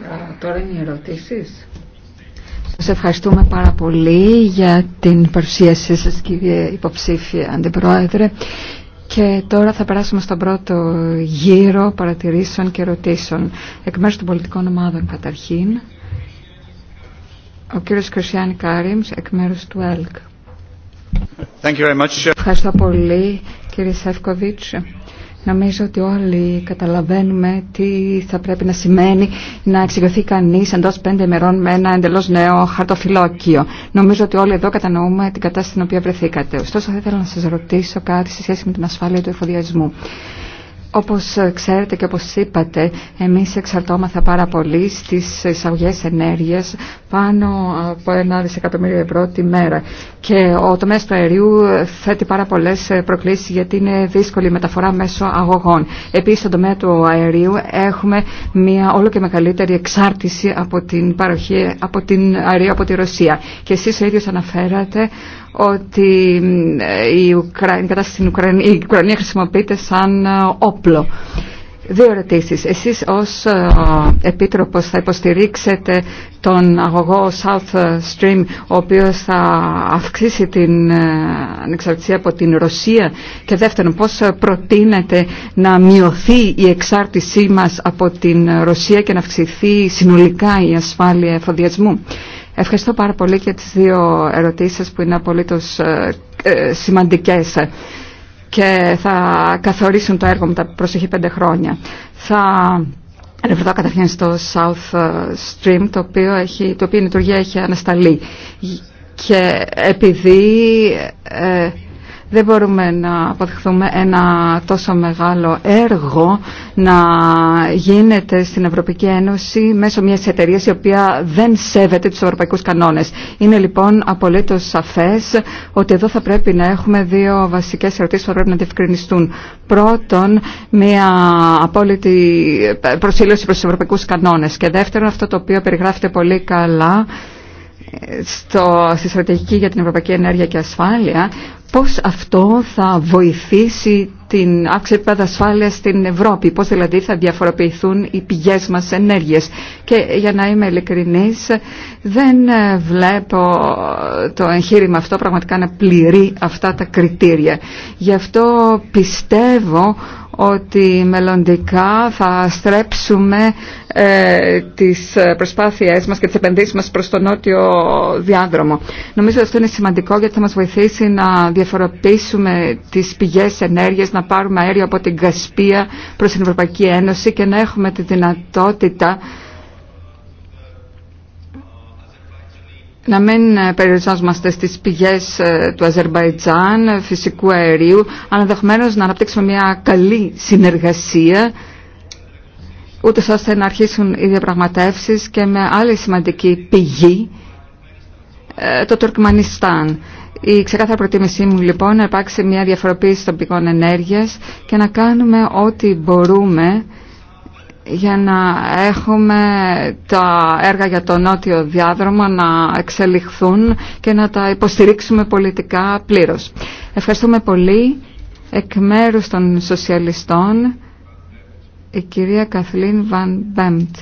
Ε, τώρα είναι οι ερωτήσεις. Σας ευχαριστούμε πάρα πολύ για την παρουσίασή σας κύριε υποψήφια αντιπρόεδρε. Και τώρα θα περάσουμε στον πρώτο γύρο παρατηρήσεων και ερωτήσεων. Εκ μέρους των πολιτικών ομάδων καταρχήν, ο κύριος Κάριμς εκ μέρους του ΕΛΚ. Ευχαριστώ πολύ κύριε Σεύκοβιτς. Νομίζω ότι όλοι καταλαβαίνουμε τι θα πρέπει να σημαίνει να εξηγηθεί κανείς εντός πέντε ημερών με ένα εντελώς νέο χαρτοφυλόκιο. Νομίζω ότι όλοι εδώ κατανοούμε την κατάσταση στην οποία βρεθήκατε. Ωστόσο θα ήθελα να σας ρωτήσω κάτι σε σχέση με την ασφάλεια του εφοδιασμού. Όπως ξέρετε και όπως είπατε, εμείς εξαρτώμαθα πάρα πολύ στις εισαγωγές ενέργειας πάνω από ένα δισεκατομμύριο ευρώ τη μέρα. Και ο τομέας του αερίου θέτει πάρα πολλές προκλήσεις γιατί είναι δύσκολη η μεταφορά μέσω αγωγών. Επίσης, στον τομέα του αερίου έχουμε μια όλο και μεγαλύτερη εξάρτηση από την παροχή από την αερίου από τη Ρωσία. Και εσείς ο ίδιος αναφέρατε ότι ε, η Ουκρανία, χρησιμοποιείται σαν ε, όπλο. Δύο ερωτήσει. Εσείς ως ε, Επίτροπος θα υποστηρίξετε τον αγωγό South Stream ο οποίος θα αυξήσει την ανεξαρτησία από την Ρωσία και δεύτερον πώς προτείνετε να μειωθεί η εξάρτησή μας από την Ρωσία και να αυξηθεί συνολικά η ασφάλεια εφοδιασμού. Ευχαριστώ πάρα πολύ και τις δύο ερωτήσεις που είναι απολύτως ε, ε, σημαντικές και θα καθορίσουν το έργο μου τα προσεχή πέντε χρόνια. Θα Ερευνητά καταρχήν στο South ε, Stream, το οποίο, έχει, το οποίο η λειτουργία έχει ανασταλεί. Και επειδή δεν μπορούμε να αποδεχθούμε ένα τόσο μεγάλο έργο να γίνεται στην Ευρωπαϊκή Ένωση μέσω μιας εταιρεία η οποία δεν σέβεται τους ευρωπαϊκούς κανόνες. Είναι λοιπόν απολύτως σαφές ότι εδώ θα πρέπει να έχουμε δύο βασικές ερωτήσεις που πρέπει να διευκρινιστούν. Πρώτον, μια απόλυτη προσήλωση προς τους ευρωπαϊκούς κανόνες και δεύτερον αυτό το οποίο περιγράφεται πολύ καλά στο, στη στρατηγική για την Ευρωπαϊκή Ενέργεια και Ασφάλεια πώς αυτό θα βοηθήσει την αύξηση επίπεδα ασφάλεια στην Ευρώπη, πώς δηλαδή θα διαφοροποιηθούν οι πηγές μας ενέργειες. Και για να είμαι ειλικρινής, δεν βλέπω το εγχείρημα αυτό πραγματικά να πληρεί αυτά τα κριτήρια. Γι' αυτό πιστεύω ότι μελλοντικά θα στρέψουμε ε, τις προσπάθειές μας και τις επενδύσεις μας προς τον νότιο διάδρομο. Νομίζω ότι αυτό είναι σημαντικό γιατί θα μας βοηθήσει να διαφοροποιήσουμε τις πηγές ενέργειας, να να πάρουμε αέριο από την Κασπία προς την Ευρωπαϊκή Ένωση και να έχουμε τη δυνατότητα να μην περιοριζόμαστε στις πηγές ε, του Αζερβαϊτζάν ε, φυσικού αερίου, αλλά ενδεχομένω να αναπτύξουμε μια καλή συνεργασία, ούτως ώστε να αρχίσουν οι διαπραγματεύσεις και με άλλη σημαντική πηγή, ε, το Τουρκμανιστάν. Η ξεκάθαρη προτίμησή μου λοιπόν να υπάρξει μια διαφοροποίηση των πηγών ενέργειας και να κάνουμε ό,τι μπορούμε για να έχουμε τα έργα για τον νότιο διάδρομο να εξελιχθούν και να τα υποστηρίξουμε πολιτικά πλήρως. Ευχαριστούμε πολύ εκ μέρους των σοσιαλιστών η κυρία Καθλίν Βαν Μπέμπτ.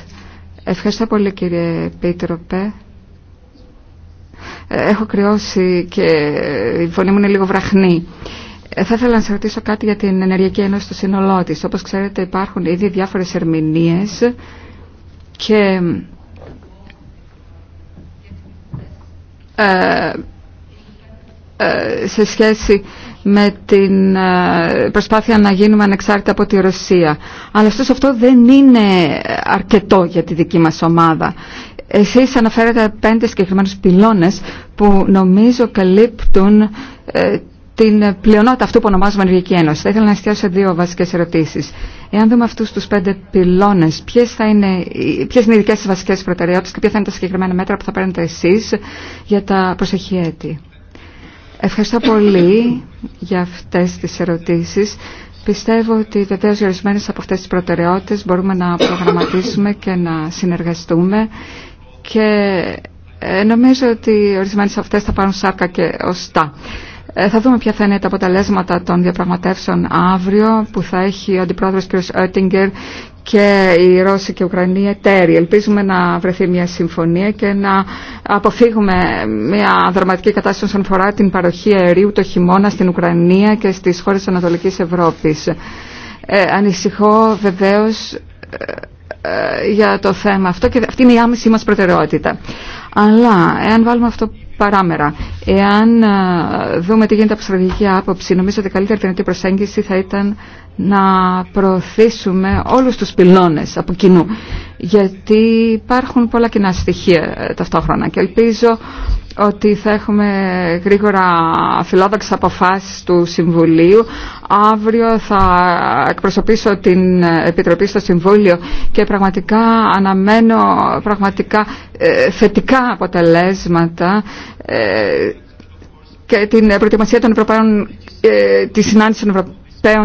Ευχαριστώ πολύ κύριε Πίτροπε. Έχω κρυώσει και η φωνή μου είναι λίγο βραχνή. Ε, θα ήθελα να σα ρωτήσω κάτι για την Ενεργειακή Ένωση στο σύνολό τη. Όπω ξέρετε, υπάρχουν ήδη διάφορε ερμηνείε και ε, ε, σε σχέση με την ε, προσπάθεια να γίνουμε ανεξάρτητα από τη Ρωσία. Αλλά ωστόσο αυτό δεν είναι αρκετό για τη δική μας ομάδα. Εσείς αναφέρετε πέντε συγκεκριμένους πυλώνες που νομίζω καλύπτουν ε, την πλειονότητα αυτού που ονομάζουμε Ενεργειακή Ένωση. Θα ήθελα να εστιάσω σε δύο βασικέ ερωτήσει. Εάν δούμε αυτού του πέντε πυλώνε, ποιε είναι, ποιες είναι οι δικέ σα βασικέ προτεραιότητε και ποια θα είναι τα συγκεκριμένα μέτρα που θα παίρνετε εσεί για τα προσεχή έτη. Ευχαριστώ πολύ για αυτές τις ερωτήσεις. Πιστεύω ότι βεβαίω για ορισμένε από αυτές τις προτεραιότητες μπορούμε να προγραμματίσουμε και να συνεργαστούμε και ε, νομίζω ότι ορισμένε από αυτές θα πάρουν σάρκα και οστά. Ε, θα δούμε ποια θα είναι τα αποτελέσματα των διαπραγματεύσεων αύριο που θα έχει ο Αντιπρόεδρος κ και οι Ρώσοι και η Ουκρανοί εταίροι. Ελπίζουμε να βρεθεί μια συμφωνία και να αποφύγουμε μια δραματική κατάσταση όσον αφορά την παροχή αερίου το χειμώνα στην Ουκρανία και στις χώρες της Ανατολικής Ευρώπης. Ε, ανησυχώ βεβαίως ε, ε, για το θέμα αυτό και αυτή είναι η άμεση μας προτεραιότητα. Αλλά εάν βάλουμε αυτό παράμερα, εάν δούμε τι γίνεται από στρατηγική άποψη, νομίζω ότι η καλύτερη δυνατή προσέγγιση θα ήταν να προωθήσουμε όλους τους πυλώνες από κοινού γιατί υπάρχουν πολλά κοινά στοιχεία ε, ταυτόχρονα και ελπίζω ότι θα έχουμε γρήγορα φιλόδοξες αποφάσεις του Συμβουλίου. Αύριο θα εκπροσωπήσω την ε, Επιτροπή στο Συμβούλιο και πραγματικά αναμένω πραγματικά ε, θετικά αποτελέσματα και την προετοιμασία των Ευρωπαίων, τη συνάντηση των Ευρωπαίων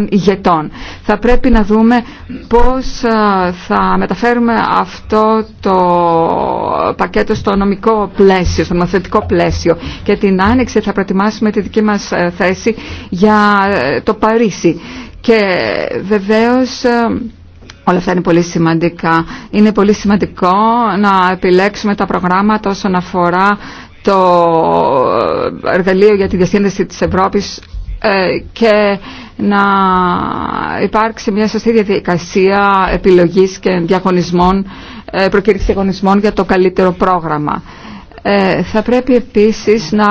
ηγετών. Θα πρέπει να δούμε πώς ε, θα μεταφέρουμε αυτό το πακέτο στο νομικό πλαίσιο, στο νομοθετικό πλαίσιο. Και την άνοιξη θα προετοιμάσουμε τη δική μας ε, θέση για ε, το Παρίσι. Και βεβαίως... Όλα αυτά είναι πολύ σημαντικά. Είναι πολύ σημαντικό να επιλέξουμε τα προγράμματα όσον αφορά το εργαλείο για τη διασύνδεση της Ευρώπης και να υπάρξει μια σωστή διαδικασία επιλογής και διαγωνισμών, ε, προκήρυξης διαγωνισμών για το καλύτερο πρόγραμμα. Ε, θα πρέπει επίσης να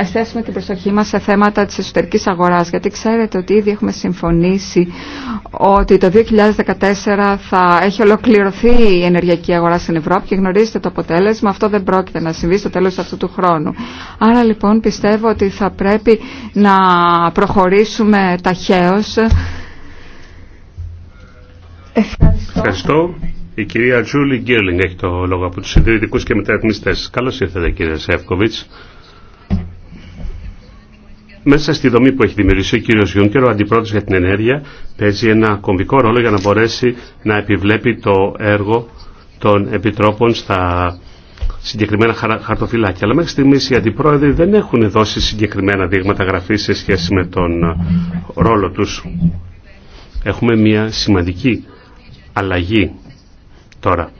εστιάσουμε την προσοχή μας σε θέματα της εσωτερικής αγοράς γιατί ξέρετε ότι ήδη έχουμε συμφωνήσει ότι το 2014 θα έχει ολοκληρωθεί η ενεργειακή αγορά στην Ευρώπη και γνωρίζετε το αποτέλεσμα. Αυτό δεν πρόκειται να συμβεί στο τέλος αυτού του χρόνου. Άρα λοιπόν πιστεύω ότι θα πρέπει να προχωρήσουμε ταχαίως. Ευχαριστώ. Η κυρία Τζούλη Γκέρλινγκ έχει το λόγο από του συντηρητικού και μεταρρυθμιστές. Καλώ ήρθατε κύριε Σεύκοβιτ. Μέσα στη δομή που έχει δημιουργήσει ο κύριος Γιούνκερ, ο αντιπρόεδρο για την ενέργεια παίζει ένα κομβικό ρόλο για να μπορέσει να επιβλέπει το έργο των επιτρόπων στα συγκεκριμένα χαρτοφυλάκια. Αλλά μέχρι στιγμή οι αντιπρόεδροι δεν έχουν δώσει συγκεκριμένα δείγματα γραφή σε σχέση με τον ε, ρόλο του. Έχουμε μια σημαντική αλλαγή Τώρα,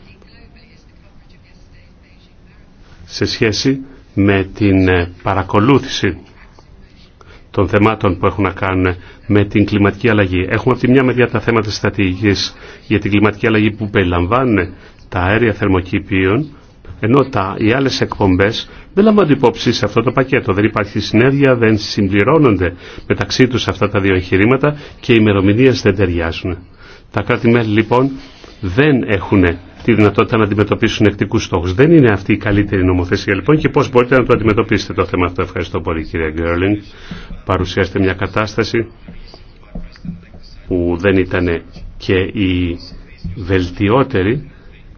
σε σχέση με την ε, παρακολούθηση των θεμάτων που έχουν να κάνουν με την κλιματική αλλαγή. Έχουμε από τη μια μεριά τα θέματα στρατηγικής για την κλιματική αλλαγή που περιλαμβάνουν τα αέρια θερμοκήπιων, ενώ τα, οι άλλες εκπομπές δεν λαμβάνουν υπόψη σε αυτό το πακέτο. Δεν υπάρχει συνέργεια, δεν συμπληρώνονται μεταξύ τους αυτά τα δύο εγχειρήματα και οι ημερομηνίε δεν ταιριάζουν. Τα κράτη-μέλη λοιπόν δεν έχουν τη δυνατότητα να αντιμετωπίσουν εκτικού στόχου. Δεν είναι αυτή η καλύτερη νομοθεσία λοιπόν και πώ μπορείτε να το αντιμετωπίσετε το θέμα αυτό. Ευχαριστώ πολύ κύριε Γκέρλινγκ. Παρουσιάσετε μια κατάσταση που δεν ήταν και η βελτιότερη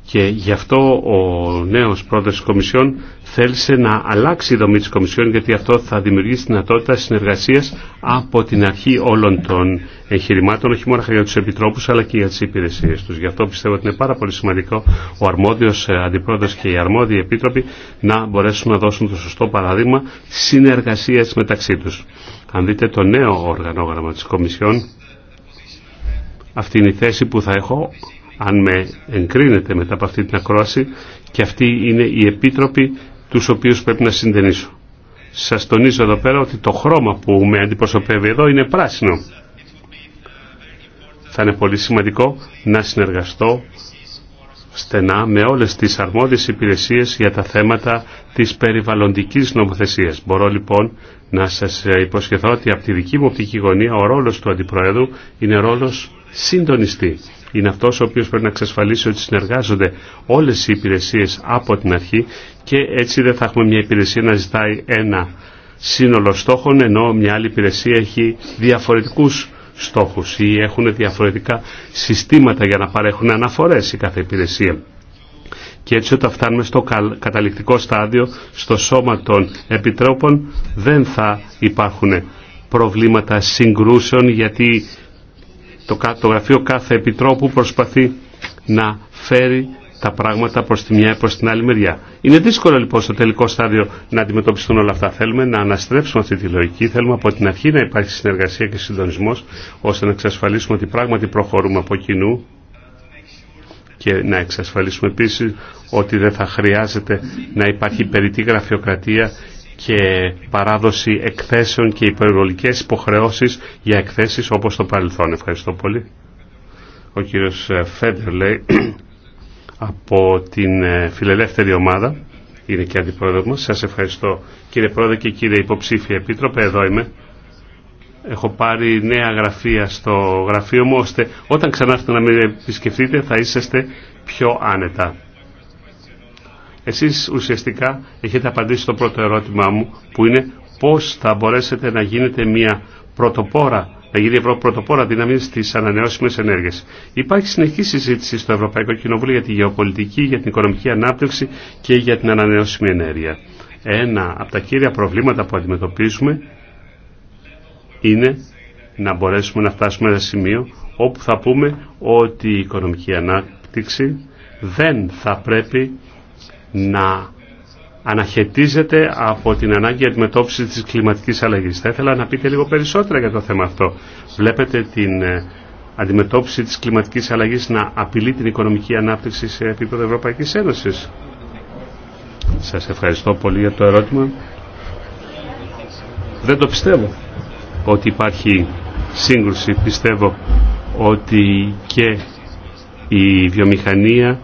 και γι' αυτό ο νέος πρόεδρος της Κομισιόν θέλησε να αλλάξει η δομή της Κομισιόν γιατί αυτό θα δημιουργήσει δυνατότητα συνεργασίας από την αρχή όλων των εγχειρημάτων, όχι μόνο για τους επιτρόπους αλλά και για τις υπηρεσίες τους. Γι' αυτό πιστεύω ότι είναι πάρα πολύ σημαντικό ο αρμόδιος ε, αντιπρόεδρος και οι αρμόδιοι επίτροποι να μπορέσουν να δώσουν το σωστό παράδειγμα συνεργασίας μεταξύ τους. Αν δείτε το νέο οργανόγραμμα της Κομισιόν, αυτή είναι η θέση που θα έχω αν με εγκρίνετε μετά από αυτή την ακρόαση και αυτοί είναι οι επίτροποι τους οποίους πρέπει να συνδενήσω. Σας τονίζω εδώ πέρα ότι το χρώμα που με αντιπροσωπεύει εδώ είναι πράσινο. Θα είναι πολύ σημαντικό να συνεργαστώ στενά με όλες τις αρμόδιες υπηρεσίες για τα θέματα της περιβαλλοντικής νομοθεσίας. Μπορώ λοιπόν να σας υποσχεθώ ότι από τη δική μου οπτική γωνία ο ρόλος του Αντιπροέδρου είναι ρόλος συντονιστή είναι αυτός ο οποίος πρέπει να εξασφαλίσει ότι συνεργάζονται όλες οι υπηρεσίες από την αρχή και έτσι δεν θα έχουμε μια υπηρεσία να ζητάει ένα σύνολο στόχων ενώ μια άλλη υπηρεσία έχει διαφορετικούς στόχους ή έχουν διαφορετικά συστήματα για να παρέχουν αναφορές η κάθε υπηρεσία. Και έτσι όταν φτάνουμε στο καταληκτικό στάδιο, στο σώμα των επιτρόπων, δεν θα υπάρχουν προβλήματα συγκρούσεων γιατί το, το γραφείο κάθε επιτρόπου προσπαθεί να φέρει τα πράγματα προς τη μια προς την άλλη μεριά. Είναι δύσκολο λοιπόν στο τελικό στάδιο να αντιμετωπιστούν όλα αυτά. Θέλουμε να αναστρέψουμε αυτή τη λογική, θέλουμε από την αρχή να υπάρχει συνεργασία και συντονισμός ώστε να εξασφαλίσουμε ότι πράγματι προχωρούμε από κοινού και να εξασφαλίσουμε επίσης ότι δεν θα χρειάζεται να υπάρχει περιττή γραφειοκρατία και παράδοση εκθέσεων και υπερβολικές υποχρεώσεις για εκθέσεις όπως το παρελθόν. Ευχαριστώ πολύ. Ο κύριος ε, Φέντερ λέει από την ε, φιλελεύθερη ομάδα είναι και αντιπρόεδρο μας. Σας ευχαριστώ κύριε πρόεδρε και κύριε υποψήφια επίτροπε. Εδώ είμαι. Έχω πάρει νέα γραφεία στο γραφείο μου ώστε όταν ξανάρθετε να με επισκεφτείτε θα είσαστε πιο άνετα. Εσείς ουσιαστικά έχετε απαντήσει στο πρώτο ερώτημά μου που είναι πώς θα μπορέσετε να γίνετε μια πρωτοπόρα να γίνει η Ευρώπη πρωτοπόρα δύναμη στι ανανεώσιμε ενέργειε. Υπάρχει συνεχή συζήτηση στο Ευρωπαϊκό Κοινοβούλιο για τη γεωπολιτική, για την οικονομική ανάπτυξη και για την ανανεώσιμη ενέργεια. Ένα από τα κύρια προβλήματα που αντιμετωπίζουμε είναι να μπορέσουμε να φτάσουμε σε ένα σημείο όπου θα πούμε ότι η οικονομική ανάπτυξη δεν θα πρέπει να αναχαιτίζεται από την ανάγκη αντιμετώπιση της κλιματικής αλλαγής. Θα ήθελα να πείτε λίγο περισσότερα για το θέμα αυτό. Βλέπετε την ε, αντιμετώπιση της κλιματικής αλλαγής να απειλεί την οικονομική ανάπτυξη σε επίπεδο Ευρωπαϊκής Ένωσης. Σας ευχαριστώ πολύ για το ερώτημα. Δεν το πιστεύω ότι υπάρχει σύγκρουση. Πιστεύω ότι και η βιομηχανία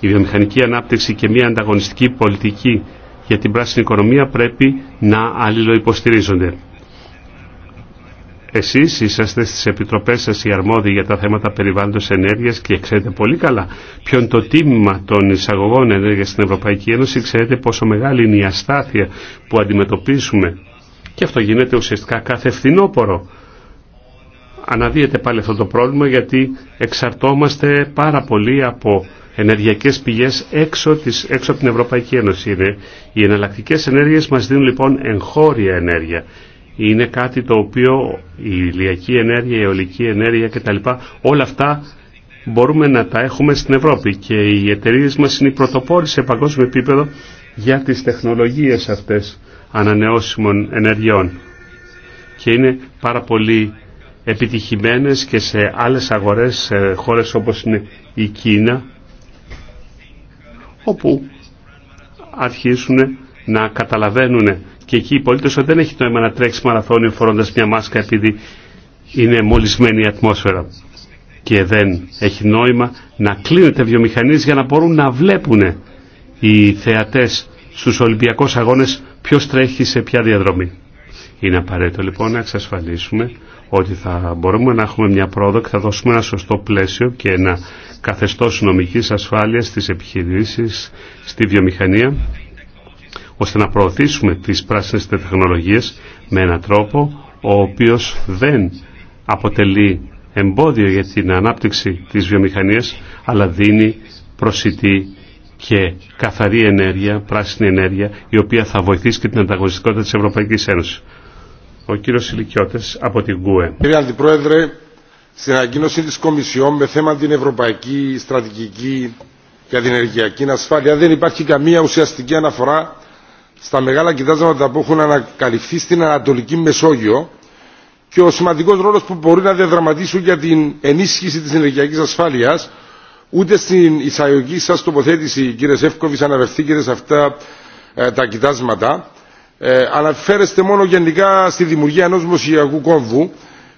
η βιομηχανική ανάπτυξη και μια ανταγωνιστική πολιτική για την πράσινη οικονομία πρέπει να αλληλοϊποστηρίζονται. Εσείς είσαστε στις επιτροπές σας οι αρμόδιοι για τα θέματα περιβάλλοντος ενέργειας και ξέρετε πολύ καλά ποιο είναι το τίμημα των εισαγωγών ενέργειας στην Ευρωπαϊκή Ένωση. Ξέρετε πόσο μεγάλη είναι η αστάθεια που αντιμετωπίσουμε. Και αυτό γίνεται ουσιαστικά κάθε φθινόπωρο. Αναδύεται πάλι αυτό το πρόβλημα γιατί εξαρτώμαστε πάρα πολύ από ενεργειακές πηγές έξω, της, έξω από την Ευρωπαϊκή Ένωση. Είναι. Οι εναλλακτικές ενέργειες μας δίνουν λοιπόν εγχώρια ενέργεια. Είναι κάτι το οποίο η ηλιακή ενέργεια, η αιωλική ενέργεια κτλ. Όλα αυτά μπορούμε να τα έχουμε στην Ευρώπη και οι εταιρείε μας είναι οι πρωτοπόροι σε παγκόσμιο επίπεδο για τις τεχνολογίες αυτές ανανεώσιμων ενεργειών και είναι πάρα πολύ επιτυχημένες και σε άλλες αγορές, σε χώρες όπως είναι η Κίνα όπου αρχίσουν να καταλαβαίνουν και εκεί οι πολίτες ότι δεν έχει νόημα να τρέξει μαραθώνιο φορώντας μια μάσκα επειδή είναι μολυσμένη η ατμόσφαιρα και δεν έχει νόημα να κλείνεται βιομηχανίες για να μπορούν να βλέπουν οι θεατές στους Ολυμπιακούς Αγώνες ποιος τρέχει σε ποια διαδρομή. Είναι απαραίτητο λοιπόν να εξασφαλίσουμε ότι θα μπορούμε να έχουμε μια πρόοδο και θα δώσουμε ένα σωστό πλαίσιο και ένα καθεστώς νομικής ασφάλειας στις επιχειρήσεις, στη βιομηχανία, ώστε να προωθήσουμε τις πράσινες τεχνολογίες με έναν τρόπο ο οποίος δεν αποτελεί εμπόδιο για την ανάπτυξη της βιομηχανίας, αλλά δίνει προσιτή και καθαρή ενέργεια, πράσινη ενέργεια, η οποία θα βοηθήσει και την ανταγωνιστικότητα της Ευρωπαϊκής Ένωσης. Ο κύριος Σιλικιώτης από την ΚΟΕ. Κύριε Αντιπρόεδρε, στην ανακοίνωση της Κομισιόν με θέμα την Ευρωπαϊκή Στρατηγική για την Ενεργειακή Ασφάλεια δεν υπάρχει καμία ουσιαστική αναφορά στα μεγάλα κοιτάσματα που έχουν ανακαλυφθεί στην Ανατολική Μεσόγειο και ο σημαντικό ρόλο που μπορεί να διαδραματίσουν για την ενίσχυση τη ενεργειακή ασφάλεια, ούτε στην εισαγωγική σα τοποθέτηση, κύριε Σεύκοβη, αναφερθήκατε σε αυτά ε, τα κοιτάσματα. Ε, αναφέρεστε μόνο γενικά στη δημιουργία ενός μουσιακού κόμβου.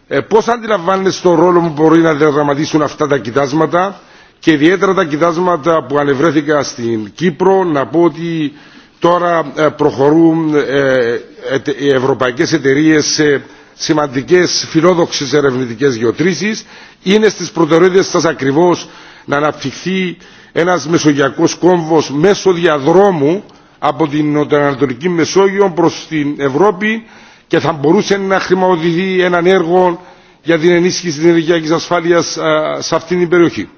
Ε, πώς αντιλαμβάνεστε τον ρόλο που μπορεί να διαδραματίσουν αυτά τα κοιτάσματα και ιδιαίτερα τα κοιτάσματα που ανεβρέθηκα στην Κύπρο να πω ότι τώρα ε, προχωρούν οι ευρωπαϊκές εταιρείες σε σημαντικές φιλόδοξες ερευνητικές γεωτρήσεις. Είναι στις προτεραιότητες σας ακριβώς να αναπτυχθεί ένας μεσογειακός κόμβος μέσω διαδρόμου από την νοτιοανατολική Μεσόγειο προς την Ευρώπη και θα μπορούσε να χρηματοδοτηθεί έναν έργο για την ενίσχυση της ενεργειακής ασφάλειας σε αυτήν την περιοχή.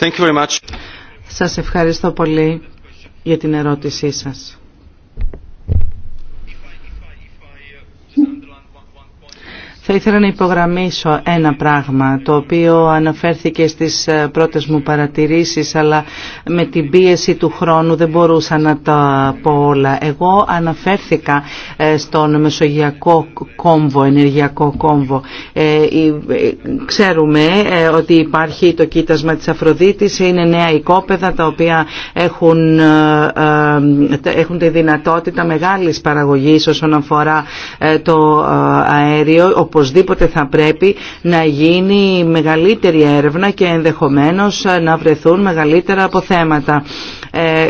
Thank Σας ευχαριστώ πολύ για την ερώτησή σας. Θα ήθελα να υπογραμμίσω ένα πράγμα το οποίο αναφέρθηκε στις ε, πρώτες μου παρατηρήσεις αλλά με την πίεση του χρόνου δεν μπορούσα να τα πω όλα. Εγώ αναφέρθηκα ε, στον Μεσογειακό κόμβο, ενεργειακό κόμβο. Ε, ξέρουμε ότι υπάρχει το κοίτασμα της Αφροδίτης, είναι νέα οικόπεδα τα οποία έχουν, τη δυνατότητα μεγάλης παραγωγής όσον αφορά το αέριο οπωσδήποτε θα πρέπει να γίνει μεγαλύτερη έρευνα και ενδεχομένως να βρεθούν μεγαλύτερα αποθέματα. Ε,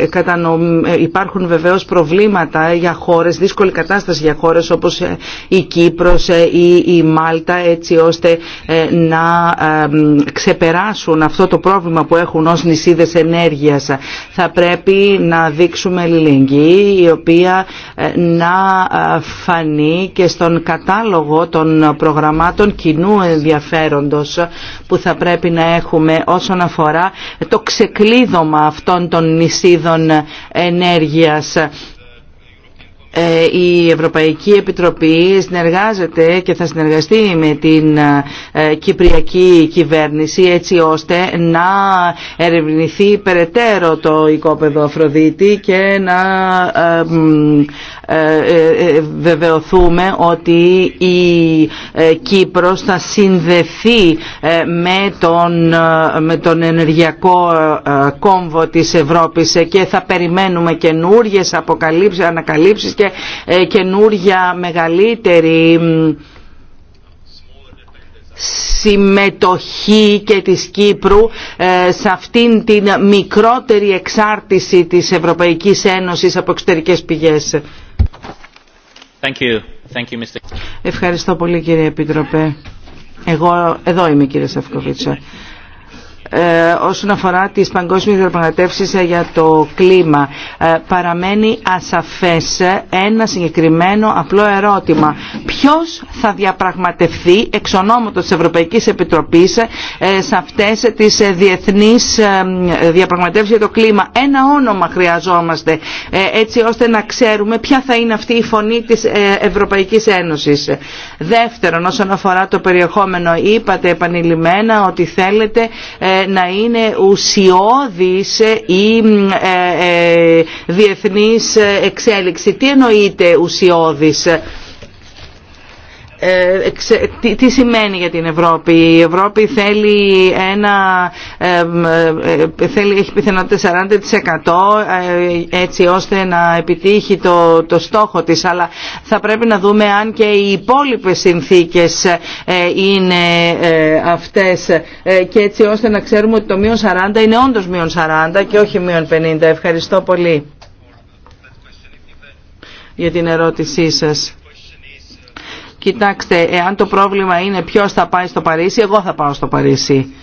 ε, υπάρχουν βεβαίως προβλήματα για χώρες, δύσκολη κατάσταση για χώρες όπως ε, η Κύπρος ή η Μάλτα έτσι ώστε να ξεπεράσουν αυτό το πρόβλημα που έχουν ως νησίδες ενέργειας. Θα πρέπει να δείξουμε αλληλεγγύη η οποία να φανεί και στον κατάλογο των προγραμμάτων κοινού ενδιαφέροντος που θα πρέπει να έχουμε όσον αφορά το ξεκλείδωμα αυτών των νησίδων αλυσίδων ενέργειας ε, η Ευρωπαϊκή Επιτροπή συνεργάζεται και θα συνεργαστεί με την ε, Κυπριακή κυβέρνηση έτσι ώστε να ερευνηθεί περαιτέρω το οικόπεδο Αφροδίτη και να ε, ε, ε, ε, βεβαιωθούμε ότι η Κύπρος θα συνδεθεί με τον, με τον ενεργειακό κόμβο της Ευρώπης και θα περιμένουμε καινούριε αποκαλύψεις, ανακαλύψεις και καινούρια μεγαλύτερη συμμετοχή και της Κύπρου σε αυτήν την μικρότερη εξάρτηση της Ευρωπαϊκής Ένωσης από εξωτερικές πηγές. Ευχαριστώ πολύ κύριε Επίτροπε. Εγώ εδώ είμαι κύριε Σεφκοβίτσα. Ε, όσον αφορά τις παγκόσμιες διαπραγματεύσεις ε, για το κλίμα. Ε, παραμένει ασαφές ένα συγκεκριμένο απλό ερώτημα. Ποιος θα διαπραγματευθεί εξ ονόματος της Ευρωπαϊκής Επιτροπής σε αυτές τις διεθνείς διαπραγματεύσεις για το κλίμα. Ένα όνομα χρειαζόμαστε έτσι ώστε να ξέρουμε ποια θα είναι αυτή η φωνή της Ευρωπαϊκής Ένωσης. Δεύτερον, όσον αφορά το περιεχόμενο, είπατε επανειλημμένα ότι θέλετε να είναι ουσιώδης η ε, ε, διεθνής εξέλιξη. Τι εννοείται ουσιώδης. Ε, τι σημαίνει για την Ευρώπη. Η Ευρώπη θέλει ένα, ε, ε, θέλει, έχει πιθανότητα 40% έτσι ώστε να επιτύχει το, το στόχο της, αλλά θα πρέπει να δούμε αν και οι υπόλοιπες συνθήκες είναι αυτές και έτσι ώστε να ξέρουμε ότι το μείον 40 είναι όντως μείον 40 και όχι μείον 50. Ευχαριστώ πολύ για την ερώτησή σας. Κοιτάξτε, εάν το πρόβλημα είναι ποιο θα πάει στο Παρίσι, εγώ θα πάω στο Παρίσι.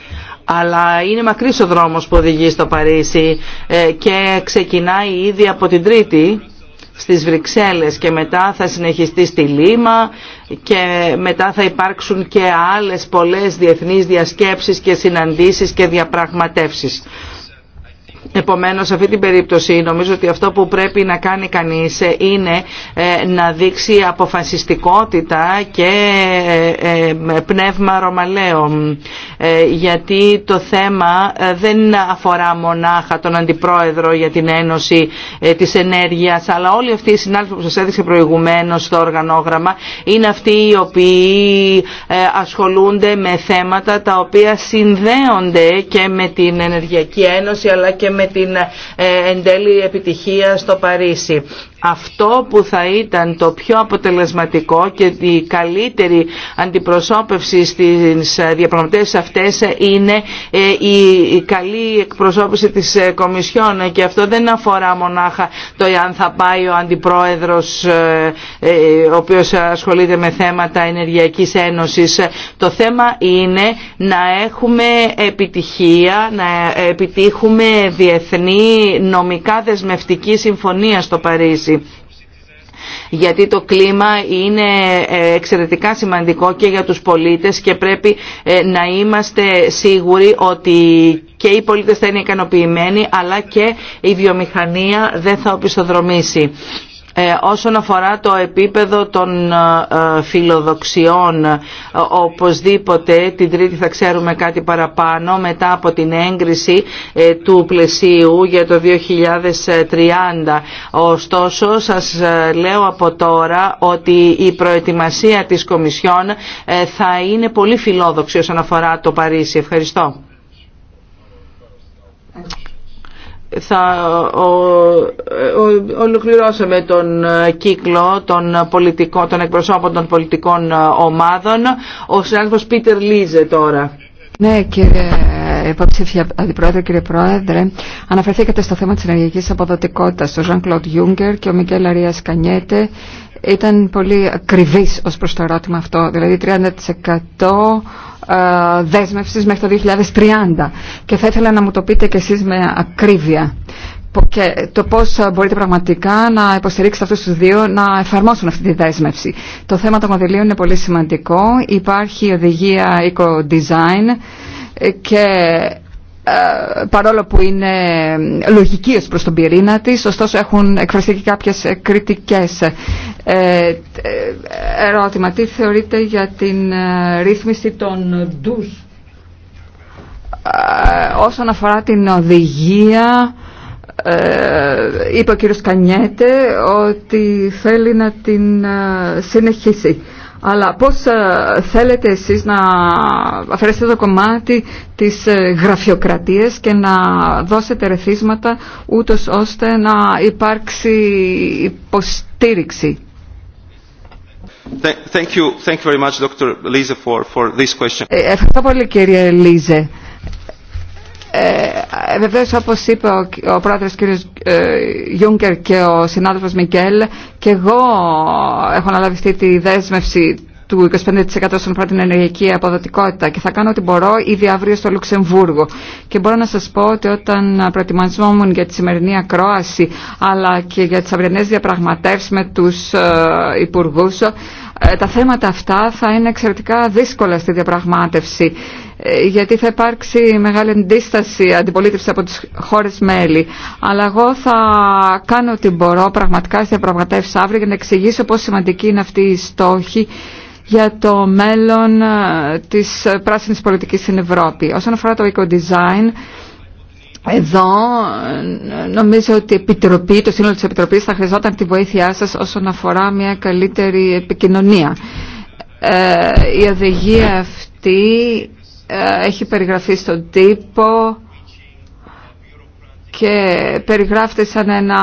Αλλά είναι μακρύς ο δρόμος που οδηγεί στο Παρίσι ε, και ξεκινάει ήδη από την Τρίτη στις Βρυξέλλες και μετά θα συνεχιστεί στη Λίμα και μετά θα υπάρξουν και άλλες πολλές διεθνείς διασκέψεις και συναντήσεις και διαπραγματεύσεις. Επομένως, σε αυτή την περίπτωση νομίζω ότι αυτό που πρέπει να κάνει κανείς ε, είναι ε, να δείξει αποφασιστικότητα και ε, πνεύμα ρωμαλαίων. Γιατί το θέμα δεν αφορά μονάχα τον Αντιπρόεδρο για την Ένωση της Ενέργειας, αλλά όλοι αυτοί οι συνάδελφοι που σας έδειξε προηγουμένως στο οργανόγραμμα είναι αυτοί οι οποίοι ασχολούνται με θέματα τα οποία συνδέονται και με την Ενεργειακή Ένωση αλλά και με την ε, εν επιτυχία στο Παρίσι αυτό που θα ήταν το πιο αποτελεσματικό και η καλύτερη αντιπροσώπευση στις διαπραγματεύσεις αυτές είναι ε, η καλή εκπροσώπηση της ε, Κομισιόν και αυτό δεν αφορά μονάχα το αν θα πάει ο αντιπρόεδρος ε, ο οποίος ασχολείται με θέματα ενεργειακής ένωσης. Το θέμα είναι να έχουμε επιτυχία, να επιτύχουμε διεθνή νομικά δεσμευτική συμφωνία στο Παρίσι γιατί το κλίμα είναι ε, εξαιρετικά σημαντικό και για τους πολίτες και πρέπει ε, να είμαστε σίγουροι ότι και οι πολίτες θα είναι ικανοποιημένοι αλλά και η βιομηχανία δεν θα οπισθοδρομήσει. Ε, όσον αφορά το επίπεδο των ε, ε, φιλοδοξιών, οπωσδήποτε την Τρίτη θα ξέρουμε κάτι παραπάνω μετά από την έγκριση του πλαισίου για το 2030. Ωστόσο, σας λέω από τώρα ότι η προετοιμασία της Κομισιόν θα είναι πολύ φιλόδοξη όσον αφορά το Παρίσι. Ευχαριστώ θα ολοκληρώσαμε τον ε, κύκλο των, πολιτικό των εκπροσώπων των πολιτικών ε, ομάδων. Ο συνάδελφος Πίτερ Λίζε τώρα. Ναι κύριε υποψήφια αντιπρόεδρε, κύριε πρόεδρε, αναφερθήκατε στο θέμα της ενεργειακής αποδοτικότητας. Ο Ζαν Κλοντ Γιούγκερ και ο Μικέλα Αρίας Κανιέτε ήταν πολύ ακριβείς ως προς το ερώτημα αυτό. Δηλαδή 30% ε, δέσμευσης μέχρι το 2030 και θα ήθελα να μου το πείτε και εσείς με ακρίβεια και το πώς ε, μπορείτε πραγματικά να υποστηρίξετε αυτούς τους δύο να εφαρμόσουν αυτή τη δέσμευση. Το θέμα των κονδυλίων είναι πολύ σημαντικό. Υπάρχει η οδηγία eco-design ε, και παρόλο που είναι λογική ως προς τον πυρήνα της, ωστόσο έχουν εκφραστεί και κάποιες κριτικές. Ε, ε, ερώτημα. Τι θεωρείτε για την ε, ρύθμιση των ντους όσον αφορά την οδηγία είπε ο κύριος Κανιέτε ότι θέλει να την συνεχίσει. Αλλά πώς θέλετε εσείς να αφαιρέσετε το κομμάτι της γραφειοκρατίας και να δώσετε ρεθίσματα ούτως ώστε να υπάρξει υποστήριξη ευχαριστώ πολύ, κύριε Λίζε. Ε, ε βεβαίως όπως είπε ο, ο πρόεδρος κ. Ε, Γιούγκερ και ο συνάδελφος Μικέλ και εγώ έχω αναλάβει αυτή τη δέσμευση του 25% στον αφορά την ενεργειακή αποδοτικότητα και θα κάνω ό,τι μπορώ ήδη αύριο στο Λουξεμβούργο. Και μπορώ να σας πω ότι όταν προετοιμαζόμουν για τη σημερινή ακρόαση αλλά και για τις αυριανές διαπραγματεύσεις με τους ε, υπουργούς ε, τα θέματα αυτά θα είναι εξαιρετικά δύσκολα στη διαπραγμάτευση ε, γιατί θα υπάρξει μεγάλη αντίσταση, αντιπολίτευση από τις χώρες μέλη. Αλλά εγώ θα κάνω ό,τι μπορώ πραγματικά στη διαπραγματεύση αύριο για να εξηγήσω πόσο σημαντική είναι αυτή η στόχη για το μέλλον ε, της πράσινης πολιτικής στην Ευρώπη. Όσον αφορά το eco-design, εδώ ε, νομίζω ότι η Επιτροπή, το σύνολο της Επιτροπής θα χρειαζόταν τη βοήθειά σας όσον αφορά μια καλύτερη επικοινωνία. Ε, η οδηγία αυτή ε, έχει περιγραφεί στον τύπο και περιγράφεται σαν ένα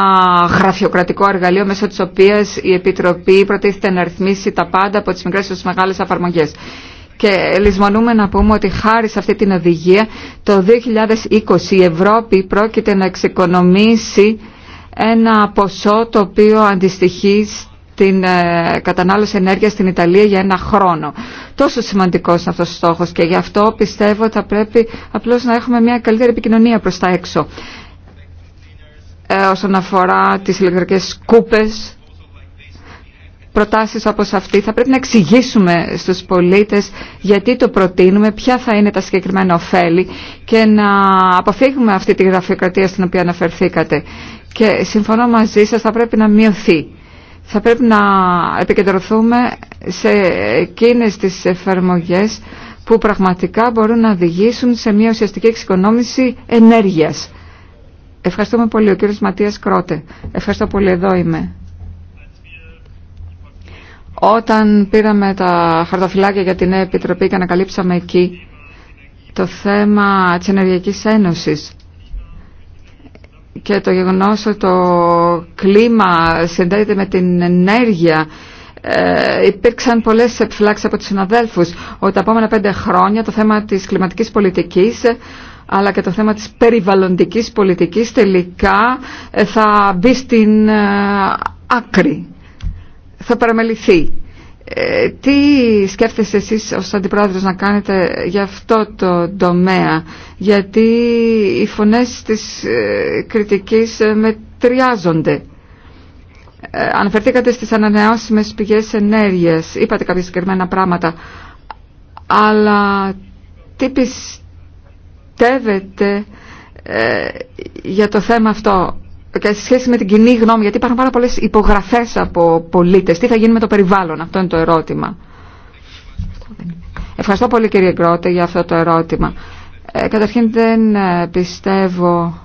γραφειοκρατικό εργαλείο μέσω της οποίας η Επιτροπή προτίθεται να ρυθμίσει τα πάντα από τις μικρές στους μεγάλες αφαρμογές και λησμονούμε να πούμε ότι χάρη σε αυτή την οδηγία το 2020 η Ευρώπη πρόκειται να εξοικονομήσει ένα ποσό το οποίο αντιστοιχεί στην ε, κατανάλωση ενέργειας στην Ιταλία για ένα χρόνο. Τόσο σημαντικός είναι αυτός ο στόχος και γι' αυτό πιστεύω ότι θα πρέπει απλώς να έχουμε μια καλύτερη επικοινωνία προς τα έξω. Ε, όσον αφορά τις ηλεκτρικές κούπες, προτάσεις όπως αυτή. Θα πρέπει να εξηγήσουμε στους πολίτες γιατί το προτείνουμε, ποια θα είναι τα συγκεκριμένα ωφέλη και να αποφύγουμε αυτή τη γραφειοκρατία στην οποία αναφερθήκατε. Και συμφωνώ μαζί σας, θα πρέπει να μειωθεί. Θα πρέπει να επικεντρωθούμε σε εκείνες τις εφαρμογές που πραγματικά μπορούν να οδηγήσουν σε μια ουσιαστική εξοικονόμηση ενέργειας. Ευχαριστούμε πολύ ο κύριος Ματίας Κρότε. Ευχαριστώ πολύ, εδώ είμαι. Όταν πήραμε τα χαρτοφυλάκια για την νέα επιτροπή και ανακαλύψαμε εκεί το θέμα της Ενεργειακής Ένωσης και το γεγονός ότι το κλίμα συνδέεται με την ενέργεια ε, υπήρξαν πολλές επιφυλάξεις από τους συναδέλφους ότι τα επόμενα πέντε χρόνια το θέμα της κλιματικής πολιτικής αλλά και το θέμα της περιβαλλοντικής πολιτικής τελικά ε, θα μπει στην ε, άκρη θα παραμεληθεί. Ε, τι σκέφτεστε εσείς ως αντιπρόεδρος να κάνετε για αυτό το τομέα, γιατί οι φωνές της ε, κριτικής ε, μετριάζονται. Ε, αναφερθήκατε στις ανανεώσιμες πηγές ενέργειας, είπατε κάποια συγκεκριμένα πράγματα, αλλά τι πιστεύετε ε, για το θέμα αυτό και σε σχέση με την κοινή γνώμη, γιατί υπάρχουν πάρα πολλέ υπογραφές από πολίτες. Τι θα γίνει με το περιβάλλον, αυτό είναι το ερώτημα. Ευχαριστώ πολύ κύριε Γκρότε για αυτό το ερώτημα. Ε, καταρχήν δεν ε, πιστεύω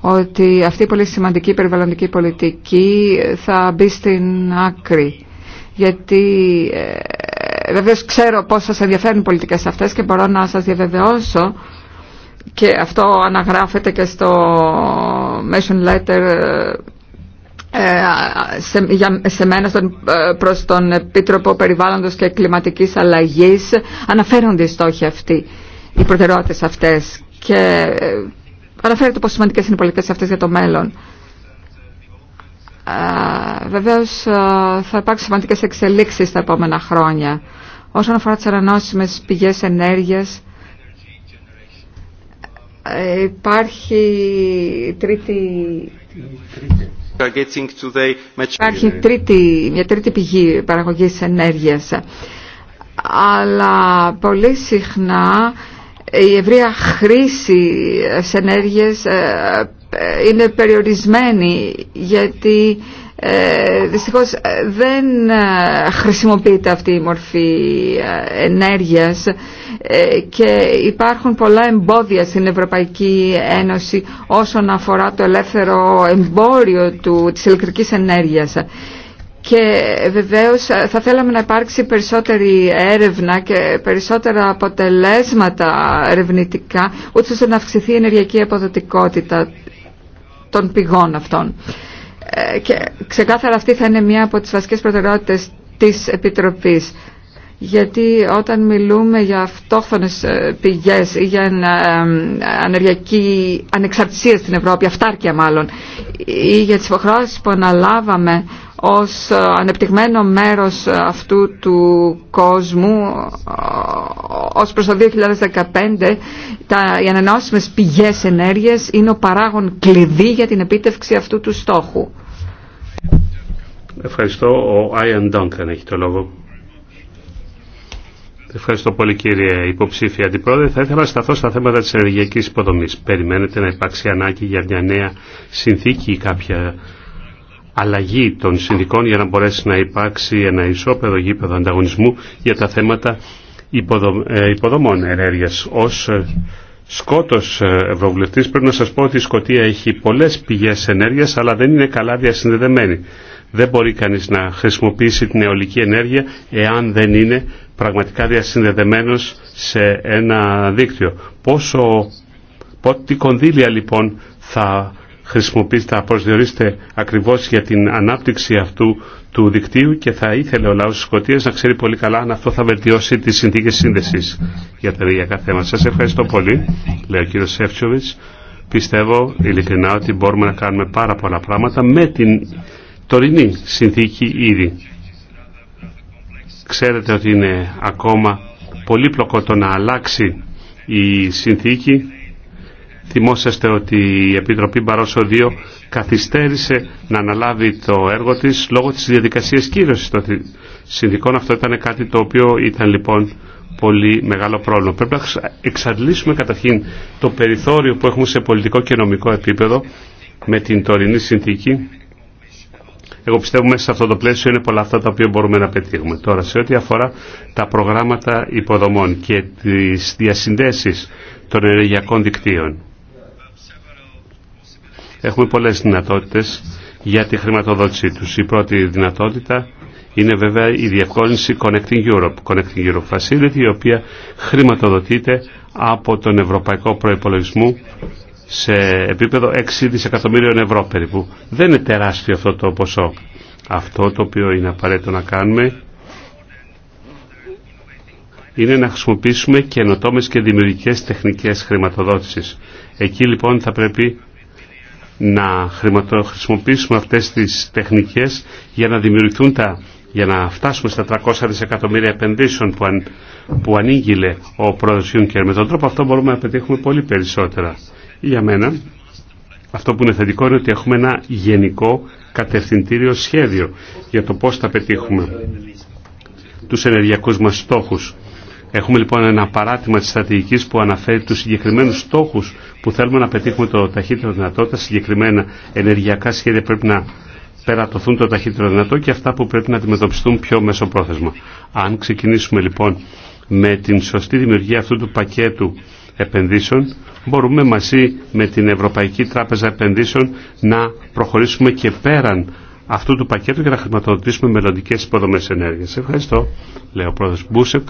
ότι αυτή η πολύ σημαντική περιβαλλοντική πολιτική ε, θα μπει στην άκρη. Γιατί ε, ε ξέρω πώς σας ενδιαφέρουν οι πολιτικές αυτές και μπορώ να σας διαβεβαιώσω και αυτό αναγράφεται και στο Mission Letter ε, ε, σε, μένα στον, ε, προς τον Επίτροπο Περιβάλλοντος και Κλιματικής Αλλαγής αναφέρονται οι στόχοι αυτοί, οι προτεραιότητες αυτές και αναφέρεται πόσο σημαντικές είναι οι πολιτικές αυτές για το μέλλον. Βεβαίως θα υπάρξουν σημαντικές εξελίξεις τα επόμενα χρόνια. Όσον αφορά τις ανανόσιμες πηγές ενέργειας, υπάρχει τρίτη... Υπάρχει τρίτη, μια τρίτη πηγή παραγωγής ενέργειας. Αλλά πολύ συχνά η ευρεία χρήση σε ε, είναι περιορισμένη γιατί ε, δυστυχώς ε, δεν χρησιμοποιείται αυτή η μορφή ενέργειας και υπάρχουν πολλά εμπόδια στην Ευρωπαϊκή Ένωση όσον αφορά το ελεύθερο εμπόριο του, της ηλεκτρικής ενέργειας. Και βεβαίως θα θέλαμε να υπάρξει περισσότερη έρευνα και περισσότερα αποτελέσματα ερευνητικά, ούτως ώστε να αυξηθεί η ενεργειακή αποδοτικότητα των πηγών αυτών. Ε, και ξεκάθαρα αυτή θα είναι μία από τις βασικές προτεραιότητες της Επιτροπής γιατί όταν μιλούμε για αυτόχθονες ε, πηγές ή για ανεργιακή ανεξαρτησία στην Ευρώπη, αυτάρκεια μάλλον, ή για τις υποχρεώσεις που αναλάβαμε ως ε, ανεπτυγμένο μέρος ε, αυτού του κόσμου ως προς το 2015 τα, οι ανανεώσιμες πηγές ενέργειας είναι ο παράγον κλειδί για την επίτευξη αυτού του στόχου. Ευχαριστώ. Ο Άιαν Ντόγκαν έχει το Ευχαριστώ πολύ κύριε υποψήφια αντιπρόεδρε. Θα ήθελα να σταθώ στα θέματα της ενεργειακής υποδομής. Περιμένετε να υπάρξει ανάγκη για μια νέα συνθήκη ή κάποια αλλαγή των συνδικών για να μπορέσει να υπάρξει ένα ισόπεδο γήπεδο ανταγωνισμού για τα θέματα ε, υποδομών ενέργειας. Ως ε, Σκότος ε, Ευρωβουλευτής πρέπει να σας πω ότι η Σκοτία έχει πολλές πηγές ενέργειας αλλά δεν είναι καλά διασυνδεδεμένη. Δεν μπορεί κανείς να χρησιμοποιήσει την αιωλική ενέργεια εάν δεν είναι πραγματικά διασυνδεδεμένος σε ένα δίκτυο. Πόσο, πότι κονδύλια λοιπόν θα χρησιμοποιήσετε, θα προσδιορίσετε ακριβώς για την ανάπτυξη αυτού του δικτύου και θα ήθελε ο λαός της Σκοτίας να ξέρει πολύ καλά αν αυτό θα βελτιώσει τις συνθήκες σύνδεσης για τα ίδια καθένα Σας ευχαριστώ πολύ, λέει ο κύριος Σεύτσοβιτς. Πιστεύω ειλικρινά ότι μπορούμε να κάνουμε πάρα πολλά πράγματα με την τωρινή συνθήκη ήδη. Ξέρετε ότι είναι ακόμα πολύπλοκο το να αλλάξει η συνθήκη. Θυμόσαστε ότι η Επιτροπή Μπαρόσο 2 καθυστέρησε να αναλάβει το έργο της λόγω της διαδικασίας κύρωσης των συνθήκων. Αυτό ήταν κάτι το οποίο ήταν λοιπόν πολύ μεγάλο πρόβλημα. Πρέπει να εξαντλήσουμε καταρχήν το περιθώριο που έχουμε σε πολιτικό και νομικό επίπεδο με την τωρινή συνθήκη εγώ πιστεύω μέσα σε αυτό το πλαίσιο είναι πολλά αυτά τα οποία μπορούμε να πετύχουμε. Τώρα σε ό,τι αφορά τα προγράμματα υποδομών και τις διασυνδέσεις των ενεργειακών δικτύων. Έχουμε πολλές δυνατότητες για τη χρηματοδότησή τους. Η πρώτη δυνατότητα είναι βέβαια η διευκόλυνση Connecting Europe, Connecting Europe Facility, η οποία χρηματοδοτείται από τον Ευρωπαϊκό Προϋπολογισμό σε επίπεδο 6 δισεκατομμύριων ευρώ περίπου. Δεν είναι τεράστιο αυτό το ποσό. Αυτό το οποίο είναι απαραίτητο να κάνουμε είναι να χρησιμοποιήσουμε καινοτόμε και δημιουργικές τεχνικές χρηματοδότησης. Εκεί λοιπόν θα πρέπει να χρησιμοποιήσουμε αυτές τις τεχνικές για να δημιουργηθούν για να φτάσουμε στα 300 δισεκατομμύρια επενδύσεων που, αν, που ανήγγειλε ο πρόεδρος Γιούνκερ. Με τον τρόπο αυτό μπορούμε να πετύχουμε πολύ περισσότερα. Για μένα, αυτό που είναι θετικό είναι ότι έχουμε ένα γενικό κατευθυντήριο σχέδιο για το πώς θα πετύχουμε τους ενεργειακούς μας στόχους. Έχουμε λοιπόν ένα παράτημα της στρατηγικής που αναφέρει τους συγκεκριμένους στόχους που θέλουμε να πετύχουμε το ταχύτερο δυνατό. Τα συγκεκριμένα ενεργειακά σχέδια πρέπει να περατωθούν το ταχύτερο δυνατό και αυτά που πρέπει να αντιμετωπιστούν πιο πρόθεσμα. Αν ξεκινήσουμε λοιπόν με την σωστή δημιουργία αυτού του πακέτου επενδύσεων, μπορούμε μαζί με την Ευρωπαϊκή Τράπεζα Επενδύσεων να προχωρήσουμε και πέραν αυτού του πακέτου για να χρηματοδοτήσουμε μελλοντικέ υποδομέ ενέργεια. Ευχαριστώ, Λέω ο πρόεδρο Μπούσεκ.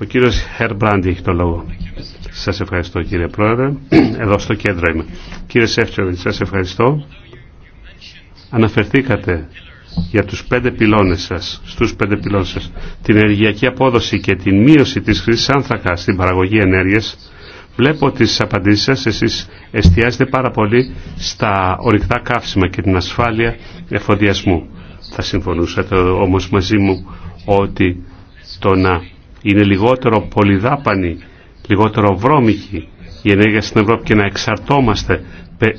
Ο κύριο Χερμπράντι έχει το λόγο. Σα ευχαριστώ, κύριε πρόεδρε. Εδώ στο κέντρο είμαι. Κύριε Σεύτσοβιτ, σα ευχαριστώ. Αναφερθήκατε για τους πέντε πυλώνες σας, στους πέντε πυλώνες σας, την ενεργειακή απόδοση και την μείωση της χρήσης άνθρακα στην παραγωγή ενέργειας Βλέπω τις απαντήσεις σας, εσείς εστιάζετε πάρα πολύ στα ορυκτά καύσιμα και την ασφάλεια εφοδιασμού. Θα συμφωνούσατε όμως μαζί μου ότι το να είναι λιγότερο πολυδάπανη, λιγότερο βρώμικη η ενέργεια στην Ευρώπη και να εξαρτώμαστε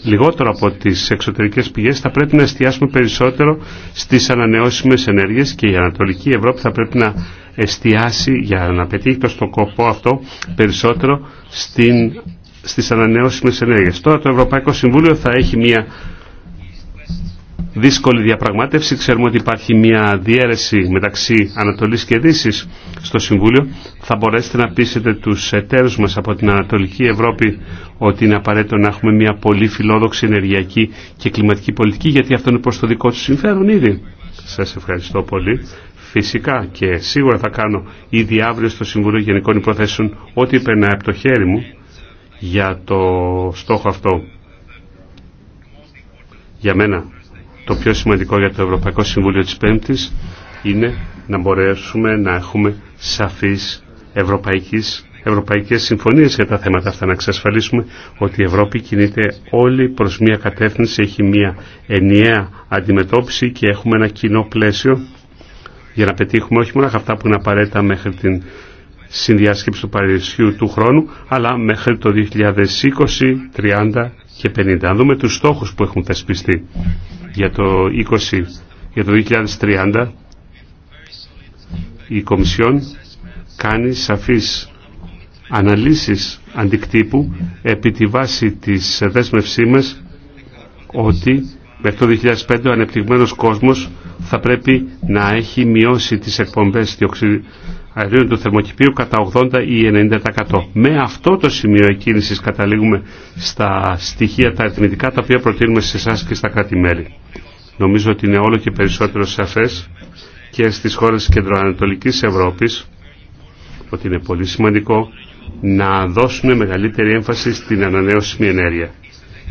λιγότερο από τις εξωτερικές πηγές θα πρέπει να εστιάσουμε περισσότερο στις ανανεώσιμες ενέργειες και η Ανατολική Ευρώπη θα πρέπει να εστιάσει για να πετύχει το στοκοπό αυτό περισσότερο στην, στις ανανεώσιμες ενέργειες. Τώρα το Ευρωπαϊκό Συμβούλιο θα έχει μια δύσκολη διαπραγμάτευση. Ξέρουμε ότι υπάρχει μια διαίρεση μεταξύ Ανατολή και Δύσης στο Συμβούλιο. Θα μπορέσετε να πείσετε του εταίρου μα από την Ανατολική Ευρώπη ότι είναι απαραίτητο να έχουμε μια πολύ φιλόδοξη ενεργειακή και κλιματική πολιτική γιατί αυτό είναι προ το δικό του συμφέρον ήδη. Σα ευχαριστώ πολύ. Φυσικά και σίγουρα θα κάνω ήδη αύριο στο Συμβούλιο Γενικών Υποθέσεων ό,τι περνάει από το χέρι μου για το στόχο αυτό. Για μένα το πιο σημαντικό για το Ευρωπαϊκό Συμβούλιο της Πέμπτης είναι να μπορέσουμε να έχουμε σαφείς ευρωπαϊκής, ευρωπαϊκές συμφωνίες για τα θέματα αυτά. Να εξασφαλίσουμε ότι η Ευρώπη κινείται όλη προς μία κατεύθυνση, έχει μία ενιαία αντιμετώπιση και έχουμε ένα κοινό πλαίσιο για να πετύχουμε όχι μόνο αυτά που είναι απαραίτητα μέχρι την συνδιάσκεψη του Παρισιού του χρόνου, αλλά μέχρι το 2020, 30 και 50. Αν δούμε τους στόχους που έχουν θεσπιστεί για το, 20, για το 2030 η Κομισιόν κάνει σαφείς αναλύσεις αντικτύπου επί τη βάση της δέσμευσή μας ότι μέχρι το 2005 ο ανεπτυγμένος κόσμος θα πρέπει να έχει μειώσει τις εκπομπές αερίων του θερμοκηπίου κατά 80 ή 90%. Με αυτό το σημείο εκκίνησης καταλήγουμε στα στοιχεία τα αριθμητικά τα οποία προτείνουμε σε εσά και στα κράτη-μέλη. Νομίζω ότι είναι όλο και περισσότερο σαφές και στις χώρες κεντροανατολικής Ευρώπης ότι είναι πολύ σημαντικό να δώσουμε μεγαλύτερη έμφαση στην ανανεώσιμη ενέργεια.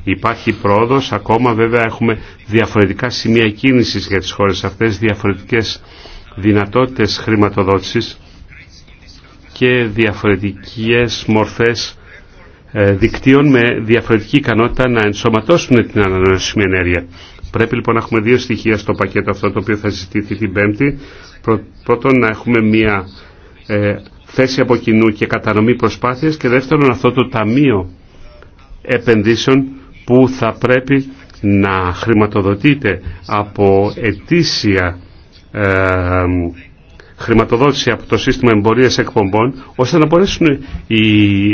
Υπάρχει πρόοδος, ακόμα βέβαια έχουμε διαφορετικά σημεία κίνησης για τις χώρες αυτές, διαφορετικές δυνατότητες χρηματοδότησης και διαφορετικές μορφές ε, δικτύων με διαφορετική ικανότητα να ενσωματώσουν την ανανεώσιμη ενέργεια. Πρέπει λοιπόν να έχουμε δύο στοιχεία στο πακέτο αυτό το οποίο θα συζητηθεί την Πέμπτη. Πρώτον να έχουμε μία ε, θέση από κοινού και κατανομή προσπάθειας και δεύτερον αυτό το ταμείο επενδύσεων που θα πρέπει να χρηματοδοτείται από ετήσια ε, χρηματοδότηση από το σύστημα εμπορίας εκπομπών ώστε να μπορέσουν οι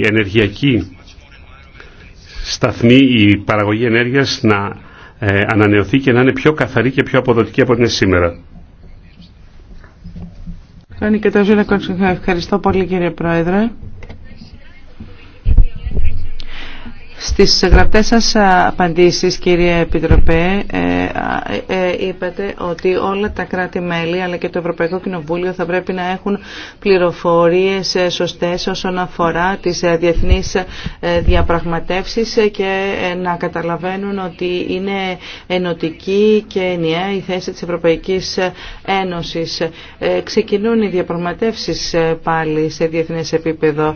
ενεργειακοί σταθμοί, η παραγωγή ενέργειας να ε, ανανεωθεί και να είναι πιο καθαρή και πιο αποδοτική από ό,τι είναι σήμερα. Ευχαριστώ πολύ κύριε Πρόεδρε. Στις γραπτές σας απαντήσεις, κύριε Επιτροπέ, ε, ε, ε, είπατε ότι όλα τα κράτη-μέλη αλλά και το Ευρωπαϊκό Κοινοβούλιο θα πρέπει να έχουν πληροφορίες σωστές όσον αφορά τις διεθνείς διαπραγματεύσεις και να καταλαβαίνουν ότι είναι ενωτική και ενιαία η θέση της Ευρωπαϊκής Ένωσης. Ξεκινούν οι διαπραγματεύσεις πάλι σε διεθνές επίπεδο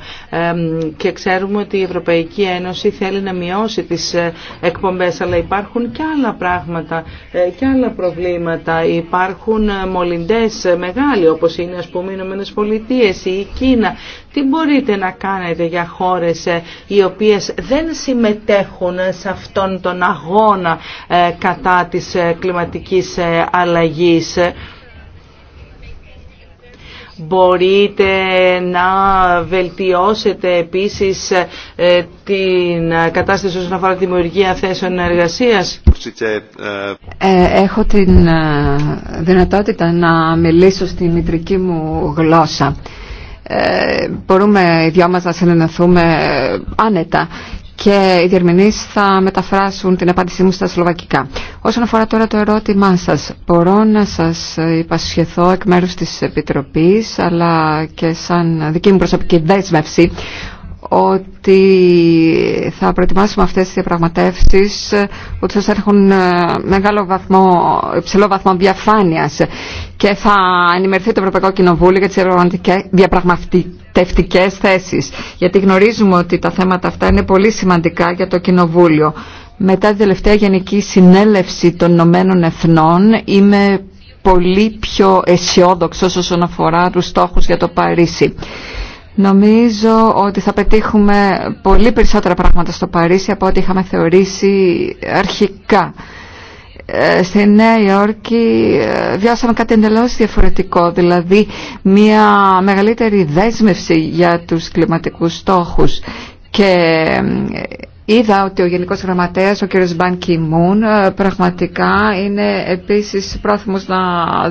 και ξέρουμε ότι η Ευρωπαϊκή Ένωση θέλει να μειώσει τις ε, εκπομπές, αλλά υπάρχουν και άλλα πράγματα, ε, και άλλα προβλήματα. Υπάρχουν ε, μολυντές μεγάλοι, όπως είναι ας πούμε οι Ηνωμένες Πολιτείες ή η Κίνα. Τι μπορείτε να κάνετε για χώρες οι οποίες δεν συμμετέχουν σε αυτόν τον αγώνα κατά της κλιματικής αλλαγής. Μπορείτε να βελτιώσετε επίσης ε, την κατάσταση όσον αφορά τη δημιουργία θέσεων εργασίας. Ε, έχω την ε, δυνατότητα να μιλήσω στη μητρική μου γλώσσα. Ε, μπορούμε οι δυο μας να άνετα και οι διερμηνείς θα μεταφράσουν την απάντησή μου στα σλοβακικά. Όσον αφορά τώρα το ερώτημά σας, μπορώ να σας υπασχεθώ εκ μέρους της Επιτροπής αλλά και σαν δική μου προσωπική δέσμευση ότι θα προετοιμάσουμε αυτές τις διαπραγματεύσεις ότι θα έχουν ε, μεγάλο βαθμό, υψηλό βαθμό διαφάνειας και θα ενημερωθεί το Ευρωπαϊκό Κοινοβούλιο για τις διαπραγματευτικές θέσεις γιατί γνωρίζουμε ότι τα θέματα αυτά είναι πολύ σημαντικά για το Κοινοβούλιο. Μετά τη τελευταία Γενική Συνέλευση των Ηνωμένων Εθνών είμαι πολύ πιο αισιόδοξο όσον αφορά τους στόχους για το Παρίσι. Νομίζω ότι θα πετύχουμε πολύ περισσότερα πράγματα στο Παρίσι από ό,τι είχαμε θεωρήσει αρχικά. Ε, στη Νέα Υόρκη ε, βιώσαμε κάτι εντελώς διαφορετικό, δηλαδή μια μεγαλύτερη δέσμευση για τους κλιματικούς στόχους και ε, Είδα ότι ο Γενικός Γραμματέας, ο κ. Μπαν Κιμούν, ε, πραγματικά είναι επίσης πρόθυμος να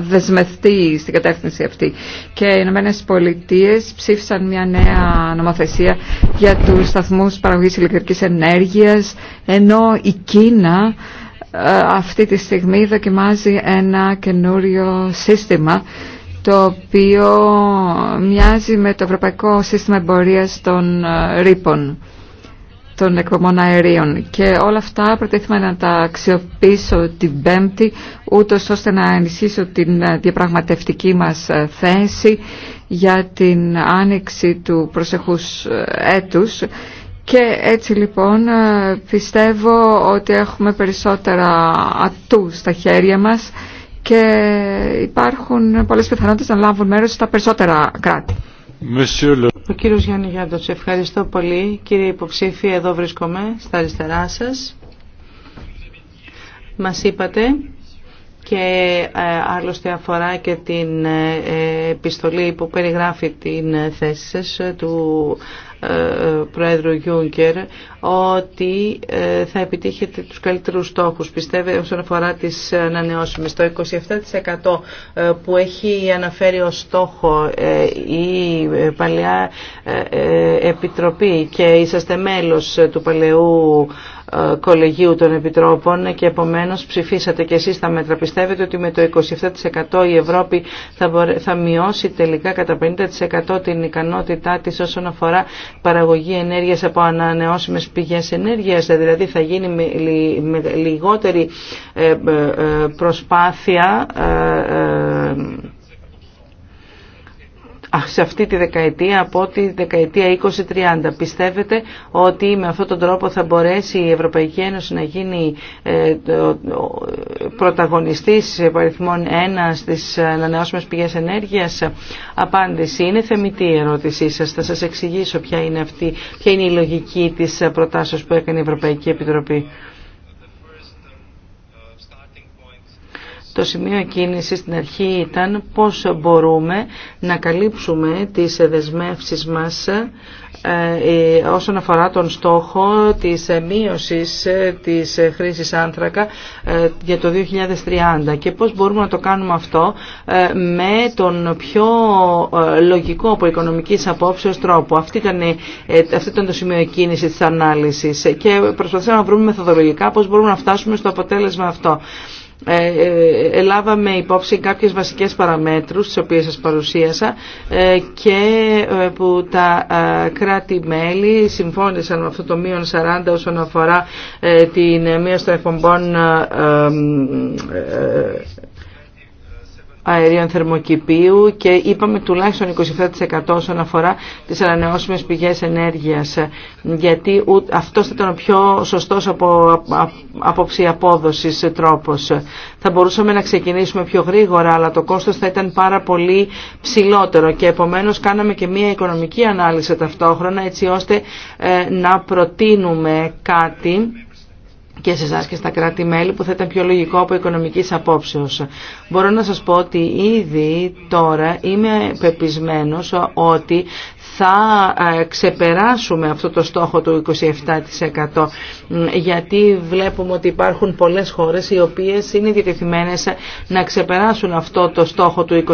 δεσμευτεί στην κατεύθυνση αυτή. Και οι Ηνωμένε Πολιτείε ψήφισαν μια νέα νομοθεσία για τους σταθμού παραγωγής ηλεκτρικής ενέργειας, ενώ η Κίνα ε, αυτή τη στιγμή δοκιμάζει ένα καινούριο σύστημα το οποίο μοιάζει με το Ευρωπαϊκό Σύστημα Εμπορίας των ε, Ρήπων των εκπομπών αερίων και όλα αυτά προτίθεμα να τα αξιοποιήσω την Πέμπτη ούτως ώστε να ενισχύσω την ε, διαπραγματευτική μας ε, θέση για την άνοιξη του προσεχούς ε, έτους και έτσι λοιπόν πιστεύω ότι έχουμε περισσότερα ατού στα χέρια μας και υπάρχουν πολλές πιθανότητες να λάβουν μέρος στα περισσότερα κράτη. Ο κύριος Γιάννη Γιάντος, ευχαριστώ πολύ. Κύριε υποψήφι, εδώ βρίσκομαι, στα αριστερά σας. Μας είπατε και ε, άλλωστε αφορά και την ε, επιστολή που περιγράφει την θέση σας ε, του ε, ε, πρόεδρο Γιούγκερ ότι ε, θα επιτύχετε τους καλύτερους στόχους. Πιστεύετε όσον αφορά τις ανανεώσιμες, το 27% που έχει αναφέρει ως στόχο η παλιά Επιτροπή και είσαστε μέλος του παλαιού ε, κολεγίου των Επιτρόπων και επομένως ψηφίσατε και εσείς τα μέτρα. Πιστεύετε ότι με το 27% η Ευρώπη θα μειώσει τελικά κατά 50% την ικανότητά της όσον αφορά παραγωγή ενέργειας από ανανεώσιμες πηγές ενέργειας, δηλαδή θα γίνει με λιγότερη ε, ε, προσπάθεια σε αυτή τη δεκαετία από τη δεκαετία 20-30. Πιστεύετε ότι με αυτόν τον τρόπο θα μπορέσει η Ευρωπαϊκή Ένωση να γίνει ε, πρωταγωνιστής παριθμόν ένα στις ανανεώσιμες πηγές ενέργειας. Απάντηση είναι θεμητή η ερώτησή σας. Θα σας εξηγήσω ποια είναι, αυτή, ποια είναι η λογική της προτάσεως που έκανε η Ευρωπαϊκή Επιτροπή. Το σημείο κίνηση στην αρχή ήταν πώς μπορούμε να καλύψουμε τις δεσμεύσεις μας ε, όσον αφορά τον στόχο της μείωσης της χρήσης άνθρακα ε, για το 2030 και πώς μπορούμε να το κάνουμε αυτό ε, με τον πιο λογικό από οικονομικής απόψεως τρόπο. Αυτή ήταν, αυτή το σημείο κίνηση της ανάλυσης και προσπαθήσαμε να βρούμε μεθοδολογικά πώς μπορούμε να φτάσουμε στο αποτέλεσμα αυτό. Ε, ε, ελάβαμε υπόψη κάποιες βασικές παραμέτρους τις οποίες σας παρουσίασα ε, και που τα κράτη-μέλη συμφώνησαν με αυτό το μείον 40 όσον αφορά την μείωση των εκπομπών αερίων θερμοκηπίου και είπαμε τουλάχιστον 27% όσον αφορά τις ανανεώσιμες πηγές ενέργειας γιατί αυτό θα ήταν ο πιο σωστός από απόψη απόδοσης τρόπος. Θα μπορούσαμε να ξεκινήσουμε πιο γρήγορα αλλά το κόστος θα ήταν πάρα πολύ ψηλότερο και επομένως κάναμε και μια οικονομική ανάλυση ταυτόχρονα έτσι ώστε ε, να προτείνουμε κάτι και σε εσά και στα κράτη-μέλη που θα ήταν πιο λογικό από οικονομική απόψεως. Μπορώ να σας πω ότι ήδη τώρα είμαι πεπισμένο ότι θα ε, ξεπεράσουμε αυτό το στόχο του 27% γιατί βλέπουμε ότι υπάρχουν πολλές χώρες οι οποίες είναι διατεθειμένες να ξεπεράσουν αυτό το στόχο του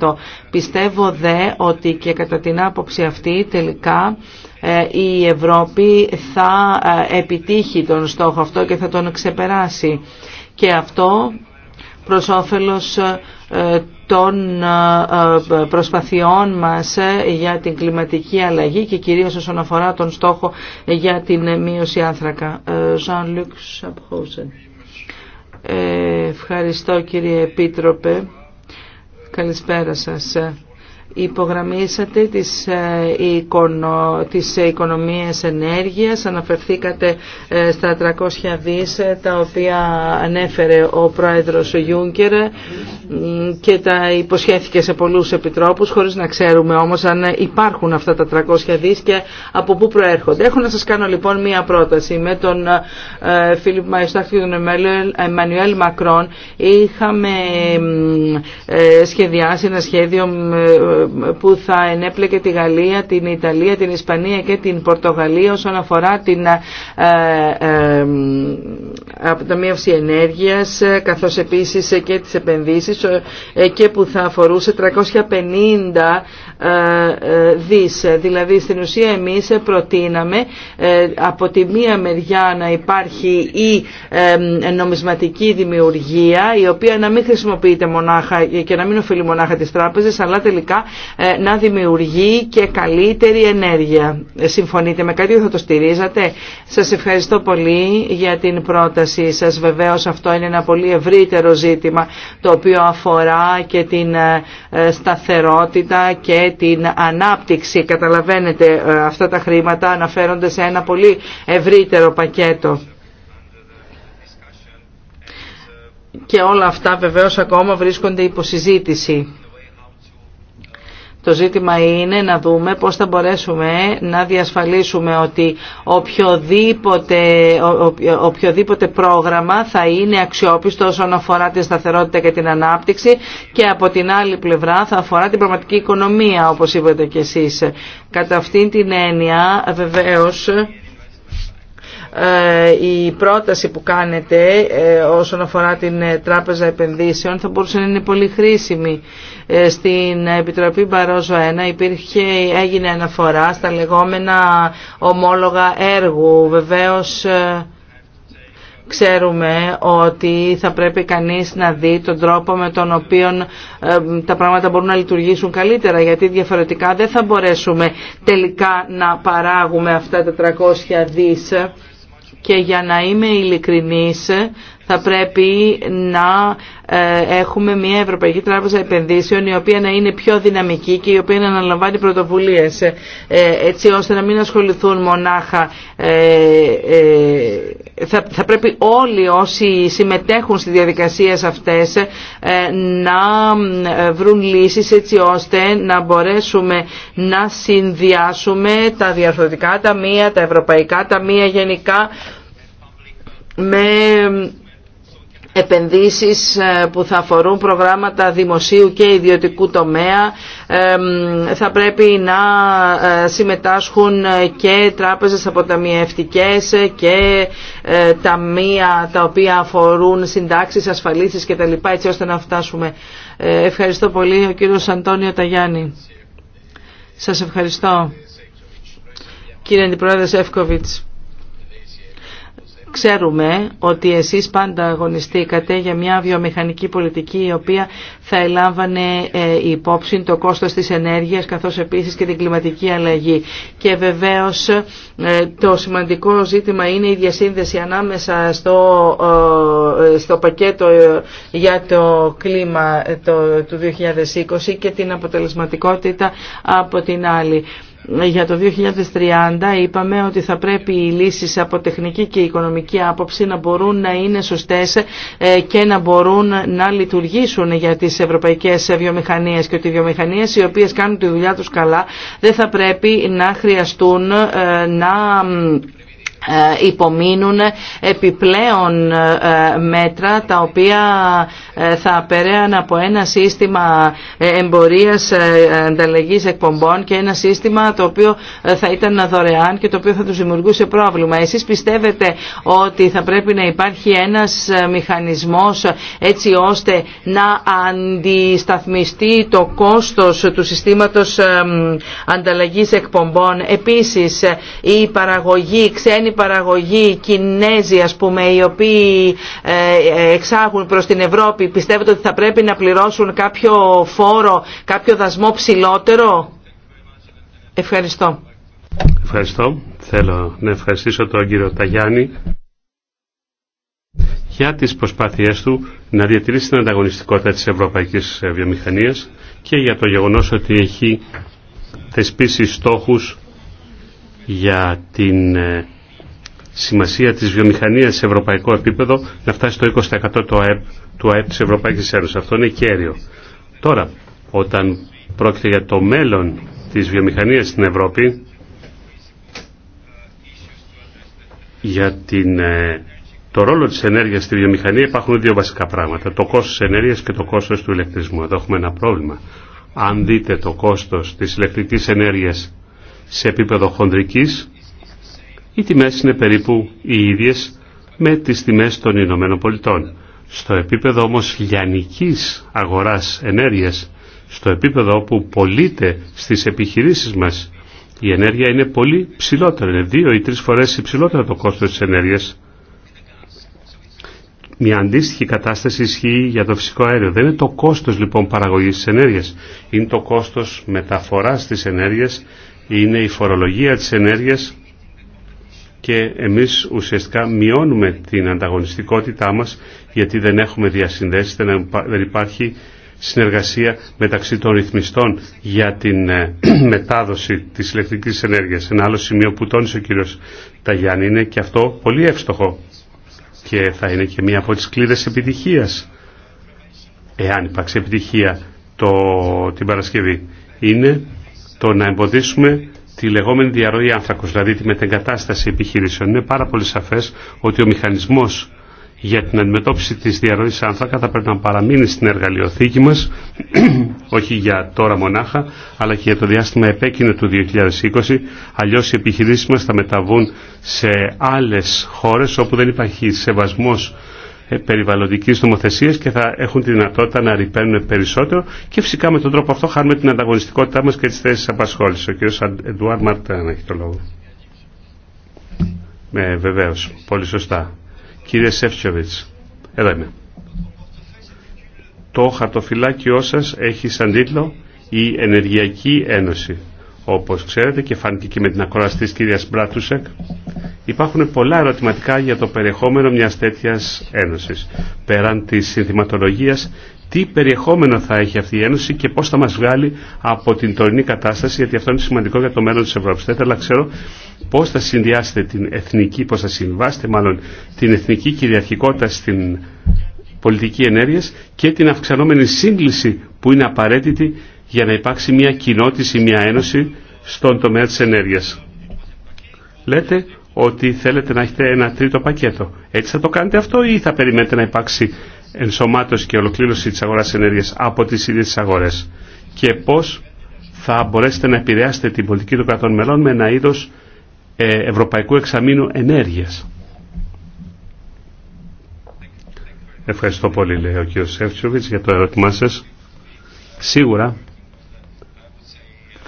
27%. Πιστεύω δε ότι και κατά την άποψη αυτή τελικά ε, η Ευρώπη θα ε, επιτύχει τον στόχο αυτό και θα τον ξεπεράσει. Και αυτό προς όφελος ε, των προσπαθειών μας για την κλιματική αλλαγή και κυρίως όσον αφορά τον στόχο για την μείωση άνθρακα. Jean-Luc Ευχαριστώ κύριε Επίτροπε. Καλησπέρα σας υπογραμμίσατε τις, οικονο, ε, τις οικονομίες ενέργειας, αναφερθήκατε ε, στα 300 δις ε, τα οποία ανέφερε ο πρόεδρος Γιούγκερ και τα υποσχέθηκε σε πολλούς επιτρόπους χωρίς να ξέρουμε όμως αν υπάρχουν αυτά τα 300 δις και από πού προέρχονται. Έχω να σας κάνω λοιπόν μία πρόταση. Με τον Φίλιπ Μαϊστάχτη και τον Εμμανουέλ Μακρόν είχαμε σχεδιάσει ένα σχέδιο που θα ενέπλεκε τη Γαλλία, την Ιταλία, την Ισπανία και την Πορτογαλία όσον αφορά την ε, ε, αποταμίευση ενέργειας καθώς επίσης και τις επενδύσεις ε, και που θα αφορούσε 350 δις. Δηλαδή στην ουσία εμείς προτείναμε από τη μία μεριά να υπάρχει η νομισματική δημιουργία η οποία να μην χρησιμοποιείται μονάχα και να μην οφείλει μονάχα τις τράπεζες αλλά τελικά ε, να δημιουργεί και καλύτερη ενέργεια. Ε, συμφωνείτε με κάτι, θα το στηρίζατε. Σας ευχαριστώ πολύ για την πρότασή σας. Βεβαίως αυτό είναι ένα πολύ ευρύτερο ζήτημα το οποίο αφορά και την ε, σταθερότητα και την ανάπτυξη. Καταλαβαίνετε αυτά τα χρήματα αναφέρονται σε ένα πολύ ευρύτερο πακέτο. Και όλα αυτά βεβαίως ακόμα βρίσκονται υπό το ζήτημα είναι να δούμε πώς θα μπορέσουμε να διασφαλίσουμε ότι οποιοδήποτε, οποιοδήποτε πρόγραμμα θα είναι αξιόπιστο όσον αφορά τη σταθερότητα και την ανάπτυξη και από την άλλη πλευρά θα αφορά την πραγματική οικονομία όπως είπατε και εσείς. Κατά αυτήν την έννοια βεβαίως ε, η πρόταση που κάνετε ε, όσον αφορά την ε, Τράπεζα Επενδύσεων θα μπορούσε να είναι πολύ χρήσιμη. Στην Επιτροπή Μπαρόζο 1 υπήρχε, έγινε αναφορά στα λεγόμενα ομόλογα έργου. Βεβαίως ξέρουμε ότι θα πρέπει κανείς να δει τον τρόπο με τον οποίο τα πράγματα μπορούν να λειτουργήσουν καλύτερα γιατί διαφορετικά δεν θα μπορέσουμε τελικά να παράγουμε αυτά τα 300 δις και για να είμαι ειλικρινής θα πρέπει να ε, έχουμε μια Ευρωπαϊκή Τράπεζα Επενδύσεων η οποία να είναι πιο δυναμική και η οποία να αναλαμβάνει πρωτοβουλίες ε, ε, έτσι ώστε να μην ασχοληθούν μονάχα θα, θα πρέπει όλοι όσοι συμμετέχουν στις διαδικασίες αυτές να βρουν λύσεις έτσι ώστε να μπορέσουμε να συνδυάσουμε τα διαρθρωτικά ταμεία, τα ευρωπαϊκά ταμεία γενικά με επενδύσεις ε, που θα αφορούν προγράμματα δημοσίου και ιδιωτικού τομέα. Θα πρέπει να ε, συμμετάσχουν ε, και τράπεζες αποταμιευτικές και ταμεία τα οποία αφορούν συντάξεις, ασφαλίσεις κτλ. έτσι ώστε να φτάσουμε. Ευχαριστώ πολύ ο κύριος Αντώνιο Ταγιάννη. Σας ευχαριστώ. Κύριε Αντιπρόεδρε Εύκοβιτς. Ξέρουμε ότι εσείς πάντα αγωνιστήκατε για μια βιομηχανική πολιτική η οποία θα ελάμβανε ε, υπόψη το κόστος της ενέργειας καθώς επίσης και την κλιματική αλλαγή. Και βεβαίως ε, το σημαντικό ζήτημα είναι η διασύνδεση ανάμεσα στο, ε, στο πακέτο για το κλίμα του 2020 και την αποτελεσματικότητα από την άλλη για το 2030 είπαμε ότι θα πρέπει οι λύσεις από τεχνική και οικονομική άποψη να μπορούν να είναι σωστές ε, και να μπορούν να λειτουργήσουν για τις ευρωπαϊκές βιομηχανίες και ότι οι βιομηχανίες οι οποίες κάνουν τη δουλειά τους καλά δεν θα πρέπει να χρειαστούν ε, να ε, υπομείνουν επιπλέον ε, ε, μέτρα τα οποία θα απεραίαν από ένα σύστημα εμπορίας ανταλλαγής εκπομπών και ένα σύστημα το οποίο θα ήταν δωρεάν και το οποίο θα τους δημιουργούσε πρόβλημα. Εσείς πιστεύετε ότι θα πρέπει να υπάρχει ένας μηχανισμός έτσι ώστε να αντισταθμιστεί το κόστος του συστήματος ανταλλαγής εκπομπών. Επίσης η παραγωγή ξένη παραγωγή, παραγωγή, Κινέζοι ας πούμε, οι οποίοι ε, εξάγουν προς την Ευρώπη, πιστεύετε ότι θα πρέπει να πληρώσουν κάποιο φόρο, κάποιο δασμό ψηλότερο. Ευχαριστώ. Ευχαριστώ. Θέλω να ευχαριστήσω τον κύριο Ταγιάννη για τις προσπάθειές του να διατηρήσει την ανταγωνιστικότητα της ευρωπαϊκής ε, βιομηχανίας και για το γεγονός ότι έχει θεσπίσει στόχους για την ε, σημασία της βιομηχανίας σε ευρωπαϊκό επίπεδο να φτάσει στο 20% του ΑΕΠ, του ΑΕΠ της Ευρωπαϊκής Ένωσης. Αυτό είναι κέριο. Τώρα, όταν πρόκειται για το μέλλον της βιομηχανίας στην Ευρώπη, για την, ε, το ρόλο της ενέργειας στη βιομηχανία υπάρχουν δύο βασικά πράγματα. Το κόστος της ενέργειας και το κόστος του ηλεκτρισμού. Εδώ έχουμε ένα πρόβλημα. Αν δείτε το κόστος της ηλεκτρικής ενέργειας σε επίπεδο χονδρικής, οι τιμές είναι περίπου οι ίδιες με τις τιμές των Ηνωμένων Πολιτών. Στο επίπεδο όμως λιανικής αγοράς ενέργειας, στο επίπεδο όπου πωλείται στις επιχειρήσεις μας, η ενέργεια είναι πολύ ψηλότερη, είναι δύο ή τρεις φορές υψηλότερο το κόστος της ενέργειας. Μια αντίστοιχη κατάσταση ισχύει για το φυσικό αέριο. Δεν είναι το κόστος λοιπόν παραγωγής της ενέργειας, είναι το κόστος μεταφοράς της ενέργειας, είναι η φορολογία της ενέργειας, και εμείς ουσιαστικά μειώνουμε την ανταγωνιστικότητά μας γιατί δεν έχουμε διασυνδέσεις, δεν υπάρχει συνεργασία μεταξύ των ρυθμιστών για την ε, μετάδοση της ηλεκτρικής ενέργειας. Ένα άλλο σημείο που τόνισε ο κύριος Ταγιάννη είναι και αυτό πολύ εύστοχο και θα είναι και μία από τις κλίδες επιτυχίας εάν υπάρξει επιτυχία το, την Παρασκευή είναι το να εμποδίσουμε τη λεγόμενη διαρροή άνθρακο, δηλαδή τη μετεγκατάσταση επιχειρήσεων. Είναι πάρα πολύ σαφέ ότι ο μηχανισμό για την αντιμετώπιση τη διαρροή άνθρακα θα πρέπει να παραμείνει στην εργαλειοθήκη μα, όχι για τώρα μονάχα, αλλά και για το διάστημα επέκεινο του 2020, Αλλιώ οι επιχειρήσει μα θα μεταβούν σε άλλε χώρε όπου δεν υπάρχει σεβασμό. Ε, περιβαλλοντικής νομοθεσίας και θα έχουν τη δυνατότητα να ρηπαίνουν περισσότερο και φυσικά με τον τρόπο αυτό χάνουμε την ανταγωνιστικότητά μας και τις θέσεις απασχόλησης. Ο κ. Εντουάρ Μαρτάν έχει το λόγο. Με ναι, βεβαίως. Πολύ σωστά. Κύριε Σεφτσοβιτς, εδώ είμαι. Το χαρτοφυλάκιό σας έχει σαν τίτλο «Η Ενεργειακή Ένωση». Όπως ξέρετε και φάνηκε και με την ακρόαση της κυρίας Μπράτουσεκ, υπάρχουν πολλά ερωτηματικά για το περιεχόμενο μιας τέτοιας ένωσης. Πέραν της συνθηματολογίας, τι περιεχόμενο θα έχει αυτή η ένωση και πώς θα μας βγάλει από την τωρινή κατάσταση, γιατί αυτό είναι σημαντικό για το μέλλον της Ευρώπης. Θα ήθελα ξέρω πώς θα συνδυάσετε την εθνική, πώς θα συμβάσετε μάλλον την εθνική κυριαρχικότητα στην πολιτική ενέργεια και την αυξανόμενη σύγκληση που είναι απαραίτητη για να υπάρξει μια κοινότηση, μια ένωση στον τομέα της ενέργειας. Λέτε ότι θέλετε να έχετε ένα τρίτο πακέτο. Έτσι θα το κάνετε αυτό ή θα περιμένετε να υπάρξει ενσωμάτωση και ολοκλήρωση της αγοράς ενέργειας από τις ίδιες τις αγορές. Και πώς θα μπορέσετε να επηρεάσετε την πολιτική των κρατών μελών με ένα είδος ε, ευρωπαϊκού εξαμήνου ενέργειας. Ευχαριστώ πολύ, λέει ο κ. Σεύτσοβιτς, για το ερώτημά σας. Σίγουρα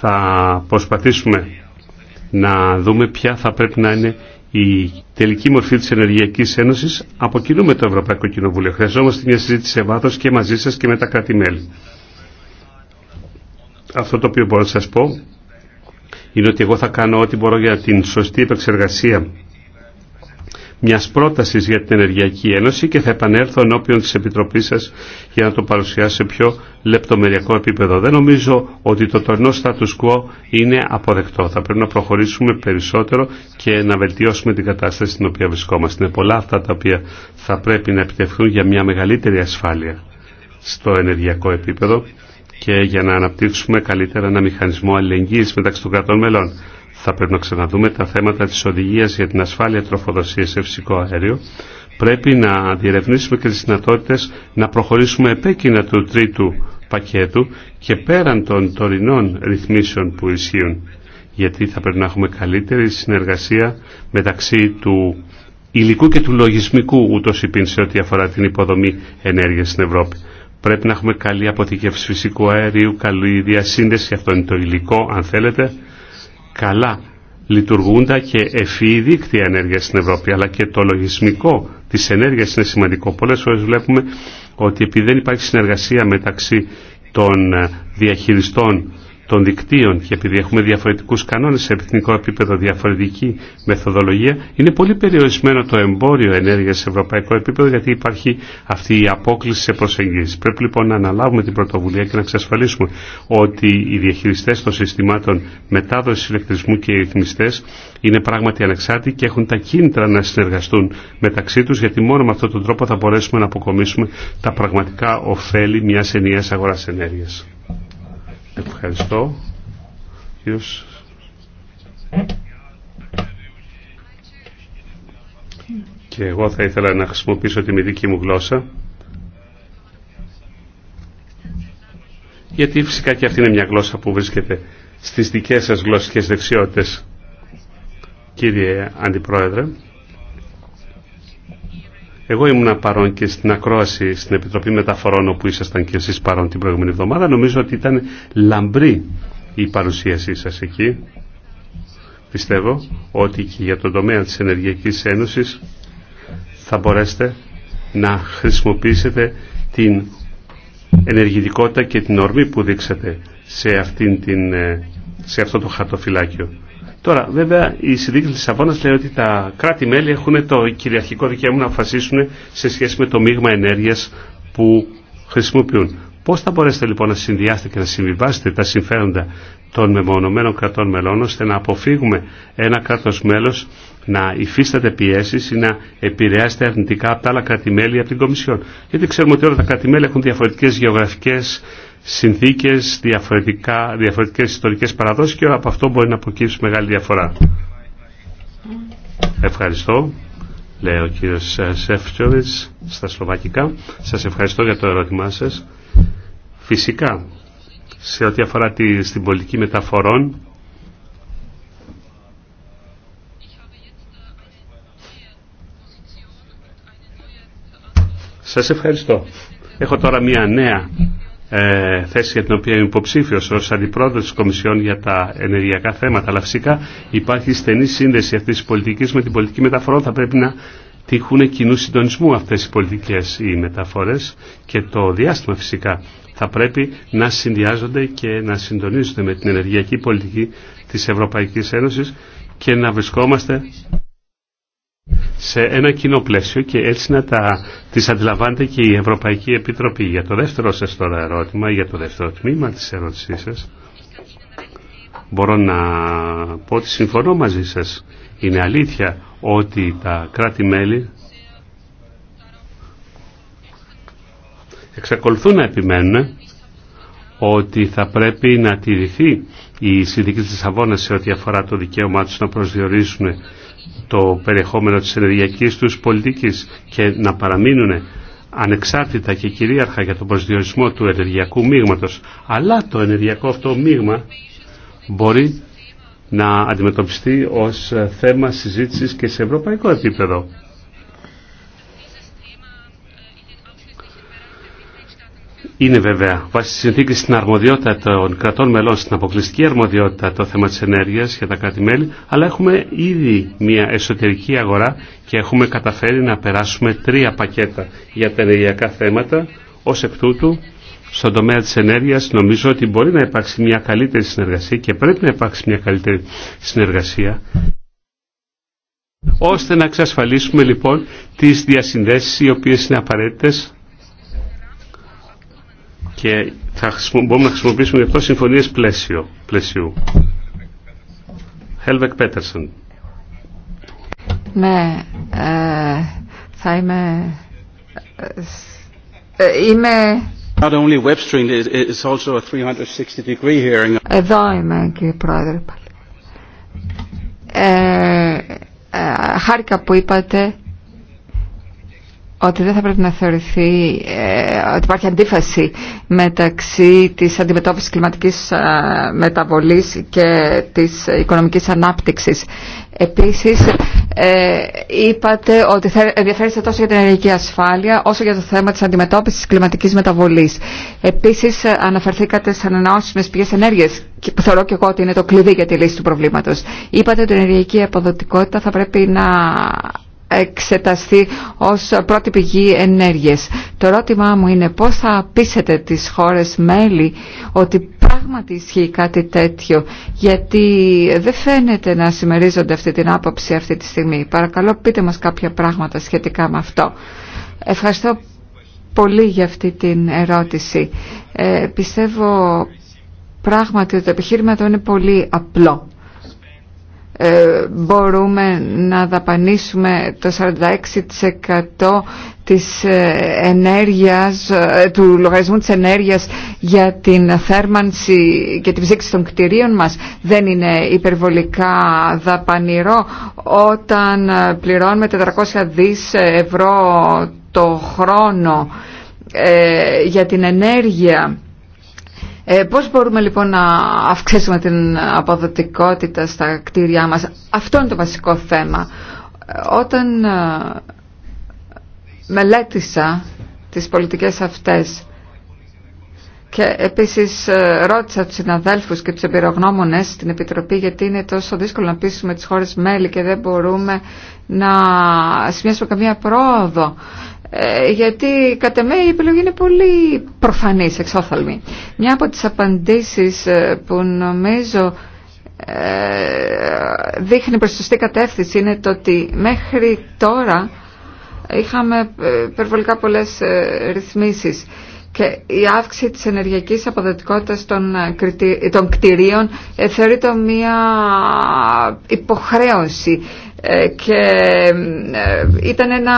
θα προσπαθήσουμε να δούμε ποια θα πρέπει να είναι η τελική μορφή της Ενεργειακής Ένωσης από κοινού με το Ευρωπαϊκό Κοινοβούλιο. Χρειαζόμαστε μια συζήτηση σε βάθος και μαζί σας και με τα κράτη-μέλη. Αυτό το οποίο μπορώ να σας πω είναι ότι εγώ θα κάνω ό,τι μπορώ για την σωστή επεξεργασία μια πρόταση για την Ενεργειακή Ένωση και θα επανέλθω ενώπιον τη επιτροπή σα για να το παρουσιάσω σε πιο λεπτομεριακό επίπεδο. Δεν νομίζω ότι το τωρινό status quo είναι αποδεκτό. Θα πρέπει να προχωρήσουμε περισσότερο και να βελτιώσουμε την κατάσταση στην οποία βρισκόμαστε. Είναι πολλά αυτά τα οποία θα πρέπει να επιτευχθούν για μια μεγαλύτερη ασφάλεια στο ενεργειακό επίπεδο και για να αναπτύξουμε καλύτερα ένα μηχανισμό αλληλεγγύη μεταξύ των κρατών μελών θα πρέπει να ξαναδούμε τα θέματα της οδηγίας για την ασφάλεια τροφοδοσίας σε φυσικό αέριο. Πρέπει να διερευνήσουμε και τις δυνατότητες να προχωρήσουμε επέκεινα του τρίτου πακέτου και πέραν των τωρινών ρυθμίσεων που ισχύουν. Γιατί θα πρέπει να έχουμε καλύτερη συνεργασία μεταξύ του υλικού και του λογισμικού ούτως υπήν σε ό,τι αφορά την υποδομή ενέργειας στην Ευρώπη. Πρέπει να έχουμε καλή αποθήκευση φυσικού αερίου, καλή διασύνδεση, αυτό είναι το υλικό αν θέλετε, καλά λειτουργούντα και ευφυή δίκτυα ενέργεια στην Ευρώπη, αλλά και το λογισμικό τη ενέργεια είναι σημαντικό. Πολλέ φορέ βλέπουμε ότι επειδή δεν υπάρχει συνεργασία μεταξύ των ε, διαχειριστών των δικτύων και επειδή έχουμε διαφορετικούς κανόνες σε εθνικό επίπεδο, διαφορετική μεθοδολογία, είναι πολύ περιορισμένο το εμπόριο ενέργειας σε ευρωπαϊκό επίπεδο γιατί υπάρχει αυτή η απόκληση σε προσεγγίσεις. Πρέπει λοιπόν να αναλάβουμε την πρωτοβουλία και να εξασφαλίσουμε ότι οι διαχειριστές των συστημάτων μετάδοσης ηλεκτρισμού και οι ρυθμιστές είναι πράγματι ανεξάρτητοι και έχουν τα κίνητρα να συνεργαστούν μεταξύ τους γιατί μόνο με αυτόν τον τρόπο θα μπορέσουμε να αποκομίσουμε τα πραγματικά ωφέλη μιας ενιαίας αγοράς ενέργειας. Ευχαριστώ. Και εγώ θα ήθελα να χρησιμοποιήσω τη δική μου γλώσσα. Γιατί φυσικά και αυτή είναι μια γλώσσα που βρίσκεται στις δικές σας γλωσσικές δεξιότητες. Κύριε Αντιπρόεδρε, εγώ ήμουν παρόν και στην ακρόαση στην Επιτροπή Μεταφορών όπου ήσασταν και εσείς παρόν την προηγούμενη εβδομάδα. Νομίζω ότι ήταν λαμπρή η παρουσίασή σας εκεί. Πιστεύω ότι και για τον τομέα της Ενεργειακής Ένωσης θα μπορέσετε να χρησιμοποιήσετε την ενεργητικότητα και την ορμή που δείξατε σε, αυτήν την, ε, σε αυτό το χαρτοφυλάκιο. Τώρα, βέβαια, η συνδίκη τη Λισαβόνα λέει ότι τα κράτη-μέλη έχουν το κυριαρχικό δικαίωμα να αποφασίσουν σε σχέση με το μείγμα ενέργεια που χρησιμοποιούν. Πώ θα μπορέσετε λοιπόν να συνδυάσετε και να συμβιβάσετε τα συμφέροντα των μεμονωμένων κρατών μελών ώστε να αποφύγουμε ένα κράτο μέλο να υφίσταται πιέσει ή να επηρεάζεται αρνητικά από τα άλλα κράτη-μέλη από την Κομισιόν. Γιατί ξέρουμε ότι όλα τα κράτη-μέλη έχουν διαφορετικέ γεωγραφικέ συνθήκες, διαφορετικά, διαφορετικές ιστορικές παραδόσεις και από αυτό μπορεί να αποκύψει μεγάλη διαφορά. Ευχαριστώ, λέει ο κύριος Σεφτσόβιτς στα Σλοβακικά. Σας ευχαριστώ για το ερώτημά σας. Φυσικά, σε ό,τι αφορά τη, στην πολιτική μεταφορών, Σας ευχαριστώ. Έχω τώρα μια νέα ε, θέση για την οποία είμαι υποψήφιο ω αντιπρόεδρο τη Κομισιόν για τα ενεργειακά θέματα. Αλλά φυσικά υπάρχει στενή σύνδεση αυτή τη πολιτική με την πολιτική μεταφορών. Θα πρέπει να τύχουν κοινού συντονισμού αυτέ οι πολιτικέ οι μεταφορέ και το διάστημα φυσικά θα πρέπει να συνδυάζονται και να συντονίζονται με την ενεργειακή πολιτική της Ευρωπαϊκής Ένωσης και να βρισκόμαστε σε ένα κοινό πλαίσιο και έτσι να τα, τις αντιλαμβάνεται και η Ευρωπαϊκή Επιτροπή. Για το δεύτερο σας τώρα ερώτημα, για το δεύτερο τμήμα της ερώτησής σας, μπορώ να πω ότι συμφωνώ μαζί σας. Είναι αλήθεια ότι τα κράτη-μέλη εξακολουθούν να επιμένουν ότι θα πρέπει να τηρηθεί η συνδίκη της Λισαβόνας σε ό,τι αφορά το δικαίωμά τους να προσδιορίσουν το περιεχόμενο της ενεργειακής τους πολιτικής και να παραμείνουν ανεξάρτητα και κυρίαρχα για τον προσδιορισμό του ενεργειακού μείγματος. Αλλά το ενεργειακό αυτό μείγμα μπορεί να αντιμετωπιστεί ως θέμα συζήτησης και σε ευρωπαϊκό επίπεδο. είναι βέβαια βάσει τη συνθήκη στην αρμοδιότητα των κρατών μελών, στην αποκλειστική αρμοδιότητα το θέμα τη ενέργεια για τα κράτη-μέλη, αλλά έχουμε ήδη μια εσωτερική αγορά και έχουμε καταφέρει να περάσουμε τρία πακέτα για τα ενεργειακά θέματα. Ω εκ τούτου, στον τομέα τη ενέργεια νομίζω ότι μπορεί να υπάρξει μια καλύτερη συνεργασία και πρέπει να υπάρξει μια καλύτερη συνεργασία ώστε να εξασφαλίσουμε λοιπόν τις διασυνδέσεις οι οποίες είναι απαραίτητες και θα μπορούμε να χρησιμοποιήσουμε γι' αυτό συμφωνίες πλαίσιο, πλαισιού. Χέλβεκ Πέτερσον. Ναι, ε, θα είμαι... Ε, ε είμαι... Not only web it's also a 360 degree hearing. Εδώ είμαι κύριε Πρόεδρε πάλι. Ε, ε χάρηκα που είπατε ότι δεν θα πρέπει να θεωρηθεί ε, ότι υπάρχει αντίφαση μεταξύ της αντιμετώπισης κλιματικής ε, μεταβολής και της οικονομικής ανάπτυξης. Επίσης, ε, είπατε ότι θα ενδιαφέρεστε τόσο για την ενεργειακή ασφάλεια όσο για το θέμα της αντιμετώπισης της κλιματικής μεταβολής. Επίσης, ε, αναφερθήκατε σε ανανεώσιμες πηγές ενέργειας που θεωρώ και εγώ ότι είναι το κλειδί για τη λύση του προβλήματος. Είπατε ότι η ενεργειακή αποδοτικότητα θα πρέπει να εξεταστεί ως πρώτη πηγή ενέργειας. Το ερώτημά μου είναι πώς θα πείσετε τις χώρες μέλη ότι πράγματι ισχύει κάτι τέτοιο γιατί δεν φαίνεται να συμμερίζονται αυτή την άποψη αυτή τη στιγμή. Παρακαλώ πείτε μας κάποια πράγματα σχετικά με αυτό. Ευχαριστώ πολύ για αυτή την ερώτηση. Ε, πιστεύω πράγματι ότι το επιχείρημα εδώ είναι πολύ απλό. Ε, μπορούμε να δαπανίσουμε το 46% της ε, ενέργειας, ε, του λογαριασμού της ενέργειας για την θέρμανση και τη ψήξη των κτηρίων μας δεν είναι υπερβολικά δαπανηρό όταν πληρώνουμε 400 δις ευρώ το χρόνο για την ενέργεια ε, πώς μπορούμε λοιπόν να αυξήσουμε την αποδοτικότητα στα κτίρια μας. Αυτό είναι το βασικό θέμα. Όταν ε, μελέτησα τις πολιτικές αυτές και επίσης ε, ρώτησα τους συναδέλφους και τους εμπειρογνώμονες στην Επιτροπή γιατί είναι τόσο δύσκολο να πείσουμε τις χώρες μέλη και δεν μπορούμε να σημειώσουμε καμία πρόοδο ε, γιατί κατά μέ η επιλογή είναι πολύ προφανής, εξόθαλμη. Μια από τις απαντήσεις ε, που νομίζω ε, δείχνει προς σωστή κατεύθυνση είναι το ότι μέχρι τώρα είχαμε υπερβολικά πολλές ρυθμίσεις και η αύξηση της ενεργειακής αποδοτικότητας των, κτηρίων θεωρείται μια υποχρέωση και ήταν ένα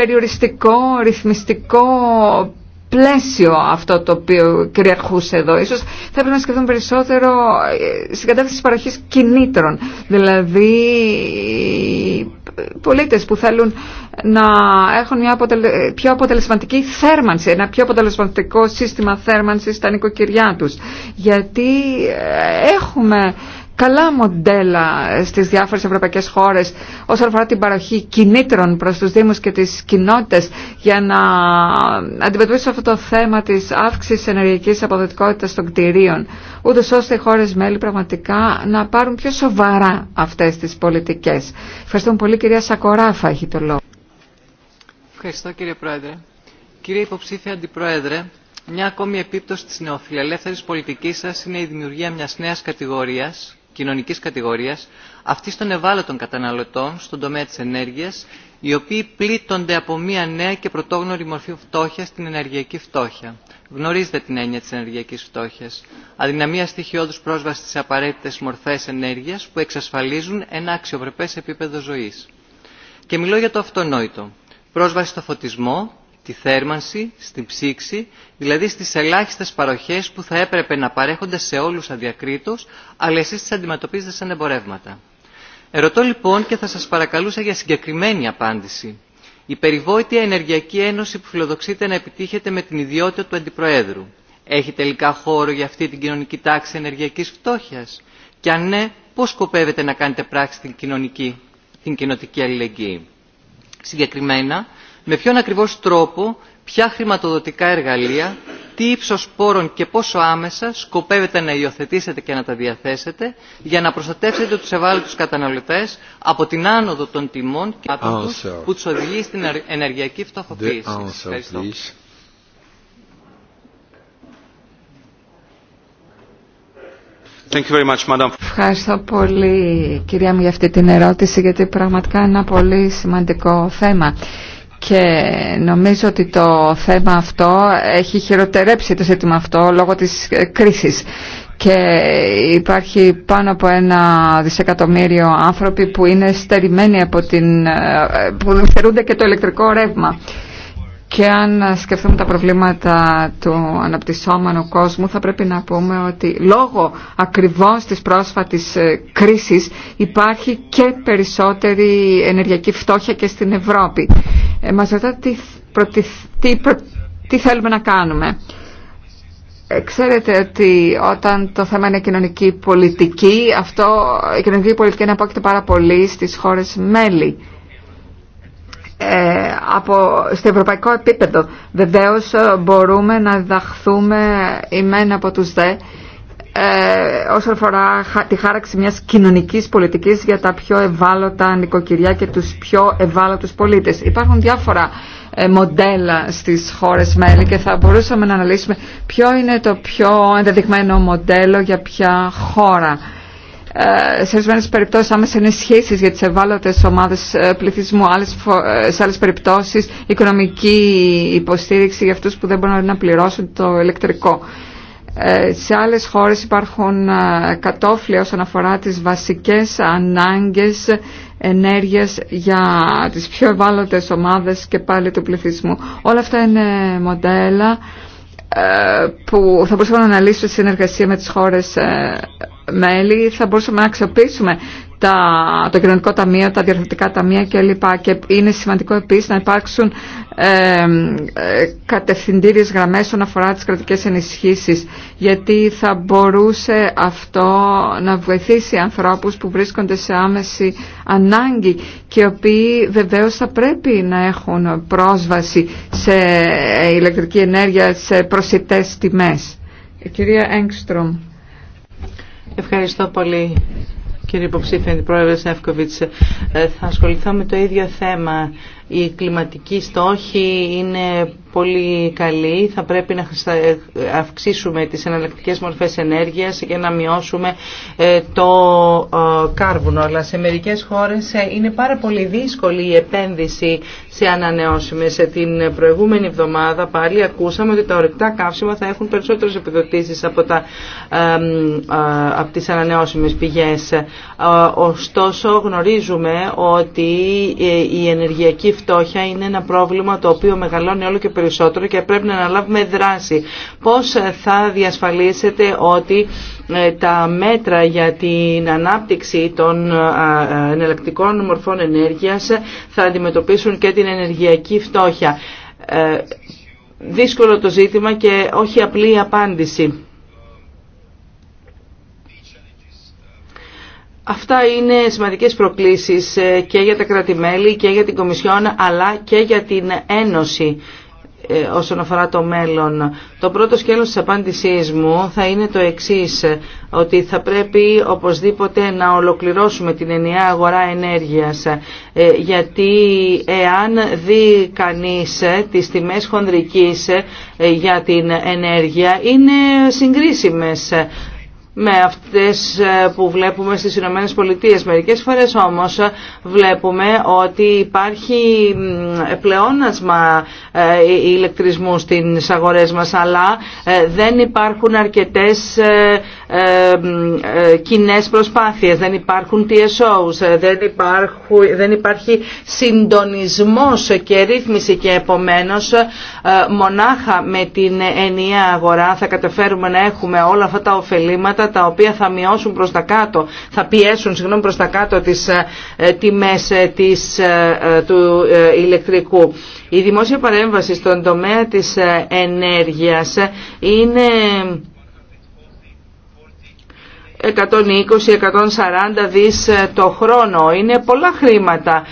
περιοριστικό, ρυθμιστικό πλαίσιο αυτό το οποίο κυριαρχούσε εδώ. Ίσως θα έπρεπε να σκεφτούμε περισσότερο ε, στην κατεύθυνση της παροχής κινήτρων. Δηλαδή πολίτες που θέλουν να έχουν μια πιο αποτελεσματική θέρμανση, ένα πιο αποτελεσματικό σύστημα θέρμανσης στα νοικοκυριά τους. Γιατί ε, έχουμε καλά μοντέλα στις διάφορες ευρωπαϊκές χώρες όσον αφορά την παροχή κινήτρων προς τους Δήμους και τις κοινότητες για να αντιμετωπίσουν αυτό το θέμα της αύξησης ενεργειακής αποδοτικότητας των κτηρίων ούτως ώστε οι χώρες μέλη πραγματικά να πάρουν πιο σοβαρά αυτές τις πολιτικές. Ευχαριστούμε πολύ κυρία Σακοράφα έχει το λόγο. Ευχαριστώ κύριε Πρόεδρε. Κύριε Υποψήφια Αντιπρόεδρε, μια ακόμη επίπτωση της νεοφιλελεύθερης πολιτικής σας είναι η δημιουργία μιας νέας κατηγορίας κοινωνικής κατηγορίας, αυτής των ευάλωτων καταναλωτών στον τομέα της ενέργειας, οι οποίοι πλήττονται από μια νέα και πρωτόγνωρη μορφή φτώχεια την ενεργειακή φτώχεια. Γνωρίζετε την έννοια της ενεργειακής φτώχειας. Αδυναμία στοιχειώδους πρόσβαση στι απαραίτητες μορφές ενέργειας που εξασφαλίζουν ένα αξιοπρεπές επίπεδο ζωής. Και μιλώ για το αυτονόητο. Πρόσβαση στο φωτισμό, τη θέρμανση, στην ψήξη δηλαδή στις ελάχιστες παροχές που θα έπρεπε να παρέχονται σε όλους αδιακρίτως, αλλά εσείς τις αντιμετωπίζετε σαν εμπορεύματα. Ερωτώ λοιπόν και θα σας παρακαλούσα για συγκεκριμένη απάντηση. Η περιβόητη ενεργειακή ένωση που φιλοδοξείται να επιτύχετε με την ιδιότητα του Αντιπροέδρου. Έχει τελικά χώρο για αυτή την κοινωνική τάξη ενεργειακής φτώχειας. Και αν ναι, πώς σκοπεύετε να κάνετε πράξη την, κοινωνική, την κοινωτική αλληλεγγύη. Συγκεκριμένα, με ποιον ακριβώς τρόπο ποια χρηματοδοτικά εργαλεία, τι ύψος πόρων και πόσο άμεσα σκοπεύετε να υιοθετήσετε και να τα διαθέσετε για να προστατεύσετε τους ευάλωτους καταναλωτές από την άνοδο των τιμών και από τους που τους οδηγεί στην ενεργειακή φτωχοποίηση. Ευχαριστώ. Thank you very much, madam. Ευχαριστώ πολύ κυρία μου για αυτή την ερώτηση γιατί πραγματικά είναι ένα πολύ σημαντικό θέμα. Και νομίζω ότι το θέμα αυτό έχει χειροτερέψει το ζήτημα αυτό λόγω της ε, κρίσης και υπάρχει πάνω από ένα δισεκατομμύριο άνθρωποι που είναι στερημένοι από την, ε, που θερούνται και το ηλεκτρικό ρεύμα. Και αν σκεφτούμε τα προβλήματα του αναπτυσσόμενου κόσμου θα πρέπει να πούμε ότι λόγω ακριβώς της πρόσφατης ε, κρίσης υπάρχει και περισσότερη ενεργειακή φτώχεια και στην Ευρώπη. Ε, μας ρωτάτε τι, τι, θέλουμε να κάνουμε. Ε, ξέρετε ότι όταν το θέμα είναι κοινωνική πολιτική, αυτό, η κοινωνική πολιτική είναι πάρα πολύ στις χώρες μέλη. Ε, από, στο ευρωπαϊκό επίπεδο. Βεβαίως ε, μπορούμε να διδαχθούμε ημένα από τους δε ε, όσον αφορά τη χάραξη μιας κοινωνικής πολιτικής για τα πιο ευάλωτα νοικοκυριά και τους πιο ευάλωτους πολίτες. Υπάρχουν διάφορα ε, μοντέλα στις χώρες μέλη και θα μπορούσαμε να αναλύσουμε ποιο είναι το πιο ενδεδειγμένο μοντέλο για ποια χώρα. Ε, σε ορισμένε περιπτώσει άμεσα είναι για τι ευάλωτε ομάδε ε, πληθυσμού. Σε άλλε περιπτώσει οικονομική υποστήριξη για αυτού που δεν μπορούν να πληρώσουν το ηλεκτρικό. Ε, σε άλλες χώρες υπάρχουν ε, κατόφλια όσον αφορά τις βασικές ανάγκες ενέργειας για τις πιο ευάλωτες ομάδες και πάλι του πληθυσμού. Όλα αυτά είναι μοντέλα ε, που θα μπορούσαμε να αναλύσουμε συνεργασία με τις χώρες μέλη θα μπορούσαμε να αξιοποιήσουμε τα, το κοινωνικό ταμείο, τα διαρθρωτικά ταμεία κλπ. Και είναι σημαντικό επίση να υπάρξουν ε, ε, κατευθυντήριες γραμμές όσον αφορά τι κρατικέ ενισχύσει, γιατί θα μπορούσε αυτό να βοηθήσει ανθρώπου που βρίσκονται σε άμεση ανάγκη και οι οποίοι βεβαίω θα πρέπει να έχουν πρόσβαση σε ηλεκτρική ενέργεια σε προσιτέ τιμέ. Ε, κυρία Έγκστρομ. Ευχαριστώ πολύ κύριε υποψήφια την πρόεδρε Σεύκοβιτς. Ε, θα ασχοληθώ με το ίδιο θέμα η κλιματική στόχοι είναι πολύ καλή. Θα πρέπει να αυξήσουμε τις εναλλακτικές μορφές ενέργειας και να μειώσουμε ε, το ε, κάρβουνο. Αλλά σε μερικές χώρες ε, είναι πάρα πολύ δύσκολη η επένδυση σε ανανεώσιμες. Την προηγούμενη εβδομάδα πάλι ακούσαμε ότι τα ορυκτά καύσιμα θα έχουν περισσότερες επιδοτήσεις από, τα, από τις ανανεώσιμες πηγές. Ωστόσο γνωρίζουμε ότι η ενεργειακή φτώχεια είναι ένα πρόβλημα το οποίο μεγαλώνει όλο και περισσότερο και πρέπει να αναλάβουμε δράση. Πώς θα διασφαλίσετε ότι ε, τα μέτρα για την ανάπτυξη των ε, εναλλακτικών μορφών ενέργειας θα αντιμετωπίσουν και την ενεργειακή φτώχεια. Ε, δύσκολο το ζήτημα και όχι απλή απάντηση. Αυτά είναι σημαντικές προκλήσεις ε, και για τα κράτη-μέλη και για την Κομισιόν αλλά και για την Ένωση ε, όσον αφορά το μέλλον. Το πρώτο σκέλος της απάντησής μου θα είναι το εξής, ότι θα πρέπει οπωσδήποτε να ολοκληρώσουμε την ενιαία αγορά ενέργειας, ε, γιατί εάν δει κανείς τις τιμές χονδρικής για την ενέργεια, είναι συγκρίσιμες με αυτές ε, που βλέπουμε στις Ηνωμένες Πολιτείες. Μερικές φορές όμως ε, βλέπουμε ότι υπάρχει ε, πλεόνασμα ηλεκτρισμού στις αγορές μας αλλά δεν υπάρχουν αρκετές κοινέ προσπάθειες, δεν υπάρχουν TSOs, δεν, υπάρχουν, δεν υπάρχει συντονισμός και ρύθμιση και επομένως μονάχα με την ενιαία αγορά θα καταφέρουμε να έχουμε όλα αυτά τα ωφελήματα τα οποία θα μειώσουν προς τα κάτω, θα πιέσουν συγγνώμη προς τα κάτω τις ε, ε, τιμές ε, της, του ηλεκτρικού. Η δημόσια παρέμβαση στον τομέα της ενέργειας είναι 120-140 δις το χρόνο. Είναι πολλά χρήματα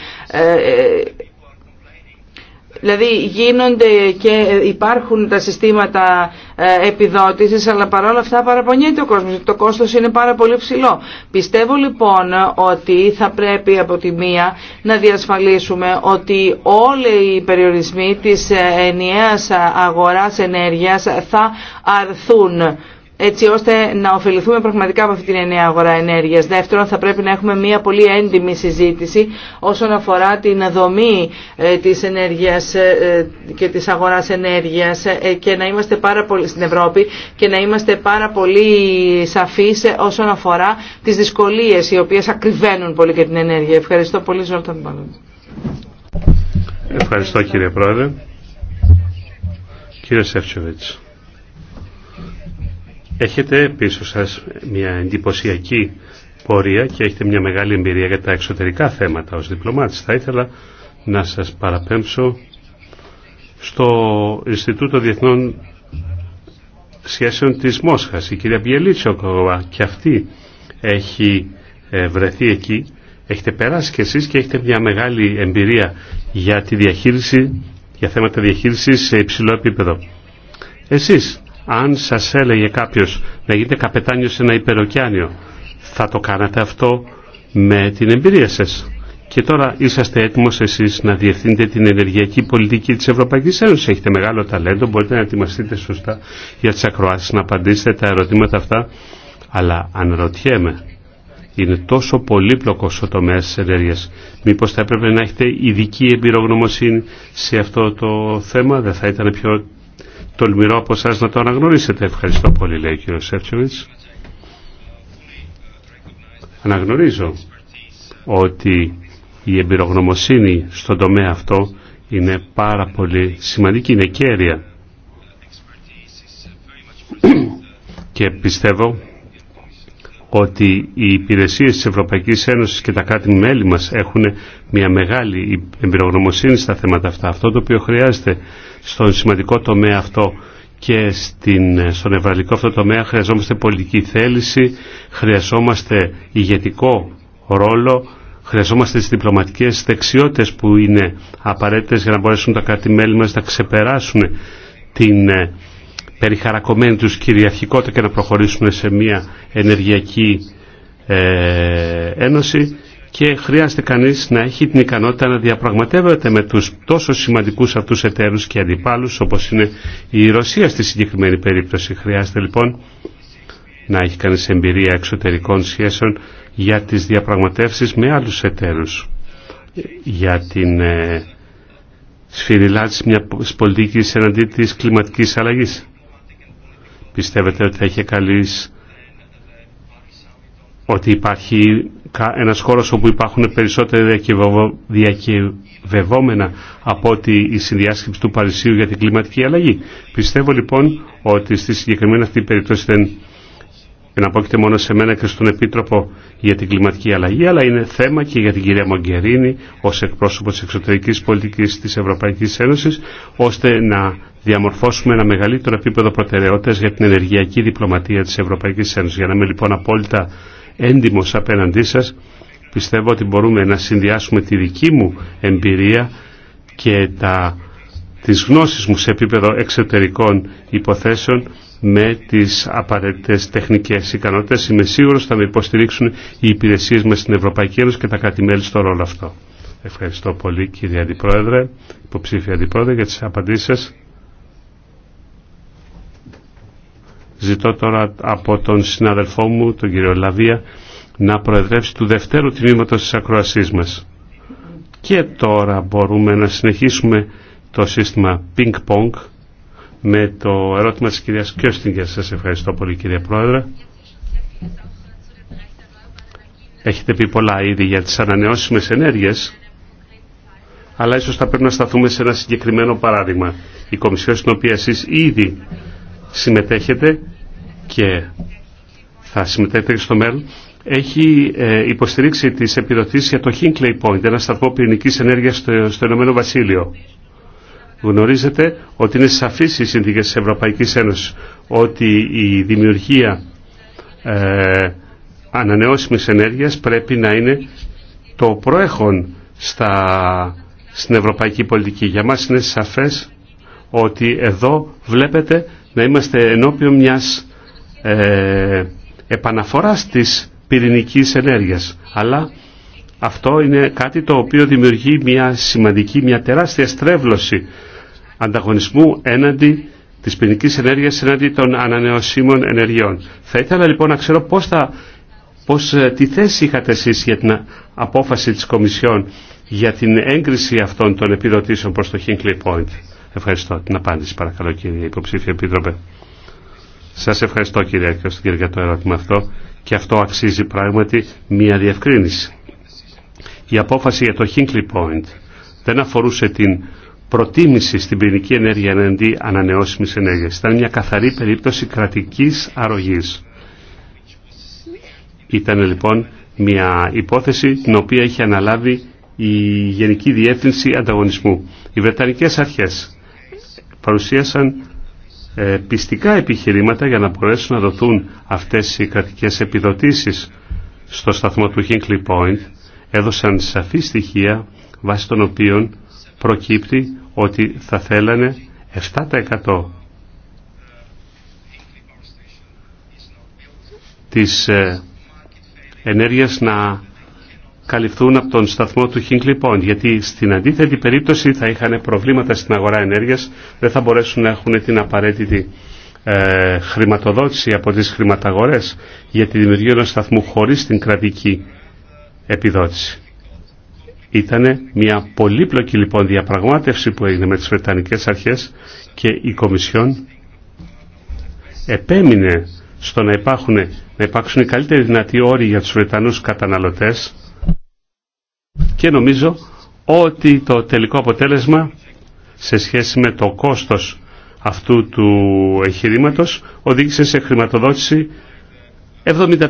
Δηλαδή γίνονται και υπάρχουν τα συστήματα ε, επιδότησης, αλλά παρόλα αυτά παραπονιέται ο κόσμος. Το κόστος είναι πάρα πολύ ψηλό. Πιστεύω λοιπόν ότι θα πρέπει από τη μία να διασφαλίσουμε ότι όλοι οι περιορισμοί της ε, ενιαίας αγοράς ενέργειας θα αρθούν έτσι ώστε να ωφεληθούμε πραγματικά από αυτή την νέα αγορά ενέργειας. Δεύτερον, θα πρέπει να έχουμε μια πολύ έντιμη συζήτηση όσον αφορά την δομή ε, της ενέργειας ε, ε, και της αγοράς ενέργειας και να είμαστε πάρα πολύ στην Ευρώπη και να είμαστε πάρα πολύ σαφείς όσον αφορά τις δυσκολίες οι οποίες ακριβένουν πολύ και την ενέργεια. Ευχαριστώ πολύ, Ευχαριστώ κύριε Πρόεδρε. Κύριε Σεύτσοβιτς. Έχετε πίσω σας μια εντυπωσιακή πορεία και έχετε μια μεγάλη εμπειρία για τα εξωτερικά θέματα ως διπλωμάτης. Θα ήθελα να σας παραπέμψω στο Ινστιτούτο Διεθνών Σχέσεων της Μόσχας. Η κυρία και αυτή έχει ε, βρεθεί εκεί. Έχετε περάσει κι εσείς και έχετε μια μεγάλη εμπειρία για τη διαχείριση, για θέματα διαχείρισης σε υψηλό επίπεδο. Εσείς αν σας έλεγε κάποιος να γίνετε καπετάνιος σε ένα υπεροκιάνιο, θα το κάνατε αυτό με την εμπειρία σας. Και τώρα είσαστε έτοιμος εσείς να διευθύνετε την ενεργειακή πολιτική της Ευρωπαϊκής Ένωσης. Έχετε μεγάλο ταλέντο, μπορείτε να ετοιμαστείτε σωστά για τις ακροάσεις, να απαντήσετε τα ερωτήματα αυτά. Αλλά αν ρωτιέμαι, είναι τόσο πολύπλοκο ο τομέα τη ενέργεια. Μήπω θα έπρεπε να έχετε ειδική εμπειρογνωμοσύνη σε αυτό το θέμα, δεν θα ήταν πιο τολμηρό από εσά να το αναγνωρίσετε. Ευχαριστώ πολύ, λέει ο κύριο Σέρτσοβιτ. Αναγνωρίζω ότι η εμπειρογνωμοσύνη στον τομέα αυτό είναι πάρα πολύ σημαντική, είναι κέρια. Και πιστεύω ότι οι υπηρεσίες της Ευρωπαϊκής Ένωσης και τα κάτι μελη μας έχουν μια μεγάλη εμπειρογνωμοσύνη στα θέματα αυτά. Αυτό το οποίο χρειάζεται στον σημαντικό τομέα αυτό και στην, στον ευραλικό αυτό τομέα χρειαζόμαστε πολιτική θέληση, χρειαζόμαστε ηγετικό ρόλο, χρειαζόμαστε τις διπλωματικές δεξιότητες που είναι απαραίτητες για να μπορέσουν τα κράτη-μέλη μας να ξεπεράσουν την ε, περιχαρακωμένη τους κυριαρχικότητα και να προχωρήσουν σε μια ενεργειακή ε, ένωση και χρειάζεται κανείς να έχει την ικανότητα να διαπραγματεύεται με τους τόσο σημαντικούς αυτούς εταίρους και αντιπάλους όπως είναι η Ρωσία στη συγκεκριμένη περίπτωση. Χρειάζεται λοιπόν να έχει κανείς εμπειρία εξωτερικών σχέσεων για τις διαπραγματεύσεις με άλλους εταίρους. Για την ε, σφυριλάτηση μια πολιτική εναντί τη κλιματικής αλλαγής. Πιστεύετε ότι θα είχε καλής ότι υπάρχει ένας χώρος όπου υπάρχουν περισσότερα διακυβευόμενα από ότι η συνδιάσκεψη του Παρισίου για την κλιματική αλλαγή. Πιστεύω λοιπόν ότι στη συγκεκριμένη αυτή περίπτωση δεν εναπόκειται μόνο σε μένα και στον Επίτροπο για την κλιματική αλλαγή, αλλά είναι θέμα και για την κυρία Μογκερίνη ως εκπρόσωπο της εξωτερικής πολιτικής της Ευρωπαϊκής Ένωσης, ώστε να διαμορφώσουμε ένα μεγαλύτερο επίπεδο προτεραιότητας για την ενεργειακή διπλωματία της Ευρωπαϊκής Ένωσης. Για να είμαι λοιπόν απόλυτα έντιμος απέναντί σας. Πιστεύω ότι μπορούμε να συνδυάσουμε τη δική μου εμπειρία και τα, τις γνώσεις μου σε επίπεδο εξωτερικών υποθέσεων με τις απαραίτητες τεχνικές ικανότητες. Είμαι σίγουρος θα με υποστηρίξουν οι υπηρεσίες μας στην Ευρωπαϊκή Ένωση και τα κράτη-μέλη στο ρόλο αυτό. Ευχαριστώ πολύ κύριε Αντιπρόεδρε, υποψήφια Αντιπρόεδρε για τις απαντήσεις σας. Ζητώ τώρα από τον συναδελφό μου, τον κύριο Λαβία, να προεδρεύσει του δευτέρου τμήματος της ακροασής μας. Και τώρα μπορούμε να συνεχίσουμε το σύστημα ping-pong με το ερώτημα της κυρίας Κιώστιγκερ. Σας ευχαριστώ πολύ κύριε Πρόεδρε. Έχετε πει πολλά ήδη για τις ανανεώσιμες ενέργειες, αλλά ίσως θα πρέπει να σταθούμε σε ένα συγκεκριμένο παράδειγμα. Η Κομισιόν στην οποία εσείς ήδη συμμετέχετε και θα συμμετέχετε και στο μέλλον έχει ε, υποστηρίξει τις επιδοτήσεις για το Hinkley Point, ένα σταθμό πυρηνικής ενέργειας στο, στο Βασίλειο. Γνωρίζετε ότι είναι σαφής οι συνθήκες της Ευρωπαϊκής Ένωσης ότι η δημιουργία ε, ανανεώσιμης ενέργειας πρέπει να είναι το προέχον στα, στην ευρωπαϊκή πολιτική. Για μας είναι σαφές ότι εδώ βλέπετε να είμαστε ενώπιον μιας ε, επαναφοράς της πυρηνικής ενέργειας. Αλλά αυτό είναι κάτι το οποίο δημιουργεί μια σημαντική, μια τεράστια στρέβλωση ανταγωνισμού έναντι της πυρηνικής ενέργειας, έναντι των ανανεωσίμων ενεργειών. Θα ήθελα λοιπόν να ξέρω πώς θα πώς, ε, τι θέση είχατε εσείς για την απόφαση της Κομισιόν για την έγκριση αυτών των επιδοτήσεων προς το Hinkley Point. Ευχαριστώ την απάντηση παρακαλώ κύριε υποψήφια επίτροπε. Σας ευχαριστώ κύριε Ακροστήρια για το ερώτημα αυτό και αυτό αξίζει πράγματι μία διευκρίνηση. Η απόφαση για το Hinkley Point δεν αφορούσε την προτίμηση στην πυρηνική ενέργεια εναντί ανανεώσιμης ενέργειας. Ήταν μια καθαρή περίπτωση κρατικής αρρωγής. Ήταν λοιπόν μια υπόθεση την οποία είχε αναλάβει η Γενική Διεύθυνση Ανταγωνισμού. Οι Βρετανικές Αρχές παρουσίασαν ε, πιστικά επιχειρήματα για να μπορέσουν να δοθούν αυτές οι κρατικές επιδοτήσεις στο σταθμό του Hinkley Point έδωσαν σαφή στοιχεία βάσει των οποίων προκύπτει ότι θα θέλανε 7% της ε, ενέργειας να καλυφθούν από τον σταθμό του Χίνκλι Πόντ, γιατί στην αντίθετη περίπτωση θα είχαν προβλήματα στην αγορά ενέργειας, δεν θα μπορέσουν να έχουν την απαραίτητη ε, χρηματοδότηση από τις χρηματαγορές για τη δημιουργία ενός σταθμού χωρίς την κρατική επιδότηση. Ήταν μια πολύπλοκη λοιπόν διαπραγμάτευση που έγινε με τις Βρετανικές Αρχές και η Κομισιόν επέμεινε στο να, υπάρχουν, να υπάρξουν οι καλύτεροι δυνατοί όροι για τους Βρετανούς καταναλωτές και νομίζω ότι το τελικό αποτέλεσμα σε σχέση με το κόστος αυτού του εγχειρήματο οδήγησε σε χρηματοδότηση 70%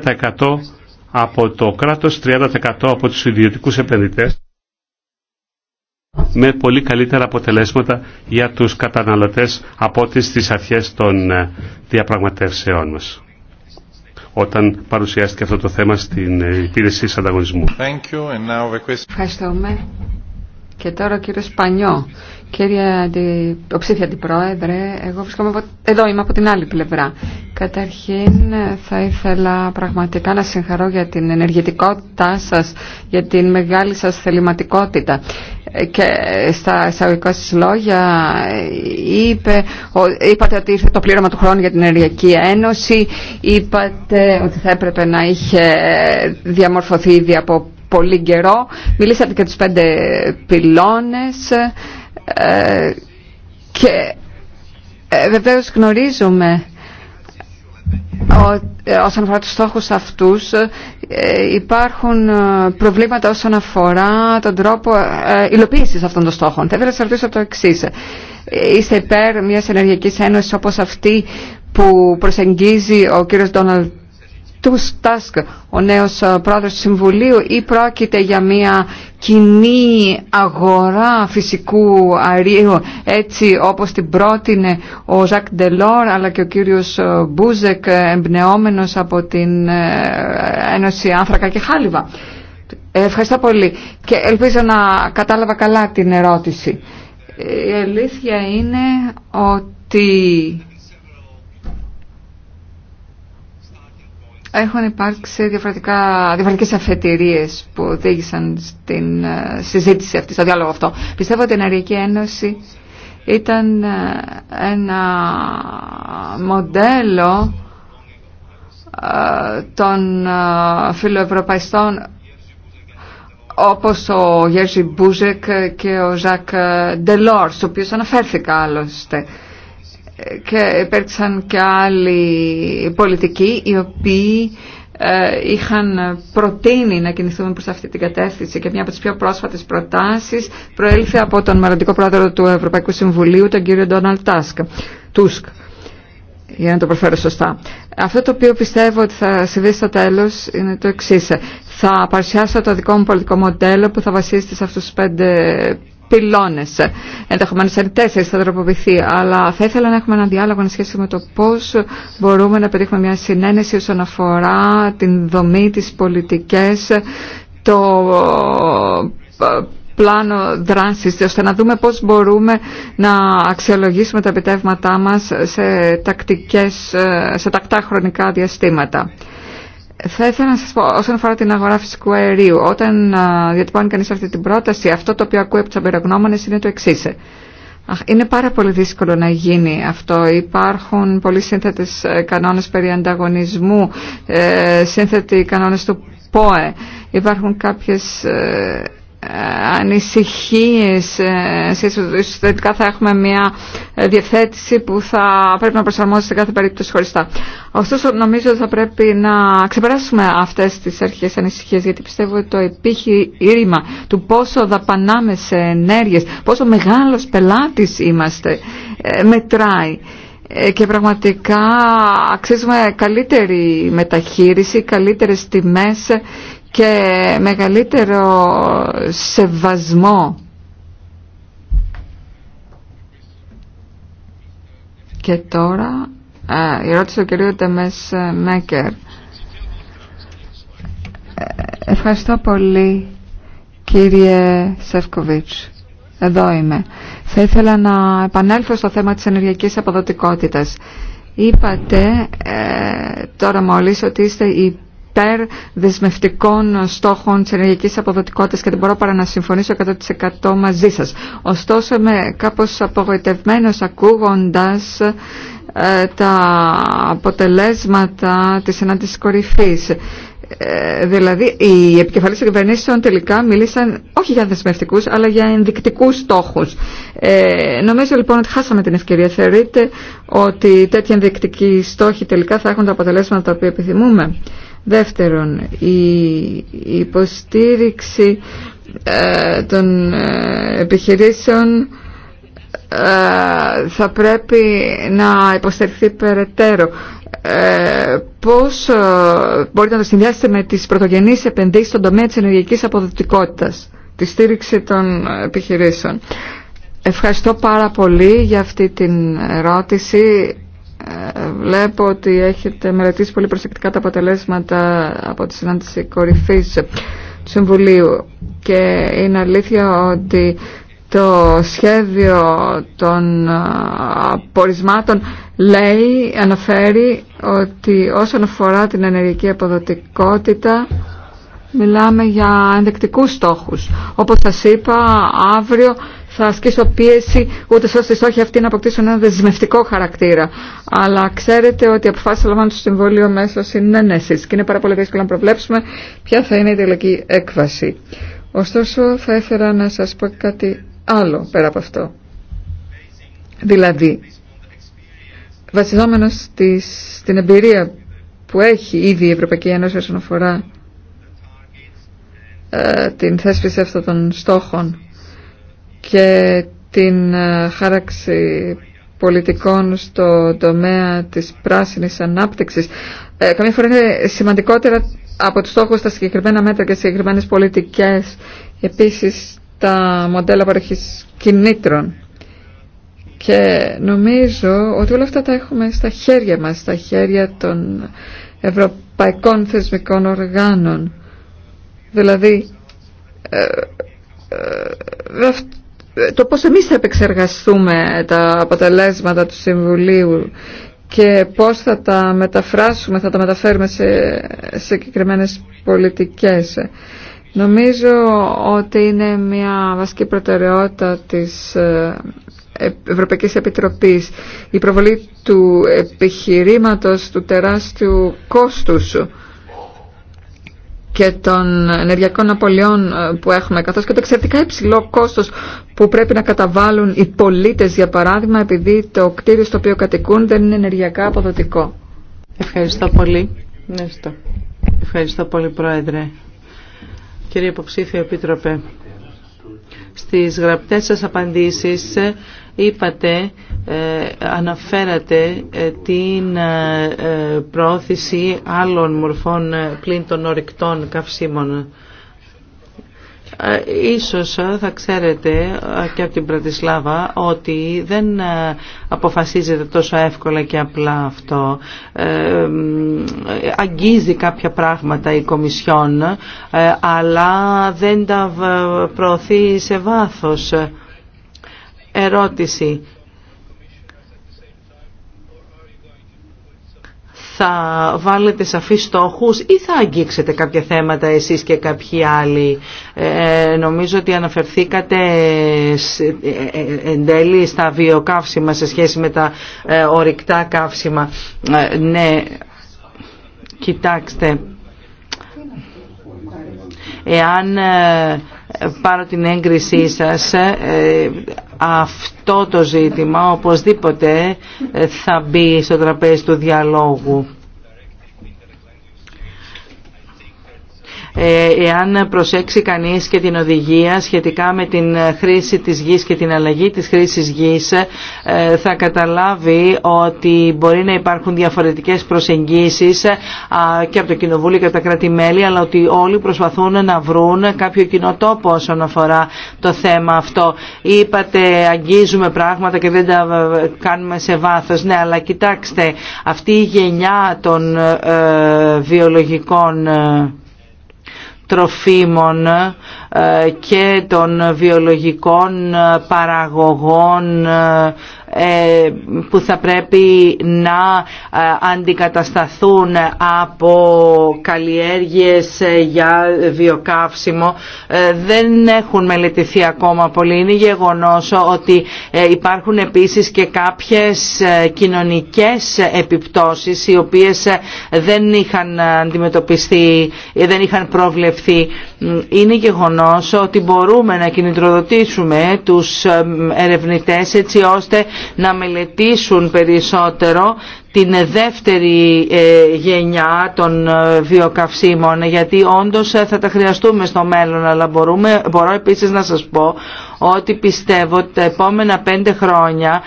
από το κράτος, 30% από τους ιδιωτικούς επενδυτές με πολύ καλύτερα αποτελέσματα για τους καταναλωτές από τις αρχές των ε, διαπραγματεύσεών μας όταν παρουσιάστηκε αυτό το θέμα στην ε, υπηρεσία ανταγωνισμού. Thank Ευχαριστούμε. Και τώρα ο κύριος Πανιό. Κύριε αντι... την αντιπρόεδρε, εγώ βρισκόμαι από... εδώ, είμαι από την άλλη πλευρά. Καταρχήν θα ήθελα πραγματικά να συγχαρώ για την ενεργητικότητά σας, για την μεγάλη σας θεληματικότητα και στα εισαγωγικά σα λόγια είπε, είπατε ότι ήρθε το πλήρωμα του χρόνου για την Ενεργειακή Ένωση είπατε ότι θα έπρεπε να είχε διαμορφωθεί ήδη από πολύ καιρό μιλήσατε και τους πέντε πυλώνες ε, και ε, βεβαίως γνωρίζουμε ε, όσον αφορά τους στόχους αυτούς ε, υπάρχουν ε, προβλήματα όσον αφορά τον τρόπο υλοποίησης αυτών των στόχων. Θα ήθελα να σας ρωτήσω το εξή. Είστε υπέρ μιας ενεργειακής ένωσης όπως αυτή που προσεγγίζει ο κύριος Ντόναλτ Τούς Τάσκ, ο νέος ε, πρόεδρος του Συμβουλίου ή πρόκειται για μια κοινή αγορά φυσικού αερίου έτσι όπως την πρότεινε ο Ζακ Ντελόρ αλλά και ο κύριος Μπούζεκ ε, εμπνεόμενος από την ε, Ένωση Άνθρακα και Χάλιβα. Ευχαριστώ πολύ και ελπίζω να κατάλαβα καλά την ερώτηση. Η αλήθεια είναι ότι έχουν υπάρξει διαφορετικά, διαφορετικές αφετηρίες που οδήγησαν στην ε, συζήτηση αυτή, στο διάλογο αυτό. Πιστεύω ότι η Ενεργειακή Ένωση ήταν ε, ένα μοντέλο ε, των φιλοευρωπαϊστών όπως ο Γέρζι Μπούζεκ και ο Ζακ Ντελόρ, στους οποίους αναφέρθηκα άλλωστε και υπέρξαν και άλλοι πολιτικοί οι οποίοι ε, είχαν προτείνει να κινηθούμε προς αυτή την κατεύθυνση και μια από τις πιο πρόσφατες προτάσεις προέλθε από τον μελλοντικό πρόεδρο του Ευρωπαϊκού Συμβουλίου, τον κύριο Ντόναλτ Τάσκ, Τούσκ, για να το προφέρω σωστά. Αυτό το οποίο πιστεύω ότι θα συμβεί στο τέλος είναι το εξής. Θα παρουσιάσω το δικό μου πολιτικό μοντέλο που θα βασίζεται σε αυτούς τους πέντε πυλώνε. Ενδεχομένω αν τέσσερι θα τροποποιηθεί, αλλά θα ήθελα να έχουμε ένα διάλογο να σχέση με το πώ μπορούμε να πετύχουμε μια συνένεση όσον αφορά την δομή, τι πολιτικέ το ε, πλάνο δράσης, ώστε να δούμε πώς μπορούμε να αξιολογήσουμε τα επιτεύγματά μας σε, τακτικές, ε, σε τακτά χρονικά διαστήματα. Θα ήθελα να σας πω, όσον αφορά την αγορά φυσικού αερίου, όταν διατυπώνει κανείς αυτή την πρόταση, αυτό το οποίο ακούει από τους είναι το εξή. Είναι πάρα πολύ δύσκολο να γίνει αυτό. Υπάρχουν πολύ σύνθετες ε, κανόνες περί ανταγωνισμού, ε, σύνθετοι κανόνες του ΠΟΕ. Υπάρχουν κάποιες ε, ανησυχίες ε, συστατικά θα έχουμε μια ε, διευθέτηση που θα πρέπει να προσαρμόζεται σε κάθε περίπτωση χωριστά. Ωστόσο νομίζω ότι θα πρέπει να ξεπεράσουμε αυτές τις αρχές ανησυχίες γιατί πιστεύω ότι το επιχείρημα του πόσο δαπανάμε σε ενέργειες, πόσο μεγάλος πελάτης είμαστε ε, μετράει και πραγματικά αξίζουμε καλύτερη μεταχείριση, καλύτερες τιμές και μεγαλύτερο σεβασμό και τώρα η ερώτηση του κυρίου Τεμές Μέκερ ε, Ευχαριστώ πολύ κύριε Σεύκοβιτς εδώ είμαι θα ήθελα να επανέλθω στο θέμα της ενεργειακής αποδοτικότητας Είπατε ε, τώρα μόλις ότι είστε η υπέρ δεσμευτικών στόχων τη ενεργειακής αποδοτικότητας και δεν μπορώ παρά να συμφωνήσω 100% μαζί σας. Ωστόσο είμαι κάπως απογοητευμένος ακούγοντας ε, τα αποτελέσματα της συνάντησης κορυφής. Ε, δηλαδή οι επικεφαλής των κυβερνήσεων τελικά μίλησαν όχι για δεσμευτικούς αλλά για ενδεικτικούς στόχους. Ε, νομίζω λοιπόν ότι χάσαμε την ευκαιρία. Θεωρείτε ότι τέτοια ενδεικτικοί στόχοι τελικά θα έχουν τα αποτελέσματα τα οποία επιθυμούμε. Δεύτερον, η υποστήριξη ε, των ε, επιχειρήσεων ε, θα πρέπει να υποστηριχθεί περαιτέρω. Πώς μπορείτε να το συνδυάσετε με τις πρωτογενείς επενδύσεις στον τομέα της ενεργειακής αποδοτικότητας, τη στήριξη των επιχειρήσεων. Ευχαριστώ πάρα πολύ για αυτή την ερώτηση βλέπω ότι έχετε μελετήσει πολύ προσεκτικά τα αποτελέσματα από τη συνάντηση κορυφής του Συμβουλίου και είναι αλήθεια ότι το σχέδιο των απορισμάτων λέει, αναφέρει ότι όσον αφορά την ενεργειακή αποδοτικότητα μιλάμε για ενδεκτικούς στόχους. Όπως σας είπα, αύριο θα ασκήσω πίεση ούτε ώστε οι στόχοι αυτοί να αποκτήσουν ένα δεσμευτικό χαρακτήρα. Αλλά ξέρετε ότι οι αποφάσει λαμβάνουν στο Συμβούλιο μέσω συνένεση και είναι πάρα πολύ δύσκολο να προβλέψουμε ποια θα είναι η τελική έκβαση. Ωστόσο, θα ήθελα να σα πω κάτι άλλο πέρα από αυτό. Δηλαδή, βασιζόμενος στην εμπειρία που έχει ήδη η Ευρωπαϊκή Ένωση όσον αφορά ε, την θέσπιση αυτών των στόχων και την ε, χάραξη πολιτικών στο τομέα της πράσινης ανάπτυξης. Ε, καμία φορά είναι σημαντικότερα από τους στόχους τα συγκεκριμένα μέτρα και συγκεκριμένες πολιτικές. Επίσης τα μοντέλα παροχής κινήτρων. Και νομίζω ότι όλα αυτά τα έχουμε στα χέρια μας, στα χέρια των ευρωπαϊκών θεσμικών οργάνων. Δηλαδή, ε, ε το πώς εμείς θα επεξεργαστούμε τα αποτελέσματα του Συμβουλίου και πώς θα τα μεταφράσουμε, θα τα μεταφέρουμε σε, συγκεκριμένες συγκεκριμένε πολιτικές. Νομίζω ότι είναι μια βασική προτεραιότητα της ε, Ευρωπαϊκής Επιτροπής η προβολή του επιχειρήματος του τεράστιου κόστους και των ενεργειακών απολειών ε, που έχουμε, καθώς και το εξαιρετικά υψηλό κόστος που πρέπει να καταβάλουν οι πολίτες, για παράδειγμα, επειδή το κτίριο στο οποίο κατοικούν δεν είναι ενεργειακά αποδοτικό. Ευχαριστώ πολύ. Ευχαριστώ, Ευχαριστώ πολύ, Πρόεδρε. Κύριε Υποψήφιο Επίτροπε, στις γραπτές σας απαντήσεις είπατε, ε, αναφέρατε ε, την ε, πρόθεση άλλων μορφών πλήν των ορυκτών καυσίμων. Ίσως θα ξέρετε και από την Πρατισλάβα ότι δεν αποφασίζεται τόσο εύκολα και απλά αυτό. Αγγίζει κάποια πράγματα η Κομισιόν αλλά δεν τα προωθεί σε βάθος ερώτηση. θα βάλετε σαφείς στόχους ή θα αγγίξετε κάποια θέματα εσείς και κάποιοι άλλοι. Ε, νομίζω ότι αναφερθήκατε ε, ε, ε, εν τέλει στα βιοκαύσιμα σε σχέση με τα ε, ορυκτά καύσιμα. ναι, κοιτάξτε, εάν πάρω την έγκρισή σας ε, αυτό το ζήτημα οπωσδήποτε θα μπει στο τραπέζι του διαλόγου. Ε, εάν προσέξει κανείς και την οδηγία σχετικά με την χρήση της γης και την αλλαγή της χρήσης γης ε, θα καταλάβει ότι μπορεί να υπάρχουν διαφορετικές προσεγγίσεις ε, και από το Κοινοβούλιο και από τα κράτη-μέλη αλλά ότι όλοι προσπαθούν να βρουν κάποιο κοινό τόπο όσον αφορά το θέμα αυτό. Είπατε αγγίζουμε πράγματα και δεν τα κάνουμε σε βάθος. Ναι, αλλά κοιτάξτε, αυτή η γενιά των βιολογικών τροφίμων ε, και των βιολογικών ε, παραγωγών ε, που θα πρέπει να αντικατασταθούν από καλλιέργειες για βιοκαύσιμο δεν έχουν μελετηθεί ακόμα πολύ. Είναι γεγονός ότι υπάρχουν επίσης και κάποιες κοινωνικές επιπτώσεις οι οποίες δεν είχαν αντιμετωπιστεί, δεν είχαν προβλεφθεί είναι γεγονός ότι μπορούμε να κινητροδοτήσουμε τους ε, ερευνητές έτσι ώστε να μελετήσουν περισσότερο την δεύτερη ε, γενιά των ε, βιοκαυσίμων γιατί όντως θα τα χρειαστούμε στο μέλλον αλλά μπορούμε, μπορώ επίσης να σας πω ότι πιστεύω ότι τα επόμενα πέντε χρόνια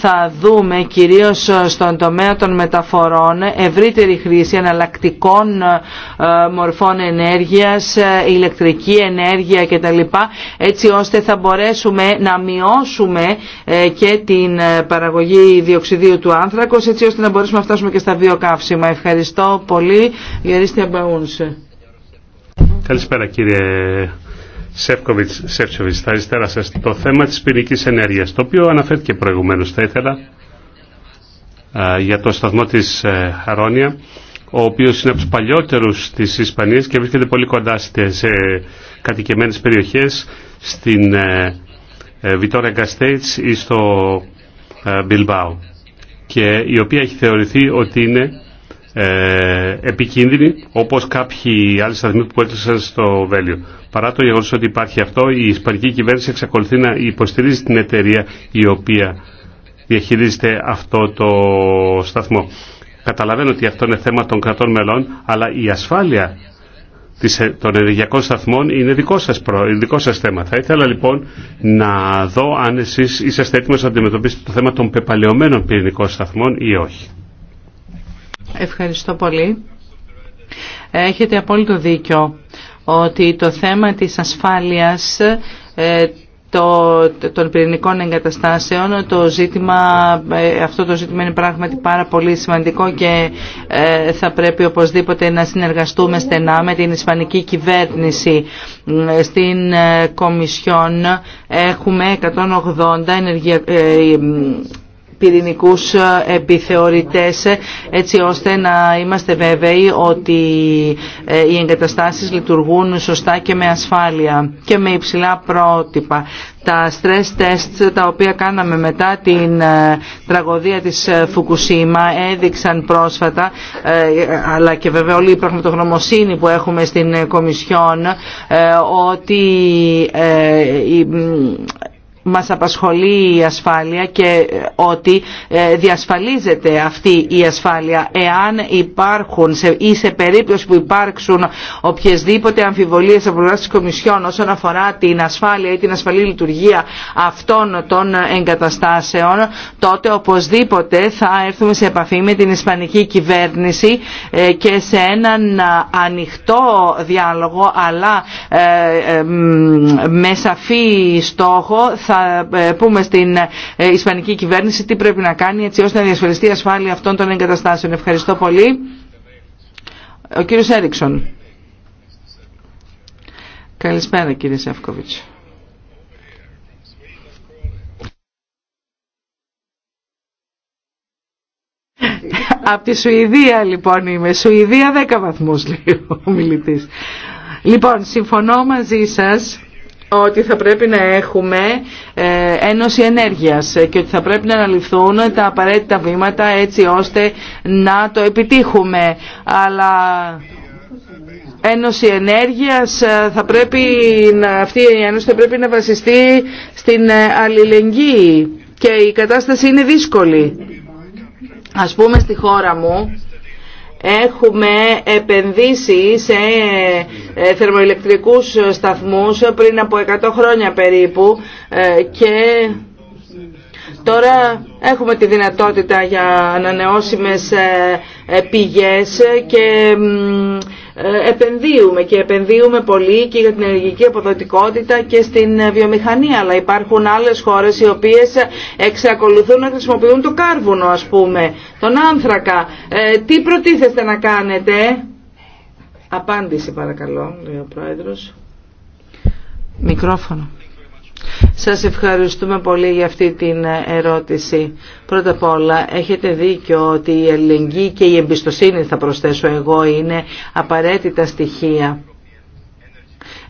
θα δούμε κυρίως ε, στον τομέα των μεταφορών ε, ευρύτερη χρήση εναλλακτικών ε, μορφών ενέργειας, ηλεκτρική ενέργεια κτλ. έτσι ώστε θα μπορέσουμε να μειώσουμε και την παραγωγή διοξιδίου του άνθρακος έτσι ώστε να μπορέσουμε να φτάσουμε και στα βιοκαύσιμα. Ευχαριστώ πολύ. Γερίστια Μπαούνσε. Καλησπέρα κύριε Σεύκοβιτς, Σεύκοβιτς, θα αριστερά σα, το θέμα της πυρηνικής ενέργειας, το οποίο αναφέρθηκε προηγουμένως, θα ήθελα, για το σταθμό της ε, Χαρόνια, ο οποίος είναι από τους παλιότερους της Ισπανίας και βρίσκεται πολύ κοντά στις κατοικημένες περιοχές, στην ε, ε, Βιτόρια Γκαστέιτς ή στο Μπιλμπάου και η οποία έχει θεωρηθεί ότι είναι ε, επικίνδυνοι όπως κάποιοι άλλοι σταθμοί που έκλεισαν στο Βέλιο. Παρά το γεγονός ότι υπάρχει αυτό, η Ισπανική κυβέρνηση εξακολουθεί να υποστηρίζει την εταιρεία η οποία διαχειρίζεται αυτό το σταθμό. Καταλαβαίνω ότι αυτό είναι θέμα των κρατών μελών, αλλά η ασφάλεια των ενεργειακών σταθμών είναι δικό σας, θέμα. Θα ήθελα λοιπόν να δω αν εσείς είσαστε έτοιμος να αντιμετωπίσετε το θέμα των πεπαλαιωμένων πυρηνικών σταθμών ή όχι. Ευχαριστώ πολύ. Έχετε απόλυτο δίκιο ότι το θέμα της ασφάλειας ε, το, των πυρηνικών εγκαταστάσεων το ζήτημα, ε, αυτό το ζήτημα είναι πράγματι πάρα πολύ σημαντικό και ε, θα πρέπει οπωσδήποτε να συνεργαστούμε στενά με την Ισπανική κυβέρνηση στην Κομισιόν έχουμε 180 ενεργεια, πυρηνικούς ε, επιθεωρητές ε, έτσι ώστε να είμαστε βέβαιοι ότι ε, οι εγκαταστάσεις λειτουργούν σωστά και με ασφάλεια και με υψηλά πρότυπα. Τα stress tests τα οποία κάναμε μετά την τραγωδία της Φουκουσίμα έδειξαν πρόσφατα αλλά και βέβαια όλη η πραγματογνωμοσύνη που έχουμε στην Κομισιόν ότι μας απασχολεί η ασφάλεια και ε, ότι ε, διασφαλίζεται αυτή η ασφάλεια εάν υπάρχουν ή σε περίπτωση που υπάρξουν οποιασδήποτε αμφιβολίες από πλευρά της Κομισιόν όσον αφορά την ασφάλεια ή την ασφαλή λειτουργία αυτών των εγκαταστάσεων τότε οπωσδήποτε θα έρθουμε σε επαφή με την Ισπανική κυβέρνηση ε, και σε έναν ανοιχτό διάλογο αλλά με στόχο ε, πούμε στην ε, Ισπανική κυβέρνηση τι πρέπει να κάνει έτσι ώστε να διασφαλιστεί η ασφάλεια αυτών των εγκαταστάσεων. Ευχαριστώ πολύ. Ο κύριος Έριξον. Καλησπέρα κύριε Σεύκοβιτς. Από τη Σουηδία λοιπόν είμαι. Σουηδία 10 βαθμούς λέει ο μιλητής. Λοιπόν, συμφωνώ μαζί σας ότι θα πρέπει να έχουμε ε, ένωση ενέργειας ε, και ότι θα πρέπει να αναλυθούν τα απαραίτητα βήματα έτσι ώστε να το επιτύχουμε. Αλλά Ένωση Ενέργειας ε, θα πρέπει να, αυτή η ένωση θα πρέπει να βασιστεί στην αλληλεγγύη και η κατάσταση είναι δύσκολη. Ας πούμε στη χώρα μου έχουμε επενδύσει σε ε, θερμοηλεκτρικούς σταθμούς πριν από 100 χρόνια περίπου ε, και Τώρα έχουμε τη δυνατότητα για ανανεώσιμες ε, πηγές και ε, επενδύουμε και επενδύουμε πολύ και για την ενεργική αποδοτικότητα και στην ε, βιομηχανία αλλά υπάρχουν άλλες χώρες οι οποίες εξακολουθούν να χρησιμοποιούν το κάρβουνο ας πούμε, τον άνθρακα ε, τι προτίθεστε να κάνετε απάντηση παρακαλώ λέει ο πρόεδρος μικρόφωνο σας ευχαριστούμε πολύ για αυτή την ερώτηση. Πρώτα απ' όλα, έχετε δίκιο ότι η ελληνική και η εμπιστοσύνη, θα προσθέσω εγώ, είναι απαραίτητα στοιχεία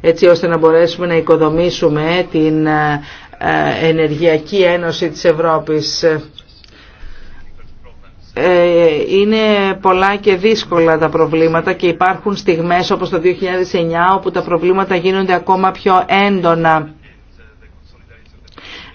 έτσι ώστε να μπορέσουμε να οικοδομήσουμε την ε, Ενεργειακή Ένωση της Ευρώπης. Ε, είναι πολλά και δύσκολα τα προβλήματα και υπάρχουν στιγμές όπως το 2009 όπου τα προβλήματα γίνονται ακόμα πιο έντονα.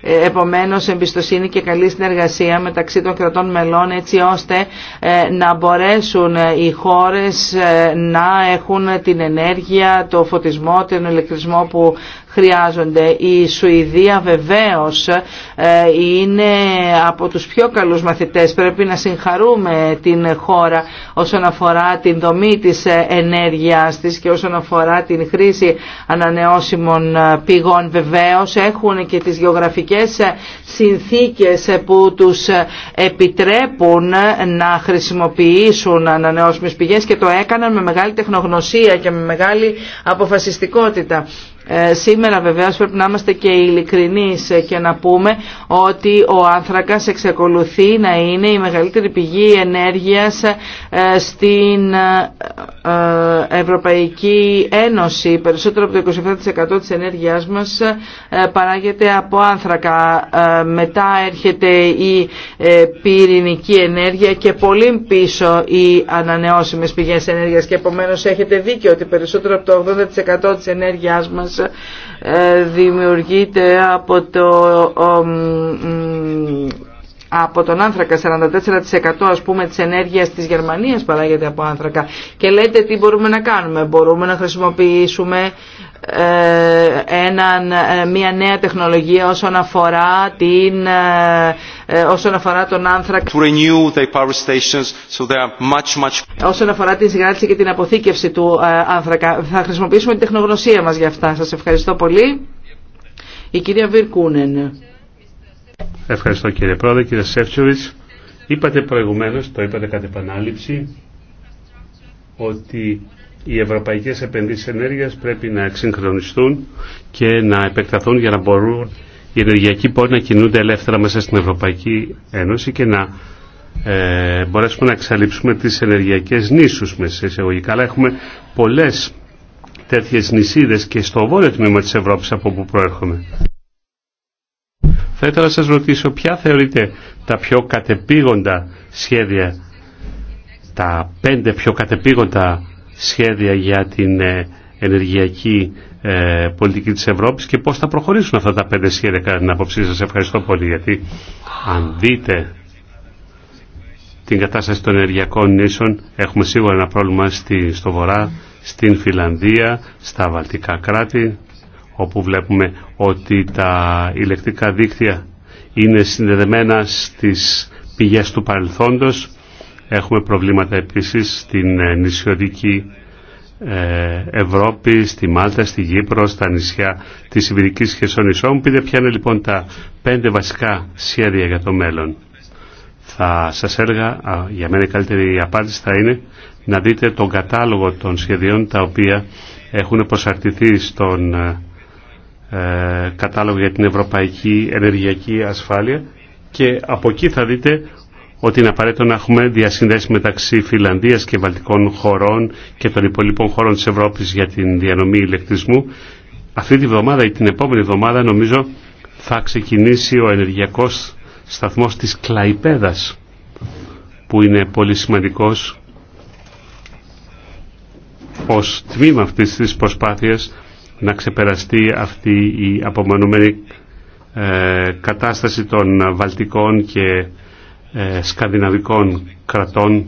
Ε, επομένως εμπιστοσύνη και καλή συνεργασία μεταξύ των κρατών μελών έτσι ώστε ε, να μπορέσουν ε, οι χώρες να έχουν την ενέργεια, το φωτισμό, τον ηλεκτρισμό που χρειάζονται. Η Σουηδία βεβαίως ε, είναι από τους πιο καλούς μαθητές. Πρέπει να συγχαρούμε την χώρα όσον αφορά την δομή της ε, ενέργειας της και όσον αφορά την χρήση ανανεώσιμων ε, πηγών. Βεβαίως έχουν και τις γεωγραφικές συνθήκες που τους επιτρέπουν να χρησιμοποιήσουν ανανεώσιμες πηγές και το έκαναν με μεγάλη τεχνογνωσία και με μεγάλη αποφασιστικότητα. Ε, σήμερα βεβαίως πρέπει να είμαστε και ειλικρινεί και να πούμε ότι ο άνθρακας εξακολουθεί να είναι η μεγαλύτερη πηγή ενέργειας ε, στην ε, Ευρωπαϊκή Ένωση. Περισσότερο από το 27% της ενέργειάς μας παράγεται από άνθρακα. Μετά έρχεται η πυρηνική ενέργεια και πολύ πίσω οι ανανεώσιμες πηγές ενέργειας και επομένως έχετε δίκιο ότι περισσότερο από το 80% της ενέργειάς μας ε, δημιουργείται από το από τον άνθρακα, 44% ας πούμε της ενέργειας της Γερμανίας παράγεται από άνθρακα και λέτε τι μπορούμε να κάνουμε, μπορούμε να χρησιμοποιήσουμε ε, ε, μια νέα τεχνολογία όσον αφορά, την, ε, όσον αφορά τον άνθρακα power stations, so they are much, much... όσον αφορά την συγκράτηση και την αποθήκευση του άνθρακα θα χρησιμοποιήσουμε την τεχνογνωσία μας για αυτά σας ευχαριστώ πολύ η κυρία Βιρκούνεν Ευχαριστώ κύριε Πρόεδρε, κύριε Σέφτσοβιτς. Είπατε προηγουμένως, το είπατε κατά επανάληψη, ότι οι ευρωπαϊκές επενδύσεις ενέργειας πρέπει να εξυγχρονιστούν και να επεκταθούν για να μπορούν οι ενεργειακοί πόροι να κινούνται ελεύθερα μέσα στην Ευρωπαϊκή Ένωση και να ε, μπορέσουμε να εξαλείψουμε τις ενεργειακές νήσους μέσα σε εισαγωγικά. Αλλά έχουμε πολλές τέτοιες νησίδες και στο βόρειο τμήμα της Ευρώπης από όπου προέρχομαι. Θα ήθελα να σας ρωτήσω ποια θεωρείτε τα πιο κατεπήγοντα σχέδια, τα πέντε πιο κατεπήγοντα σχέδια για την ε, ενεργειακή ε, πολιτική της Ευρώπης και πώς θα προχωρήσουν αυτά τα πέντε σχέδια κατά την άποψή σας. Ευχαριστώ πολύ γιατί αν δείτε την κατάσταση των ενεργειακών νήσων έχουμε σίγουρα ένα πρόβλημα στη, στο Βορρά, στην Φιλανδία, στα Βαλτικά κράτη όπου βλέπουμε ότι τα ηλεκτρικά δίκτυα είναι συνδεδεμένα στις πηγές του παρελθόντος. Έχουμε προβλήματα επίσης στην ε, νησιωτική ε, Ευρώπη, στη Μάλτα, στη Γύπρο, στα νησιά της Ιβηρικής Χερσόνησό μου. Πείτε ποια είναι λοιπόν τα πέντε βασικά σχέδια για το μέλλον. Θα σας έλεγα, για μένα η καλύτερη απάντηση θα είναι να δείτε τον κατάλογο των σχεδίων τα οποία έχουν προσαρτηθεί στον ε, ε, κατάλογο για την ευρωπαϊκή ενεργειακή ασφάλεια και από εκεί θα δείτε ότι είναι απαραίτητο να έχουμε διασυνδέσει μεταξύ Φιλανδίας και Βαλτικών χωρών και των υπολοιπών χωρών της Ευρώπης για την διανομή ηλεκτρισμού. Αυτή τη βδομάδα ή την επόμενη βδομάδα νομίζω θα ξεκινήσει ο ενεργειακός σταθμός της Κλαϊπέδας που είναι πολύ σημαντικός ως τμήμα αυτής της προσπάθειας να ξεπεραστεί αυτή η απομονωμένη ε, κατάσταση των βαλτικών και ε, σκανδιναβικών κρατών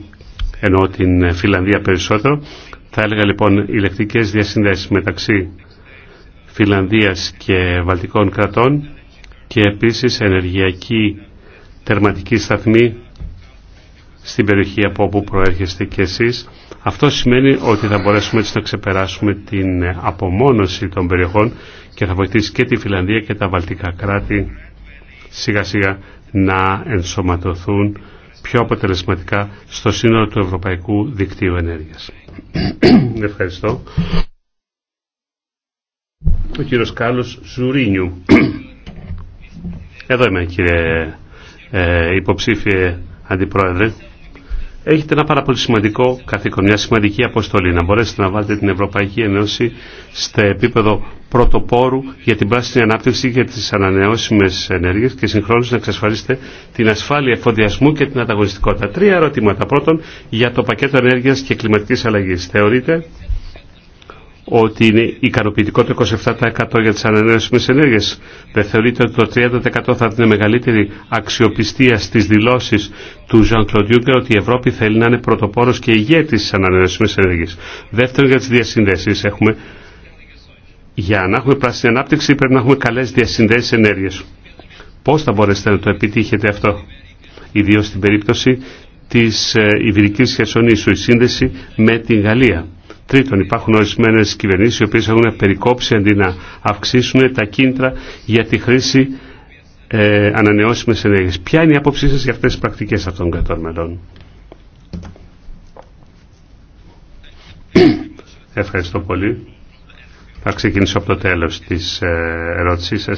ενώ την Φιλανδία περισσότερο. Θα έλεγα λοιπόν ηλεκτρικές διασυνδέσεις μεταξύ Φιλανδίας και Βαλτικών κρατών και επίσης ενεργειακή τερματική σταθμή στην περιοχή από όπου προέρχεστε και εσείς αυτό σημαίνει ότι θα μπορέσουμε έτσι να ξεπεράσουμε την απομόνωση των περιοχών και θα βοηθήσει και τη Φιλανδία και τα βαλτικά κράτη σιγά σιγά να ενσωματωθούν πιο αποτελεσματικά στο σύνολο του Ευρωπαϊκού Δικτύου Ενέργειας. Ευχαριστώ. Ο κύριος Κάλλος Ζουρίνιου. Εδώ είμαι κύριε ε, υποψήφιε αντιπρόεδρε έχετε ένα πάρα πολύ σημαντικό καθήκον, μια σημαντική αποστολή, να μπορέσετε να βάλετε την Ευρωπαϊκή Ένωση στο επίπεδο πρωτοπόρου για την πράσινη ανάπτυξη και τις ανανεώσιμες ενέργειες και συγχρόνως να εξασφαλίσετε την ασφάλεια εφοδιασμού και την ανταγωνιστικότητα. Τρία ερωτήματα. Πρώτον, για το πακέτο ενέργειας και κλιματικής αλλαγής. Θεωρείτε ότι είναι ικανοποιητικό το 27% για τις ανανεώσιμες ενέργειες. Δεν θεωρείτε ότι το 30% θα είναι μεγαλύτερη αξιοπιστία στις δηλώσεις του Ζαν Claude ότι η Ευρώπη θέλει να είναι πρωτοπόρος και ηγέτης στις ανανεώσιμες ενέργειες. Δεύτερον για τις διασυνδέσεις έχουμε για να έχουμε πράσινη ανάπτυξη πρέπει να έχουμε καλές διασυνδέσεις ενέργειες. Πώς θα μπορέσετε να το επιτύχετε αυτό, ιδίως στην περίπτωση της ε, Ιβηρικής Χερσονήσου, η σύνδεση με την Γαλλία Τρίτον, υπάρχουν ορισμένε κυβερνήσει οι οποίε έχουν περικόψει αντί να αυξήσουν τα κίντρα για τη χρήση ε, ανανεώσιμε ενέργειε. Ποια είναι η άποψή σα για αυτέ τι πρακτικέ αυτών των κρατών Ευχαριστώ πολύ. Θα ξεκινήσω από το τέλος της ε, ερώτησής σα.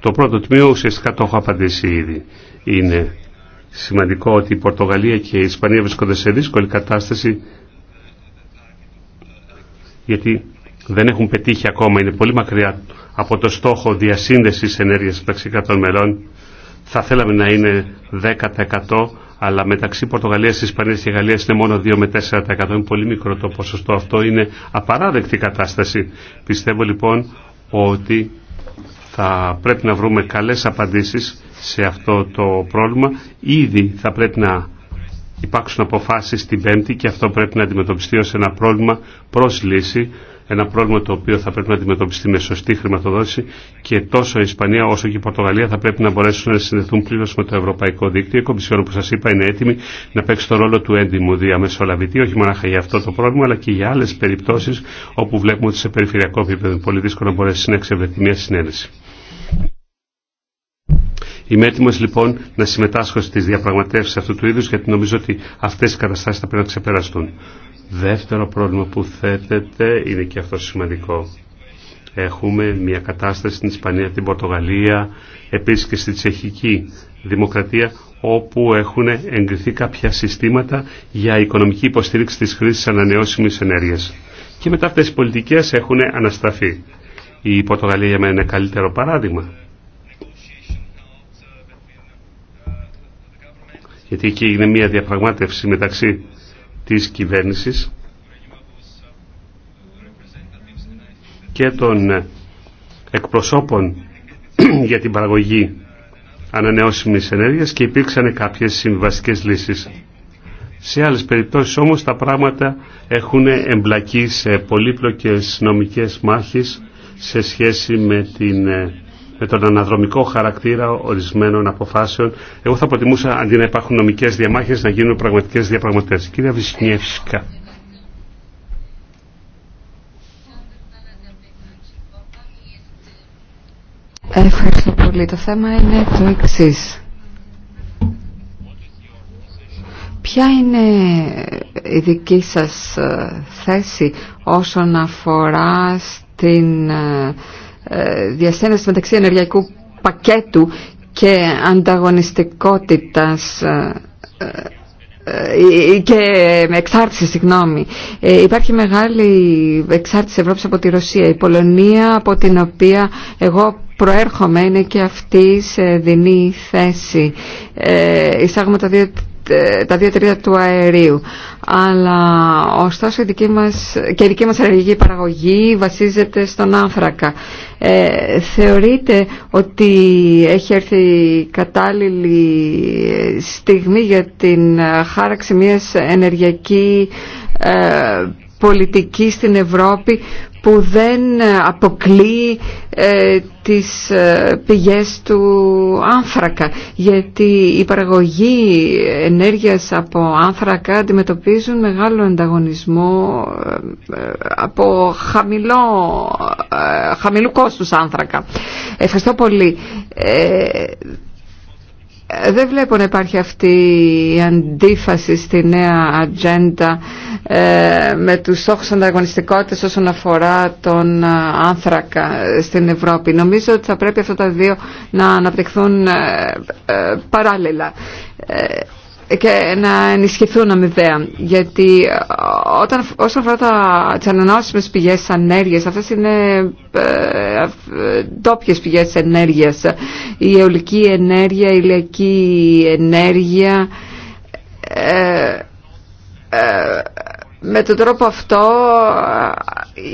Το πρώτο τμήμα ουσιαστικά το έχω απαντήσει ήδη. Είναι σημαντικό ότι η Πορτογαλία και η Ισπανία βρίσκονται σε δύσκολη κατάσταση γιατί δεν έχουν πετύχει ακόμα, είναι πολύ μακριά από το στόχο διασύνδεσης ενέργειας μεταξύ κρατών μελών. Θα θέλαμε να είναι 10% αλλά μεταξύ Πορτογαλίας, Ισπανίας και Γαλλίας είναι μόνο 2 με 4%. Είναι πολύ μικρό το ποσοστό αυτό, είναι απαράδεκτη κατάσταση. Πιστεύω λοιπόν ότι θα πρέπει να βρούμε καλές απαντήσεις σε αυτό το πρόβλημα. Ήδη θα πρέπει να υπάρξουν αποφάσεις την Πέμπτη και αυτό πρέπει να αντιμετωπιστεί ως ένα πρόβλημα προς λύση, ένα πρόβλημα το οποίο θα πρέπει να αντιμετωπιστεί με σωστή χρηματοδότηση και τόσο η Ισπανία όσο και η Πορτογαλία θα πρέπει να μπορέσουν να συνδεθούν πλήρως με το Ευρωπαϊκό Δίκτυο. Η Κομισιόν όπως σας είπα είναι έτοιμη να παίξει το ρόλο του έντιμου διαμεσολαβητή, όχι μόνο για αυτό το πρόβλημα αλλά και για άλλες περιπτώσεις όπου βλέπουμε ότι σε περιφερειακό επίπεδο είναι πολύ να μπορέσει να εξευρεθεί μια συνένεση. Είμαι έτοιμο λοιπόν να συμμετάσχω στι διαπραγματεύσει αυτού του είδου γιατί νομίζω ότι αυτέ οι καταστάσει θα πρέπει να ξεπεραστούν. Δεύτερο πρόβλημα που θέτεται είναι και αυτό σημαντικό. Έχουμε μια κατάσταση στην Ισπανία, την Πορτογαλία, επίση και στη Τσεχική Δημοκρατία, όπου έχουν εγκριθεί κάποια συστήματα για οικονομική υποστήριξη τη χρήση ανανεώσιμη ενέργεια. Και μετά αυτέ οι πολιτικέ έχουν αναστραφεί. Η Πορτογαλία για μένα είναι καλύτερο παράδειγμα γιατί εκεί έγινε μια διαπραγμάτευση μεταξύ της κυβέρνησης και των εκπροσώπων για την παραγωγή ανανεώσιμης ενέργειας και υπήρξαν κάποιες συμβαστικές λύσεις. Σε άλλες περιπτώσεις όμως τα πράγματα έχουν εμπλακεί σε πολύπλοκες νομικές μάχες σε σχέση με την ε, με τον αναδρομικό χαρακτήρα ορισμένων αποφάσεων. Εγώ θα προτιμούσα αντί να υπάρχουν νομικές διαμάχες να γίνουν πραγματικές διαπραγματεύσεις. Κύριε Βυσνιεύσκα. Ευχαριστώ πολύ. Το θέμα είναι το εξή. Ποια είναι η δική σας ε, θέση όσον αφορά στην ε, ε, διασένεση μεταξύ ενεργειακού πακέτου και ανταγωνιστικότητας ε, ε, και εξάρτηση, συγγνώμη. υπάρχει μεγάλη εξάρτηση Ευρώπης από τη Ρωσία, η Πολωνία από την οποία εγώ προέρχομαι είναι και αυτή σε δινή θέση. Ε, εισάγουμε τα δύο ε, τρίτα του αερίου. Αλλά ωστόσο η δική μας, και η δική μας ενεργειακή παραγωγή βασίζεται στον άνθρακα. Ε, θεωρείτε ότι έχει έρθει κατάλληλη στιγμή για την χάραξη μιας ενεργειακή ε, πολιτική στην Ευρώπη που δεν αποκλεί ε, τις ε, πηγές του άνθρακα γιατί η παραγωγή ενέργειας από άνθρακα αντιμετωπίζουν μεγάλο ανταγωνισμό ε, ε, από χαμηλό, χαμηλού κόστους άνθρακα. Ευχαριστώ πολύ δεν βλέπω να υπάρχει αυτή η αντίφαση στη νέα ατζέντα ε, με τους στόχους ανταγωνιστικότητας όσον αφορά τον ε, άνθρακα ε, στην Ευρώπη. Νομίζω ότι θα πρέπει αυτά τα δύο να αναπτυχθούν παράλληλα και να ενισχυθούν αμοιβαία. Γιατί ε, όταν, όσον αφορά τα, τις ανανεώσιμες πηγές ενέργειας αυτές είναι ε, ε ντόπιε πηγές ενέργειας. Η αιωλική ενέργεια, η ηλιακή ενέργεια. Ε, με τον τρόπο αυτό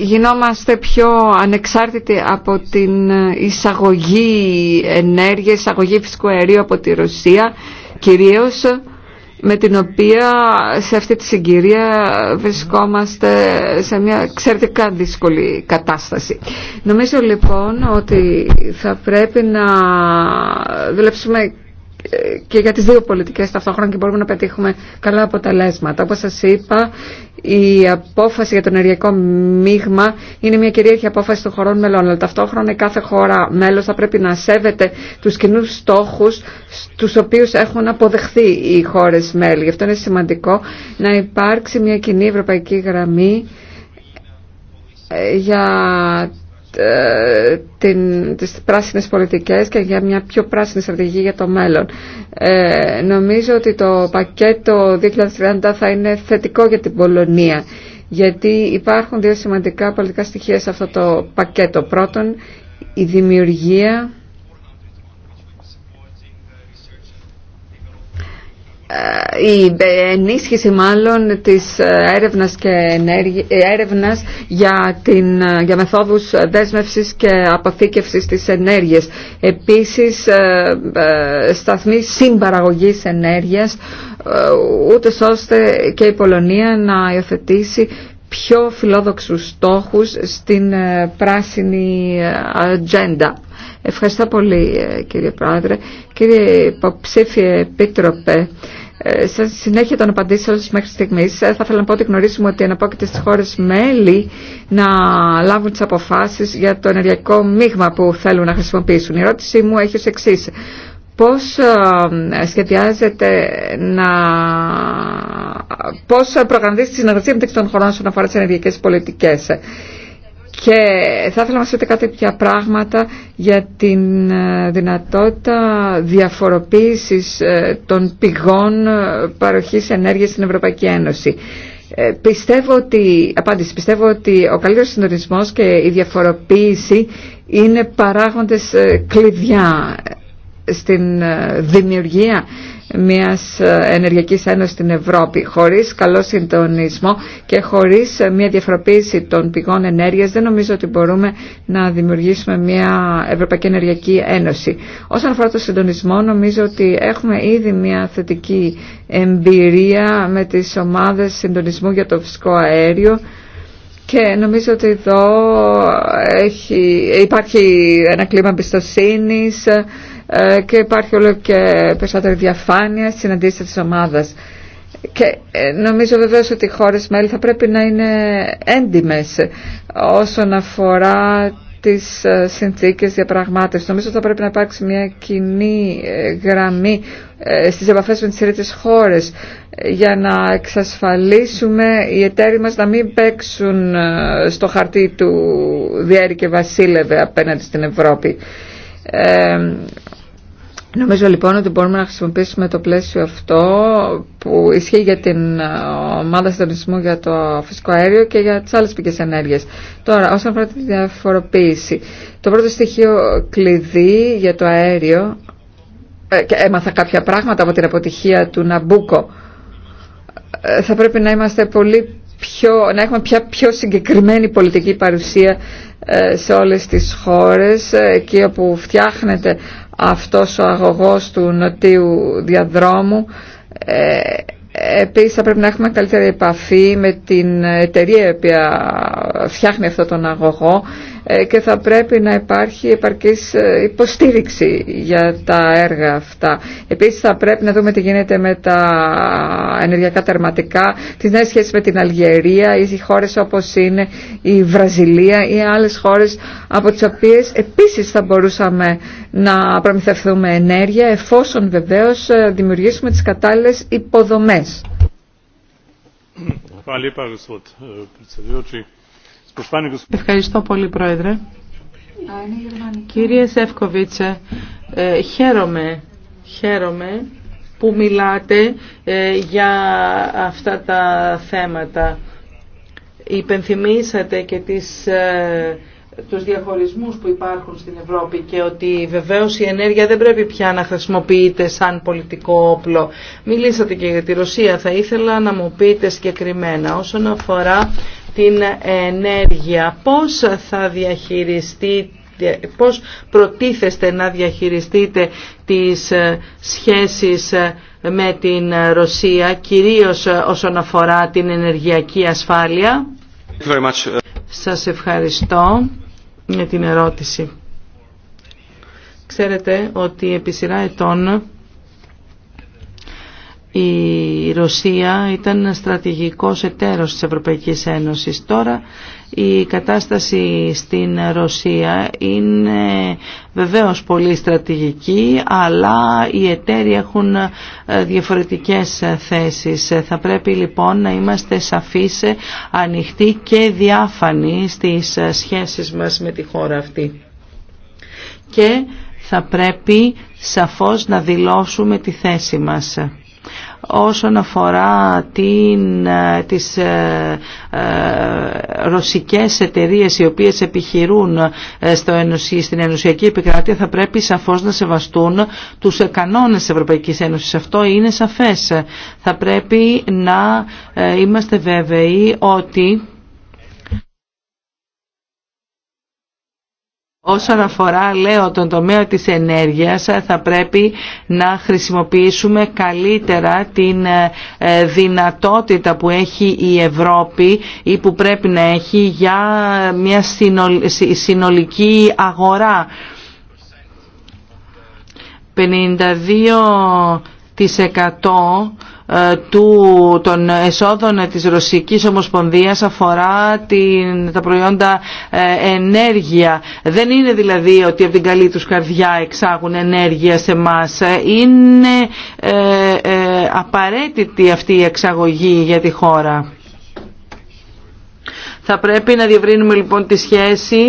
γινόμαστε πιο ανεξάρτητοι από την εισαγωγή ενέργειας, εισαγωγή φυσικού αερίου από τη Ρωσία κυρίως με την οποία σε αυτή τη συγκυρία βρισκόμαστε σε μια εξαιρετικά δύσκολη κατάσταση. Νομίζω λοιπόν ότι θα πρέπει να δουλέψουμε και για τις δύο πολιτικές ταυτόχρονα και μπορούμε να πετύχουμε καλά αποτελέσματα. Όπως σας είπα, η απόφαση για το ενεργειακό μείγμα είναι μια κυρίαρχη απόφαση των χωρών μελών, αλλά ταυτόχρονα κάθε χώρα μέλος θα πρέπει να σέβεται τους κοινού στόχους στους οποίους έχουν αποδεχθεί οι χώρες μέλη. Γι' αυτό είναι σημαντικό να υπάρξει μια κοινή ευρωπαϊκή γραμμή ε, για ε, την, τις πράσινες πολιτικές και για μια πιο πράσινη στρατηγική για το μέλλον. Ε, νομίζω ότι το πακέτο 2030 θα είναι θετικό για την Πολωνία γιατί υπάρχουν δύο σημαντικά πολιτικά στοιχεία σε αυτό το πακέτο. Πρώτον, η δημιουργία Ε, η ενίσχυση μάλλον της ε, έρευνας, και ε, έρευνας για, την, για μεθόδους δέσμευσης και αποθήκευσης της ενέργειας. Επίσης σταθμή συμπαραγωγής ενέργειας ούτε ώστε και η Πολωνία να υιοθετήσει πιο φιλόδοξους στόχους στην πράσινη ατζέντα. Ευχαριστώ πολύ κύριε Πρόεδρε. Κύριε υποψήφιε επίτροπε, ε, σε συνέχεια των απαντήσεων σας μέχρι στιγμή, ε, θα ήθελα να πω ότι γνωρίζουμε ότι αναπόκειται στι χώρε μέλη να λάβουν τις αποφάσεις για το ενεργειακό μείγμα που θέλουν να χρησιμοποιήσουν. Η ερώτησή μου έχει ω εξή. Πώς ε, σχεδιάζεται να... προγραμματίζεται τη συνεργασία μεταξύ των χωρών όσον αφορά τι ενεργειακέ πολιτικέ, και θα ήθελα να μας πείτε κάποια πράγματα για την ε, δυνατότητα διαφοροποίησης ε, των πηγών ε, παροχής ενέργειας στην Ευρωπαϊκή Ένωση. Πιστεύω ότι, απάντηση, πιστεύω ότι ο καλύτερος συντονισμός και η διαφοροποίηση είναι παράγοντες κλειδιά στην δημιουργία μιας ε, ενεργειακής ένωσης στην Ευρώπη. Χωρίς καλό συντονισμό και χωρίς ε, μια διαφοροποίηση των πηγών ενέργειας δεν νομίζω ότι μπορούμε να δημιουργήσουμε μια Ευρωπαϊκή Ενεργειακή Ένωση. Όσον αφορά το συντονισμό νομίζω ότι έχουμε ήδη μια θετική εμπειρία με τις ομάδες συντονισμού για το φυσικό αέριο και νομίζω ότι εδώ έχει, υπάρχει ένα κλίμα εμπιστοσύνη ε, και υπάρχει όλο και περισσότερη διαφάνεια στις συναντήσεις της ομάδας. Και ε, νομίζω βεβαίως ότι οι χώρες μέλη θα πρέπει να είναι έντιμες όσον αφορά τις ε, συνθήκες διαπραγμάτευσης. Νομίζω ότι θα πρέπει να υπάρξει μια κοινή γραμμή στις επαφές με τις τρίτες χώρες για να εξασφαλίσουμε οι εταίροι μας να μην παίξουν στο χαρτί του Διέρη και Βασίλευε απέναντι στην Ευρώπη. Νομίζω λοιπόν ότι μπορούμε να χρησιμοποιήσουμε το πλαίσιο αυτό που ισχύει για την ε, ομάδα συντονισμού για το φυσικό αέριο και για τις άλλες πηγές ενέργειας. Τώρα, όσον αφορά τη διαφοροποίηση, το πρώτο στοιχείο κλειδί για το αέριο, ε, και έμαθα κάποια πράγματα από την αποτυχία του Ναμπούκο, ε, θα πρέπει να είμαστε πολύ πιο, να έχουμε πια πιο συγκεκριμένη πολιτική παρουσία ε, σε όλες τις χώρες ε, εκεί όπου φτιάχνεται αυτός ο αγωγός του νοτίου διαδρόμου ε, Επίσης θα πρέπει να έχουμε καλύτερη επαφή με την εταιρεία που φτιάχνει αυτόν τον αγωγό ε, και θα πρέπει να υπάρχει επαρκής ε, υποστήριξη για τα έργα αυτά. Επίσης θα πρέπει να δούμε τι γίνεται με τα ενεργειακά τερματικά, τις νέες σχέσεις με την Αλγερία ή χώρες όπως είναι η Βραζιλία ή άλλες χώρες από τις οποίες επίσης θα μπορούσαμε να προμηθευτούμε ενέργεια εφόσον βεβαίως ε, δημιουργήσουμε τις κατάλληλες υποδομές. Hvala Ευχαριστώ πολύ Πρόεδρε. Κύριε Σεύκοβιτσε, ε, χαίρομαι, χαίρομαι που μιλάτε ε, για αυτά τα θέματα. Υπενθυμίσατε και τις ε, τους διαχωρισμούς που υπάρχουν στην Ευρώπη και ότι βεβαίως η ενέργεια δεν πρέπει πια να χρησιμοποιείται σαν πολιτικό όπλο. Μιλήσατε και για τη Ρωσία. Θα ήθελα να μου πείτε συγκεκριμένα όσον αφορά την ενέργεια. Πώς θα διαχειριστείτε πώς προτίθεστε να διαχειριστείτε τις σχέσεις με την Ρωσία, κυρίως όσον αφορά την ενεργειακή ασφάλεια. Σας ευχαριστώ για την ερώτηση. Ξέρετε ότι επί σειρά ετών η Ρωσία ήταν στρατηγικός εταίρος της Ευρωπαϊκής Ένωσης. Τώρα η κατάσταση στην Ρωσία είναι βεβαίως πολύ στρατηγική, αλλά οι εταίροι έχουν ε, διαφορετικές θέσεις. Θα πρέπει λοιπόν να είμαστε σαφείς, ανοιχτοί και διάφανοι στις σχέσεις μας με τη χώρα αυτή. Και θα πρέπει σαφώς να δηλώσουμε τη θέση μας όσον αφορά την, ε, τις ε, ε, ρωσικές εταιρείες οι οποίες επιχειρούν ε, στο στην ενωσιακή επικράτεια θα πρέπει σαφώς να σεβαστούν τους κανόνες της Ευρωπαϊκής Ένωσης. Αυτό είναι σαφές. Θα πρέπει να είμαστε βέβαιοι ότι Όσον αφορά, λέω, τον τομέα της ενέργειας θα πρέπει να χρησιμοποιήσουμε καλύτερα την ε, ε, δυνατότητα που έχει η Ευρώπη ή που πρέπει να έχει για μια συνολική αγορά. 52% ε, του, των εσόδων της Ρωσικής Ομοσπονδίας αφορά την, τα προϊόντα ε, ενέργεια. Δεν είναι δηλαδή ότι από την καλή τους καρδιά εξάγουν ενέργεια σε μας. Ε, είναι απαραίτητη αυτή η εξαγωγή για τη χώρα. Θα πρέπει να διευρύνουμε λοιπόν τη σχέση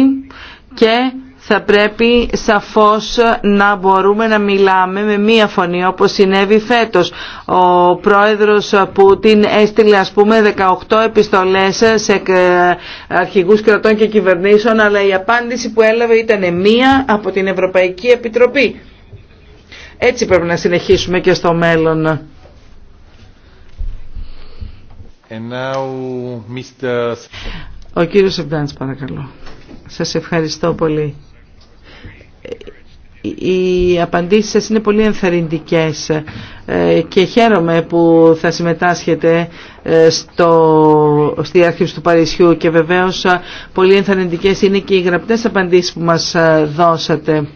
και θα πρέπει σαφώς να μπορούμε να μιλάμε με μία φωνή όπως συνέβη φέτος. Ο πρόεδρος Πούτιν έστειλε ας πούμε 18 επιστολές σε αρχηγούς κρατών και κυβερνήσεων αλλά η απάντηση που έλαβε ήταν μία από την Ευρωπαϊκή Επιτροπή. Έτσι πρέπει να συνεχίσουμε και στο μέλλον. Ο κύριος Σεμπτάνης παρακαλώ. Σας ευχαριστώ πολύ οι απαντήσεις σας είναι πολύ ενθαρρυντικές ε, και χαίρομαι που θα συμμετάσχετε ε, στο, στη άρχιση του Παρισιού και βεβαίως ε, πολύ ενθαρρυντικές είναι και οι γραπτές απαντήσεις που μας δώσατε.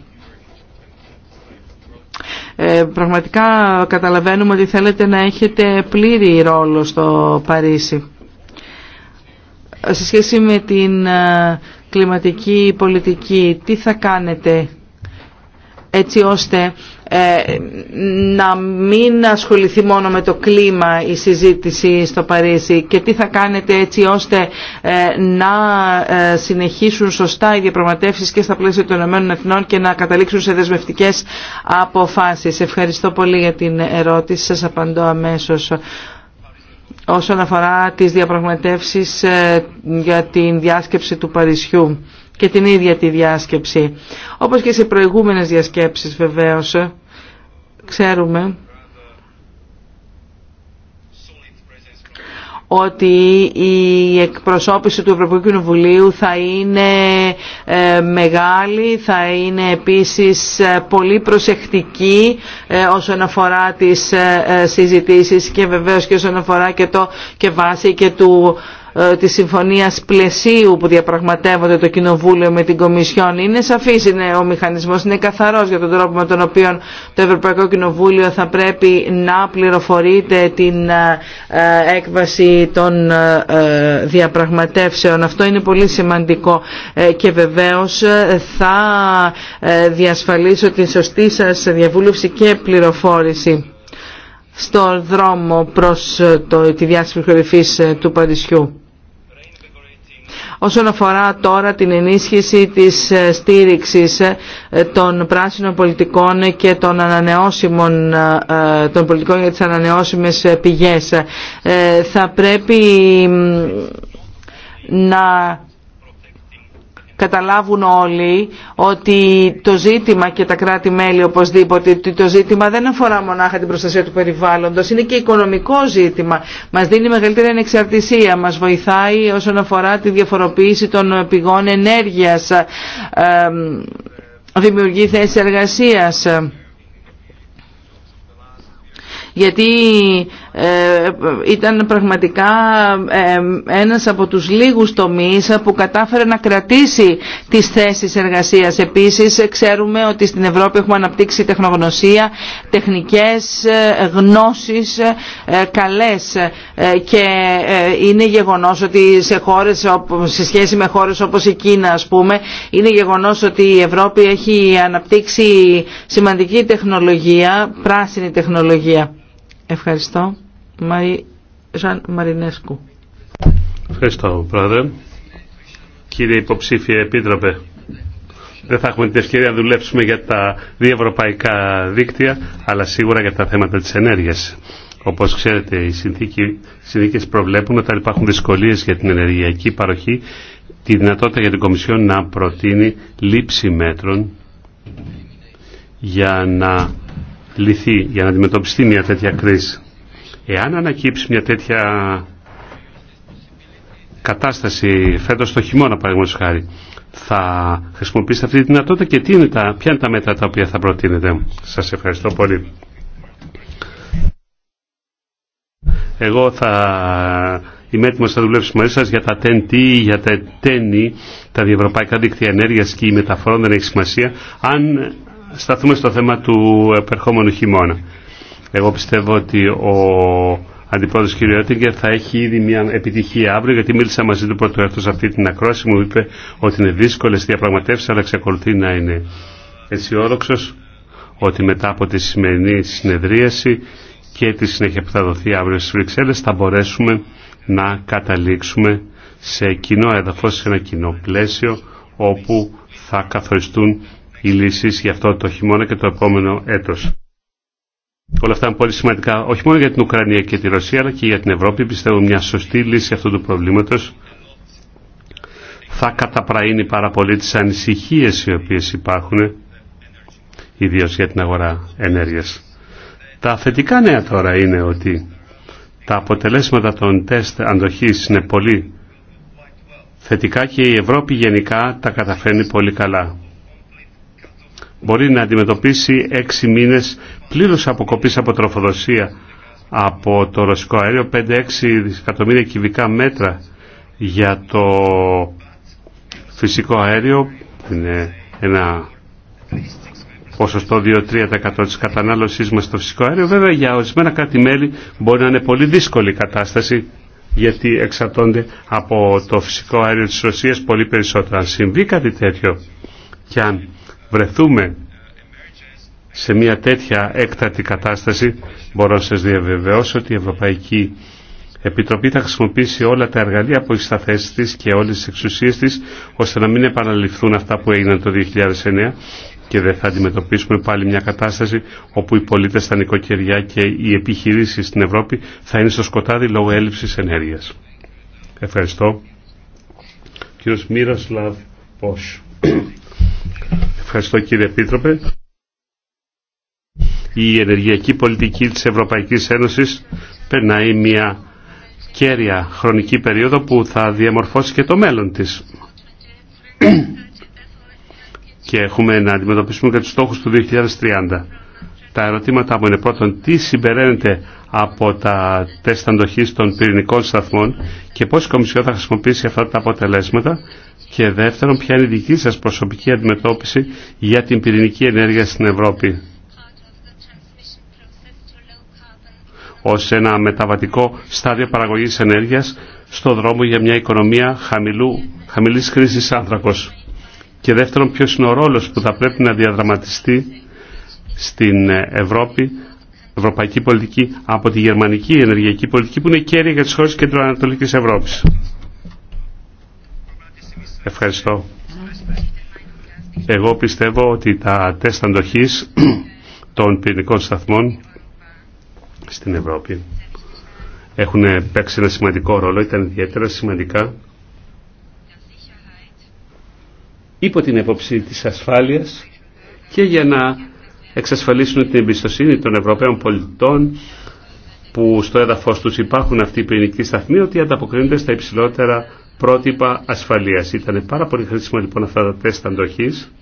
πραγματικά καταλαβαίνουμε ότι θέλετε να έχετε πλήρη ρόλο στο Παρίσι. Σε σχέση με την κλιματική πολιτική, τι θα κάνετε έτσι ώστε ε, να μην ασχοληθεί μόνο με το κλίμα η συζήτηση στο Παρίσι και τι θα κάνετε έτσι ώστε ε, να ε, συνεχίσουν σωστά οι διαπραγματεύσεις και στα πλαίσια των Ηνωμένων και να καταλήξουν σε δεσμευτικές αποφάσεις. Ευχαριστώ πολύ για την ερώτηση. Σας απαντώ αμέσως. Όσον αφορά τις διαπραγματεύσεις για την διάσκεψη του Παρισιού και την ίδια τη διάσκεψη. Όπως και σε προηγούμενες διασκέψεις βεβαίως, ξέρουμε ότι η εκπροσώπηση του Ευρωπαϊκού Κοινοβουλίου θα είναι ε, μεγάλη, θα είναι επίσης ε, πολύ προσεκτική ε, όσον αφορά τις συζητήσεις και βεβαίως και όσον αφορά και το και βάση και του ε, της συμφωνίας πλαισίου που διαπραγματεύονται το Κοινοβούλιο με την Κομισιόν είναι σαφής, είναι ο μηχανισμός, είναι καθαρός για τον τρόπο με τον οποίο το Ευρωπαϊκό Κοινοβούλιο θα πρέπει να πληροφορείται την ε, ε, έκβαση των διαπραγματεύσεων. Αυτό είναι πολύ σημαντικό και βεβαίως θα διασφαλίσω τη σωστή σας διαβούλευση και πληροφόρηση στο δρόμο προς ε, το, τη διάσημη κορυφής ε, του Παρισιού. Όσον αφορά τώρα την ενίσχυση της ε, στήριξης των πράσινων πολιτικών και των ανανεώσιμων των πολιτικών για τις ανανεώσιμες πηγές θα πρέπει να καταλάβουν όλοι ότι το ζήτημα και τα κράτη-μέλη οπωσδήποτε, ότι το ζήτημα δεν αφορά μονάχα την προστασία του περιβάλλοντος, είναι και οικονομικό ζήτημα. Μας δίνει μεγαλύτερη ανεξαρτησία, μας βοηθάει όσον αφορά τη διαφοροποίηση των πηγών ενέργειας, δημιουργεί θέσεις εργασίας. Γιατί ε, ήταν πραγματικά ε, ένας από τους λίγους τομείς που κατάφερε να κρατήσει τις θέσεις εργασίας. Επίσης ξέρουμε ότι στην Ευρώπη έχουμε αναπτύξει τεχνογνωσία, τεχνικές ε, γνώσεις καλές και είναι γεγονός ότι σε, χώρες, σε σχέση με χώρες όπως η Κίνα ας πούμε είναι γεγονός ότι η Ευρώπη έχει αναπτύξει σημαντική τεχνολογία, πράσινη τεχνολογία. Ευχαριστώ. Μαΐ Ζαν Μαρινέσκου. Ευχαριστώ, Πρόεδρε. Κύριε Υποψήφια Επίτροπε, δεν θα έχουμε την ευκαιρία να δουλέψουμε για τα δύο ευρωπαϊκά δίκτυα, αλλά σίγουρα για τα θέματα της ενέργειας. Όπως ξέρετε, οι συνθήκες προβλέπουν όταν υπάρχουν δυσκολίες για την ενεργειακή παροχή, τη δυνατότητα για την Κομισιόν να προτείνει λήψη μέτρων για να λυθεί, για να αντιμετωπιστεί μια τέτοια κρίση. Εάν ανακύψει μια τέτοια κατάσταση φέτος το χειμώνα, παραδείγματος χάρη, θα χρησιμοποιήσετε αυτή τη δυνατότητα και τι είναι τα, ποια είναι τα μέτρα τα οποία θα προτείνετε. Σας ευχαριστώ πολύ. Εγώ θα είμαι έτοιμο να δουλέψω μαζί σα για τα TNT, για τα TENI, τα διευρωπαϊκά δίκτυα ενέργειας και η μεταφορών δεν έχει σημασία, αν σταθούμε στο θέμα του επερχόμενου χειμώνα. Εγώ πιστεύω ότι ο αντιπρόεδρος κ. Ότιγκερ θα έχει ήδη μια επιτυχία αύριο γιατί μίλησα μαζί του πρώτο έρθω σε αυτή την ακρόαση μου είπε ότι είναι δύσκολες διαπραγματεύσεις αλλά εξακολουθεί να είναι αισιόδοξο ότι μετά από τη σημερινή συνεδρίαση και τη συνέχεια που θα δοθεί αύριο στις Βρυξέλλες θα μπορέσουμε να καταλήξουμε σε κοινό έδαφος, σε ένα κοινό πλαίσιο όπου θα καθοριστούν οι λύσεις για αυτό το χειμώνα και το επόμενο έτος. Όλα αυτά είναι πολύ σημαντικά όχι μόνο για την Ουκρανία και τη Ρωσία αλλά και για την Ευρώπη. Πιστεύω μια σωστή λύση αυτού του προβλήματος θα καταπραίνει πάρα πολύ τι ανησυχίε οι οποίες υπάρχουν ιδίω για την αγορά ενέργειας. Τα θετικά νέα τώρα είναι ότι τα αποτελέσματα των τεστ αντοχής είναι πολύ θετικά και η Ευρώπη γενικά τα καταφέρνει πολύ καλά μπορεί να αντιμετωπίσει έξι μήνες πλήρους αποκοπής από τροφοδοσία από το ρωσικό αέριο, 5-6 δισεκατομμύρια κυβικά μέτρα για το φυσικό αέριο, είναι ένα ποσοστό 2-3% της κατανάλωσής μας στο φυσικό αέριο. Βέβαια για ορισμενα κάτι κράτη-μέλη μπορεί να είναι πολύ δύσκολη η κατάσταση γιατί εξαρτώνται από το φυσικό αέριο της Ρωσίας πολύ περισσότερο. Αν συμβεί κάτι τέτοιο και αν βρεθούμε σε μια τέτοια έκτατη κατάσταση, μπορώ να σας διαβεβαιώσω ότι η Ευρωπαϊκή Επιτροπή θα χρησιμοποιήσει όλα τα εργαλεία που έχει στα θέση της και όλες τις εξουσίες της, ώστε να μην επαναληφθούν αυτά που έγιναν το 2009 και δεν θα αντιμετωπίσουμε πάλι μια κατάσταση όπου οι πολίτες στα νοικοκυριά και οι επιχειρήσεις στην Ευρώπη θα είναι στο σκοτάδι λόγω έλλειψης ενέργειας. Ευχαριστώ. Ευχαριστώ κύριε Επίτροπε. Η ενεργειακή πολιτική της Ευρωπαϊκής Ένωσης περνάει μια κέρια χρονική περίοδο που θα διαμορφώσει και το μέλλον της. και έχουμε να αντιμετωπίσουμε και τους στόχους του 2030. Τα ερωτήματα μου είναι πρώτον τι συμπεραίνεται από τα τεστ αντοχής των πυρηνικών σταθμών και πώς η Κομισιό θα χρησιμοποιήσει αυτά τα αποτελέσματα και δεύτερον, ποια είναι η δική σας προσωπική αντιμετώπιση για την πυρηνική ενέργεια στην Ευρώπη. ως ένα μεταβατικό στάδιο παραγωγής ενέργειας στο δρόμο για μια οικονομία χαμηλού, χαμηλής κρίσης άνθρακος. Και δεύτερον, ποιος είναι ο ρόλος που θα πρέπει να διαδραματιστεί στην Ευρώπη, ευρωπαϊκή πολιτική, από τη γερμανική ενεργειακή πολιτική που είναι κέρια για τις χώρες κεντροανατολικής Ευρώπης. Ευχαριστώ. Εγώ πιστεύω ότι τα τεστ αντοχής των πυρηνικών σταθμών στην Ευρώπη έχουν παίξει ένα σημαντικό ρόλο, ήταν ιδιαίτερα σημαντικά υπό την έποψη της ασφάλειας και για να εξασφαλίσουν την εμπιστοσύνη των Ευρωπαίων πολιτών που στο έδαφος τους υπάρχουν αυτοί οι πυρηνικοί σταθμοί ότι ανταποκρίνονται στα υψηλότερα πρότυπα ασφαλείας. Ήταν πάρα πολύ χρήσιμα λοιπόν αυτά τα τεστ αντοχής,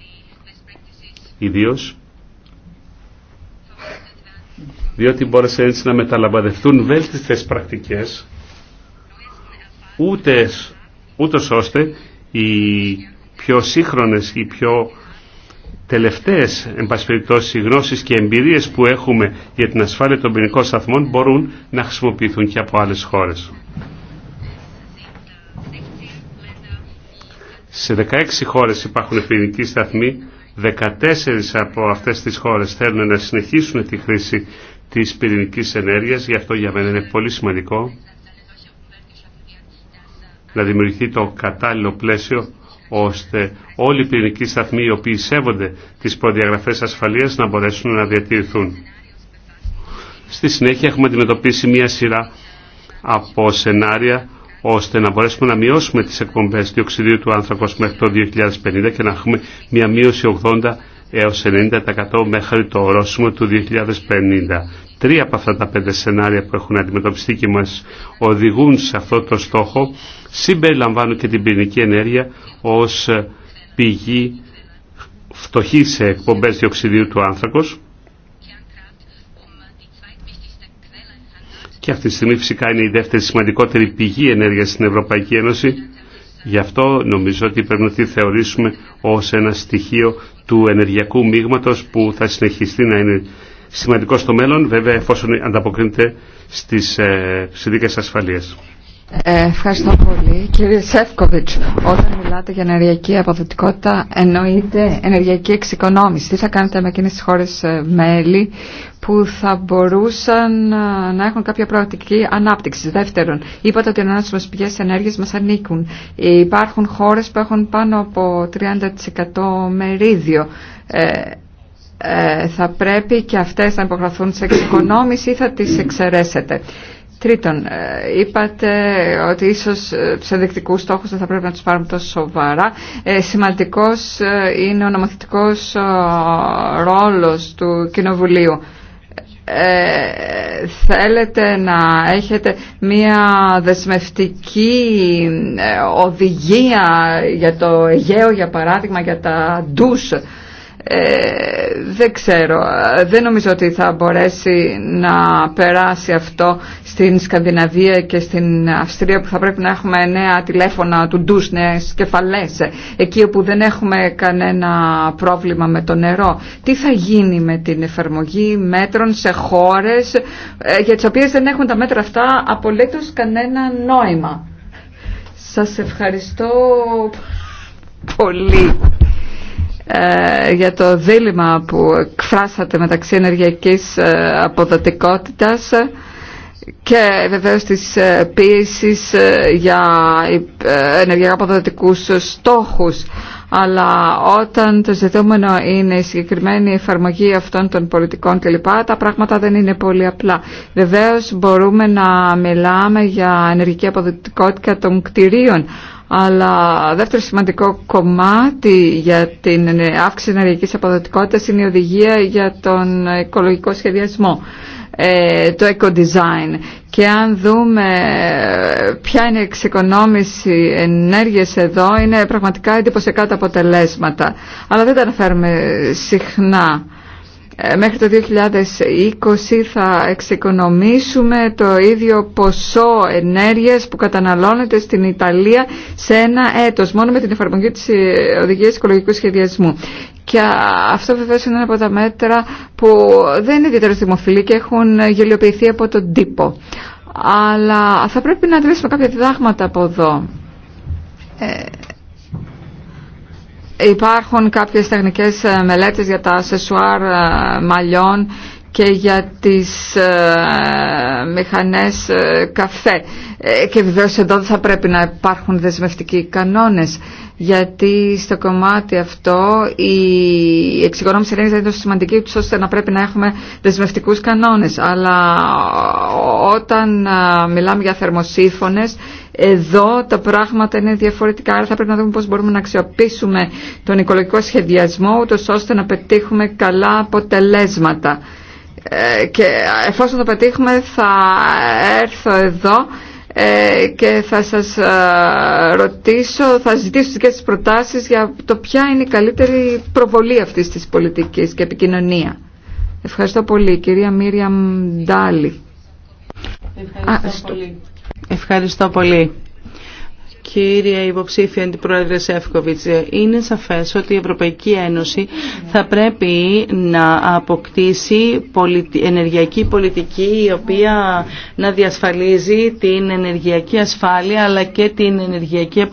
ιδίως διότι μπόρεσαν έτσι να μεταλαμπαδευτούν βέλτιστες πρακτικές ούτε, ούτως ώστε οι πιο σύγχρονες, οι πιο τελευταίες εν πάση περιπτώσει, γνώσεις και εμπειρίες που έχουμε για την ασφάλεια των ποινικών σταθμών μπορούν να χρησιμοποιηθούν και από άλλες χώρες. Σε 16 χώρες υπάρχουν πυρηνικοί σταθμοί, 14 από αυτές τις χώρες θέλουν να συνεχίσουν τη χρήση της πυρηνικής ενέργειας, γι' αυτό για μένα είναι πολύ σημαντικό να δημιουργηθεί το κατάλληλο πλαίσιο ώστε όλοι οι πυρηνικοί σταθμοί οι οποίοι σέβονται τις προδιαγραφές ασφαλείας να μπορέσουν να διατηρηθούν. Στη συνέχεια έχουμε αντιμετωπίσει μία σειρά από σενάρια ώστε να μπορέσουμε να μειώσουμε τις εκπομπές διοξιδίου του άνθρακος μέχρι το 2050 και να έχουμε μια μείωση 80% έως 90% μέχρι το ορόσημο του 2050. Τρία από αυτά τα πέντε σενάρια που έχουν αντιμετωπιστεί και μας οδηγούν σε αυτό το στόχο συμπεριλαμβάνουν και την πυρηνική ενέργεια ως πηγή φτωχή σε εκπομπές διοξιδίου του άνθρακος και αυτή τη στιγμή φυσικά είναι η δεύτερη σημαντικότερη πηγή ενέργειας στην Ευρωπαϊκή Ένωση. Γι' αυτό νομίζω ότι πρέπει να τη θεωρήσουμε ως ένα στοιχείο του ενεργειακού μείγματος που θα συνεχιστεί να είναι σημαντικό στο μέλλον, βέβαια εφόσον ανταποκρίνεται στις ε, συνδίκες ασφαλείας. Ε, ευχαριστώ πολύ. Κύριε Σεύκοβιτς, όταν μιλάτε για ενεργειακή αποδοτικότητα εννοείται ενεργειακή εξοικονόμηση. Τι θα κάνετε με εκείνες τις χώρες ε, μέλη που θα μπορούσαν ε, να έχουν κάποια προοπτική ανάπτυξη. Δεύτερον, είπατε ότι οι ανανεώσιμε πηγές ενέργειας μα ανήκουν. Υπάρχουν χώρε που έχουν πάνω από 30% μερίδιο. Ε, ε, θα πρέπει και αυτές να υπογραφούν σε εξοικονόμηση ή θα τις εξαιρέσετε. Τρίτον, ε, είπατε ότι ίσως τους ε, ενδεικτικούς στόχους δεν θα πρέπει να τους πάρουμε τόσο σοβαρά. Ε, σημαντικός ε, είναι ο νομοθετικός ρόλος του Κοινοβουλίου. Ε, θέλετε να έχετε μία δεσμευτική οδηγία για το Αιγαίο, για παράδειγμα, για τα ντους ε, δεν ξέρω, δεν νομίζω ότι θα μπορέσει να περάσει αυτό στην Σκανδιναβία και στην Αυστρία που θα πρέπει να έχουμε νέα τηλέφωνα του ντους, νέες κεφαλές, εκεί όπου δεν έχουμε κανένα πρόβλημα με το νερό. Τι θα γίνει με την εφαρμογή μέτρων σε χώρες ε, για τις οποίες δεν έχουν τα μέτρα αυτά απολύτως κανένα νόημα. Σας ευχαριστώ πολύ. Ε, για το δίλημα που εκφράσατε μεταξύ ενεργειακής ε, αποδοτικότητας και βεβαίως της ε, πίεσης για ενεργειακά αποδοτικούς στόχους αλλά όταν το ζητούμενο είναι η συγκεκριμένη εφαρμογή αυτών των πολιτικών κλπ, τα πράγματα δεν είναι πολύ απλά. Βεβαίω μπορούμε να μιλάμε για ενεργική αποδοτικότητα των κτηρίων, αλλά δεύτερο σημαντικό κομμάτι για την αύξηση ενεργικής αποδοτικότητας είναι η οδηγία για τον οικολογικό σχεδιασμό. Ε, το eco-design και αν δούμε ε, ποια είναι η εξοικονόμηση ενέργειας εδώ είναι πραγματικά εντυπωσιακά τα αποτελέσματα αλλά δεν τα αναφέρουμε συχνά ε, μέχρι το 2020 θα εξοικονομήσουμε το ίδιο ποσό ενέργειας που καταναλώνεται στην Ιταλία σε ένα έτος μόνο με την εφαρμογή της ε, οδηγίας οικολογικού σχεδιασμού. Και αυτό βεβαίως είναι ένα από τα μέτρα που δεν είναι ιδιαίτερα δημοφιλή και έχουν γελιοποιηθεί από τον τύπο. Αλλά θα πρέπει να αντιλήσουμε κάποια διδάγματα από εδώ. Ε, Υπάρχουν κάποιες τεχνικές ε, μελέτες για τα σεσουάρ ε, μαλλιών και για τις ε, μηχανές καφέ. Και βεβαίως εδώ δεν θα πρέπει να υπάρχουν δεσμευτικοί κανόνες γιατί στο κομμάτι αυτό η εξοικονόμηση ενέργειας δεν είναι τόσο σημαντική ώστε να πρέπει να έχουμε δεσμευτικούς κανόνες. Αλλά όταν μιλάμε για θερμοσύφωνες εδώ τα πράγματα είναι διαφορετικά, άρα θα πρέπει να δούμε πώς μπορούμε να αξιοποιήσουμε τον οικολογικό σχεδιασμό, ούτως ώστε να πετύχουμε καλά αποτελέσματα. Ε, και εφόσον το πετύχουμε θα έρθω εδώ ε, και θα σας ε, ρωτήσω, θα ζητήσω και τις προτάσεις για το ποια είναι η καλύτερη προβολή αυτής της πολιτικής και επικοινωνία. Ευχαριστώ πολύ. Κυρία Μίρια Μντάλη. Ευχαριστώ πολύ κύριε υποψήφια αντιπρόεδρε Σεύκοβιτς. Είναι σαφές ότι η Ευρωπαϊκή Ένωση θα πρέπει να αποκτήσει ενεργειακή πολιτική η οποία να διασφαλίζει την ενεργειακή ασφάλεια αλλά και την ενεργειακή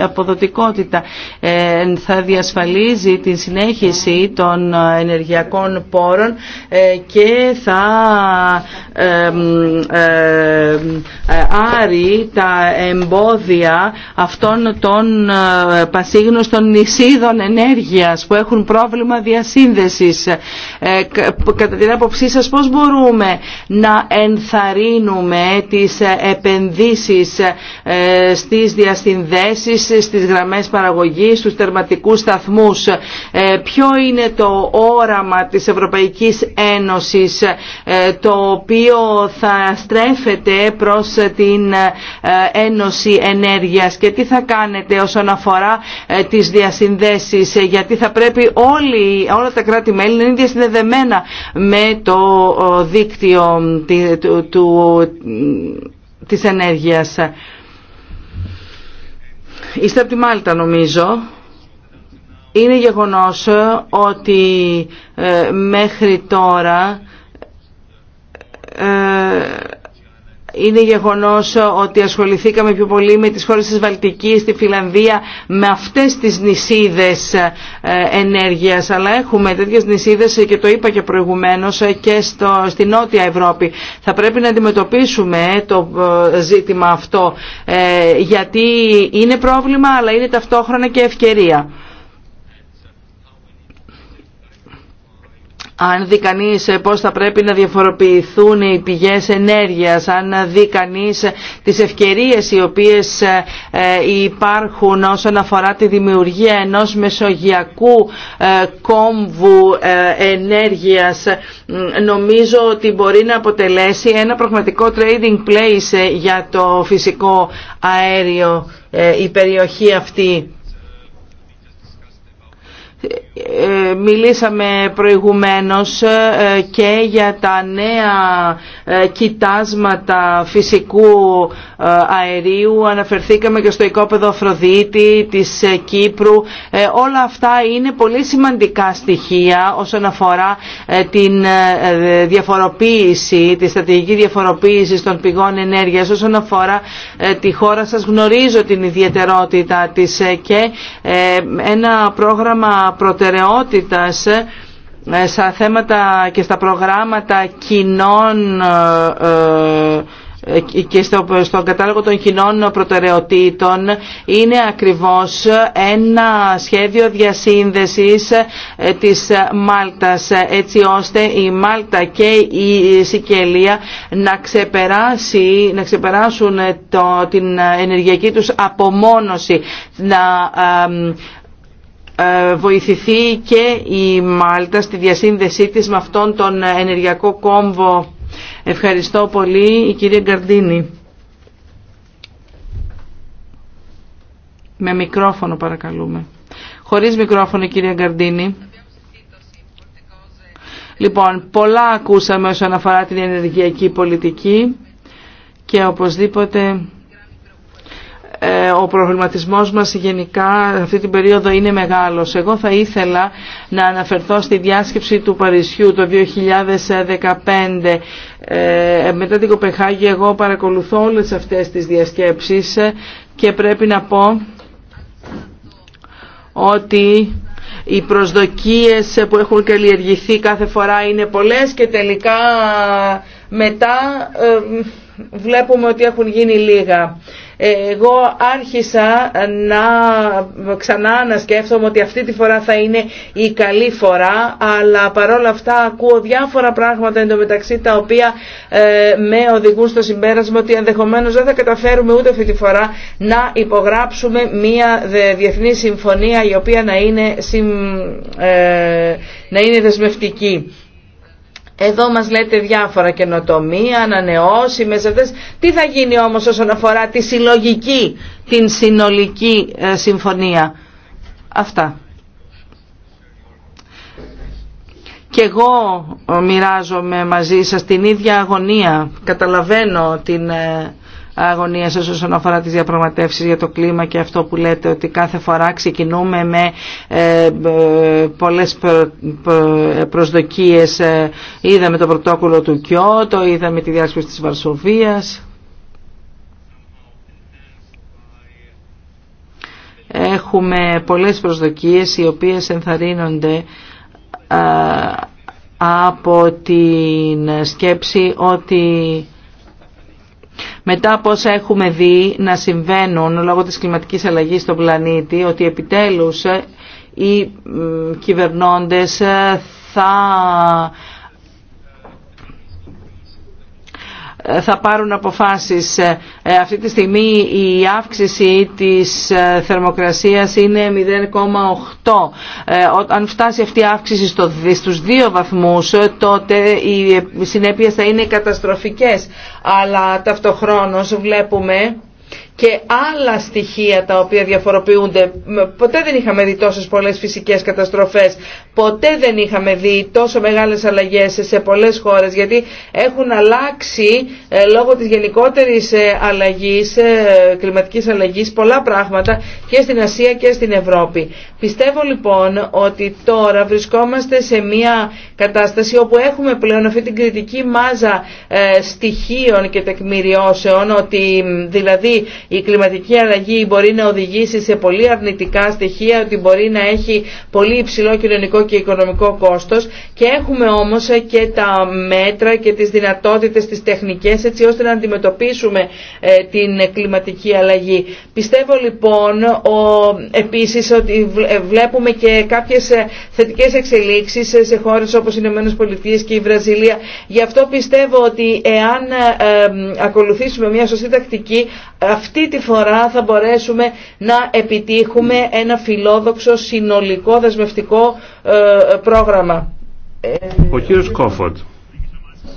αποδοτικότητα. Ε, θα διασφαλίζει την συνέχιση των ενεργειακών πόρων ε, και θα ε, άρει τα εμπόδια αυτών των ε, πασίγνωστων νησίδων ενέργειας που έχουν πρόβλημα διασύνδεσης. Ε, κατά την άποψή σας πώς μπορούμε να ενθαρρύνουμε τις ε, επενδύσεις στις διασυνδέσεις, στις γραμμές παραγωγής, στους τερματικούς σταθμούς. Ποιο είναι το όραμα της Ευρωπαϊκής Ένωσης το οποίο θα στρέφεται προς την Ένωση Ενέργειας ενέργειας και τι θα κάνετε όσον αφορά ε, τις διασυνδέσεις ε, γιατί θα πρέπει όλοι, όλα τα κράτη-μέλη να είναι διασυνδεδεμένα με το δίκτυο του, του, της ενέργειας. Είστε από τη Μάλτα νομίζω. Είναι γεγονός ε, ότι μέχρι τώρα είναι γεγονός ότι ασχοληθήκαμε πιο πολύ με τις χώρες της Βαλτικής, τη Φιλανδία, με αυτές τις νησίδες ε, ενέργειας. Αλλά έχουμε τέτοιες νησίδες ε, και το είπα και προηγουμένως ε, και στο, στη Νότια Ευρώπη. Θα πρέπει να αντιμετωπίσουμε το ζήτημα αυτό γιατί είναι πρόβλημα αλλά είναι ταυτόχρονα και ευκαιρία. Αν δει κανεί ε, πώ θα πρέπει να διαφοροποιηθούν οι πηγέ ενέργεια, αν δει κανεί τι ευκαιρίε οι οποίε ε, ε, υπάρχουν όσον αφορά τη δημιουργία ενό μεσογειακού κόμβου ενέργεια, νομίζω ότι μπορεί να αποτελέσει ένα πραγματικό trading place για το φυσικό αέριο η περιοχή αυτή. Ε, μιλήσαμε προηγουμένως ε, και για τα νέα ε, κοιτάσματα φυσικού αερίου αναφερθήκαμε και στο οικόπεδο Αφροδίτη της Κύπρου όλα αυτά είναι πολύ σημαντικά στοιχεία όσον αφορά την διαφοροποίηση τη στρατηγική διαφοροποίηση των πηγών ενέργειας όσον αφορά τη χώρα σας γνωρίζω την ιδιαιτερότητα της και ένα πρόγραμμα προτεραιότητας ε, ε, στα θέματα και στα προγράμματα κοινών ε, και στο, στον κατάλογο των κοινών προτεραιοτήτων είναι ακριβώς ένα σχέδιο διασύνδεσης της Μάλτας έτσι ώστε η Μάλτα και η Σικελία να, ξεπεράσει, να ξεπεράσουν το, την ενεργειακή τους απομόνωση να ε, βοηθηθεί και η Μάλτα στη διασύνδεσή της με αυτόν τον ενεργειακό κόμβο. Ευχαριστώ πολύ η κυρία Γκαρντίνη. Με μικρόφωνο παρακαλούμε. Χωρίς μικρόφωνο η κυρία Γκαρντίνη. Λοιπόν, πολλά ακούσαμε όσον αφορά την ενεργειακή πολιτική και οπωσδήποτε ε, ο προβληματισμός μας γενικά αυτή την περίοδο είναι μεγάλος. Εγώ θα ήθελα να αναφερθώ στη διάσκεψη του Παρισιού το 2015. Ε, μετά την Κοπεχάγη εγώ παρακολουθώ όλες αυτές τις διασκέψεις και πρέπει να πω ότι οι προσδοκίες που έχουν καλλιεργηθεί κάθε φορά είναι πολλές και τελικά μετά ε, βλέπουμε ότι έχουν γίνει λίγα εγώ άρχισα να ξανά να σκέφτομαι ότι αυτή τη φορά θα είναι η καλή φορά αλλά παρόλα αυτά ακούω διάφορα πράγματα εντωμεταξύ τα οποία ε, με οδηγούν στο συμπέρασμα ότι ενδεχομένως δεν θα καταφέρουμε ούτε αυτή τη φορά να υπογράψουμε μια διεθνή συμφωνία η οποία να είναι, συμ, ε, να είναι δεσμευτική. Εδώ μας λέτε διάφορα καινοτομία, ανανεώσιμες αυτές. Τι θα γίνει όμως όσον αφορά τη συλλογική, την συνολική ε, συμφωνία. Αυτά. Και εγώ μοιράζομαι μαζί σας την ίδια αγωνία. Καταλαβαίνω την ε, αγωνία όσον αφορά τι διαπραγματεύσει για το κλίμα και αυτό που λέτε ότι κάθε φορά ξεκινούμε με ε, πολλές προσδοκίες. Ε, είδαμε το πρωτόκολλο του Κιώτο, είδαμε τη διάσκεψη τη Βαρσοβίας. Έχουμε πολλές προσδοκίες οι οποίες ενθαρρύνονται ε, από την σκέψη ότι μετά από όσα έχουμε δει να συμβαίνουν λόγω της κλιματικής αλλαγής στον πλανήτη, ότι επιτέλους ε, οι κυβερνώντες ε, θα θα πάρουν αποφάσεις. Ε, ε, αυτή τη στιγμή η αύξηση της ε, θερμοκρασίας είναι 0,8. Αν φτάσει αυτή η αύξηση στους δύο βαθμούς τότε οι συνέπειες θα είναι καταστροφικές. Αλλά ταυτοχρόνως βλέπουμε και άλλα στοιχεία τα οποία διαφοροποιούνται. Ποτέ δεν είχαμε δει τόσες πολλές φυσικές καταστροφές. Ποτέ δεν είχαμε δει τόσο μεγάλες αλλαγές σε πολλές χώρες γιατί έχουν αλλάξει ε, λόγω της γενικότερης ε, αλλαγής, ε, κλιματικής αλλαγής πολλά πράγματα και στην Ασία και στην Ευρώπη. Πιστεύω λοιπόν ότι τώρα βρισκόμαστε σε μια κατάσταση όπου έχουμε πλέον αυτή την κριτική μάζα στοιχείων και τεκμηριώσεων ότι δηλαδή η κλιματική αλλαγή μπορεί να οδηγήσει σε πολύ αρνητικά στοιχεία, ότι μπορεί να έχει πολύ υψηλό κοινωνικό και οικονομικό κόστος και έχουμε όμως ε, και τα μέτρα και τις δυνατότητες τις τεχνικές έτσι ώστε να αντιμετωπίσουμε ε, την κλιματική αλλαγή. Πιστεύω λοιπόν ο, επίσης ότι ε, βλέπουμε και κάποιες θετικές εξελίξεις σε χώρες όπως οι Ηνωμένες και η Βραζιλία. Γι' αυτό πιστεύω ότι εάν ακολουθήσουμε μια σωστή τακτική αυτή τη φορά θα μπορέσουμε να επιτύχουμε ένα φιλόδοξο συνολικό δεσμευτικό ε, ε, πρόγραμμα. Ο κύριος Κόφοντ.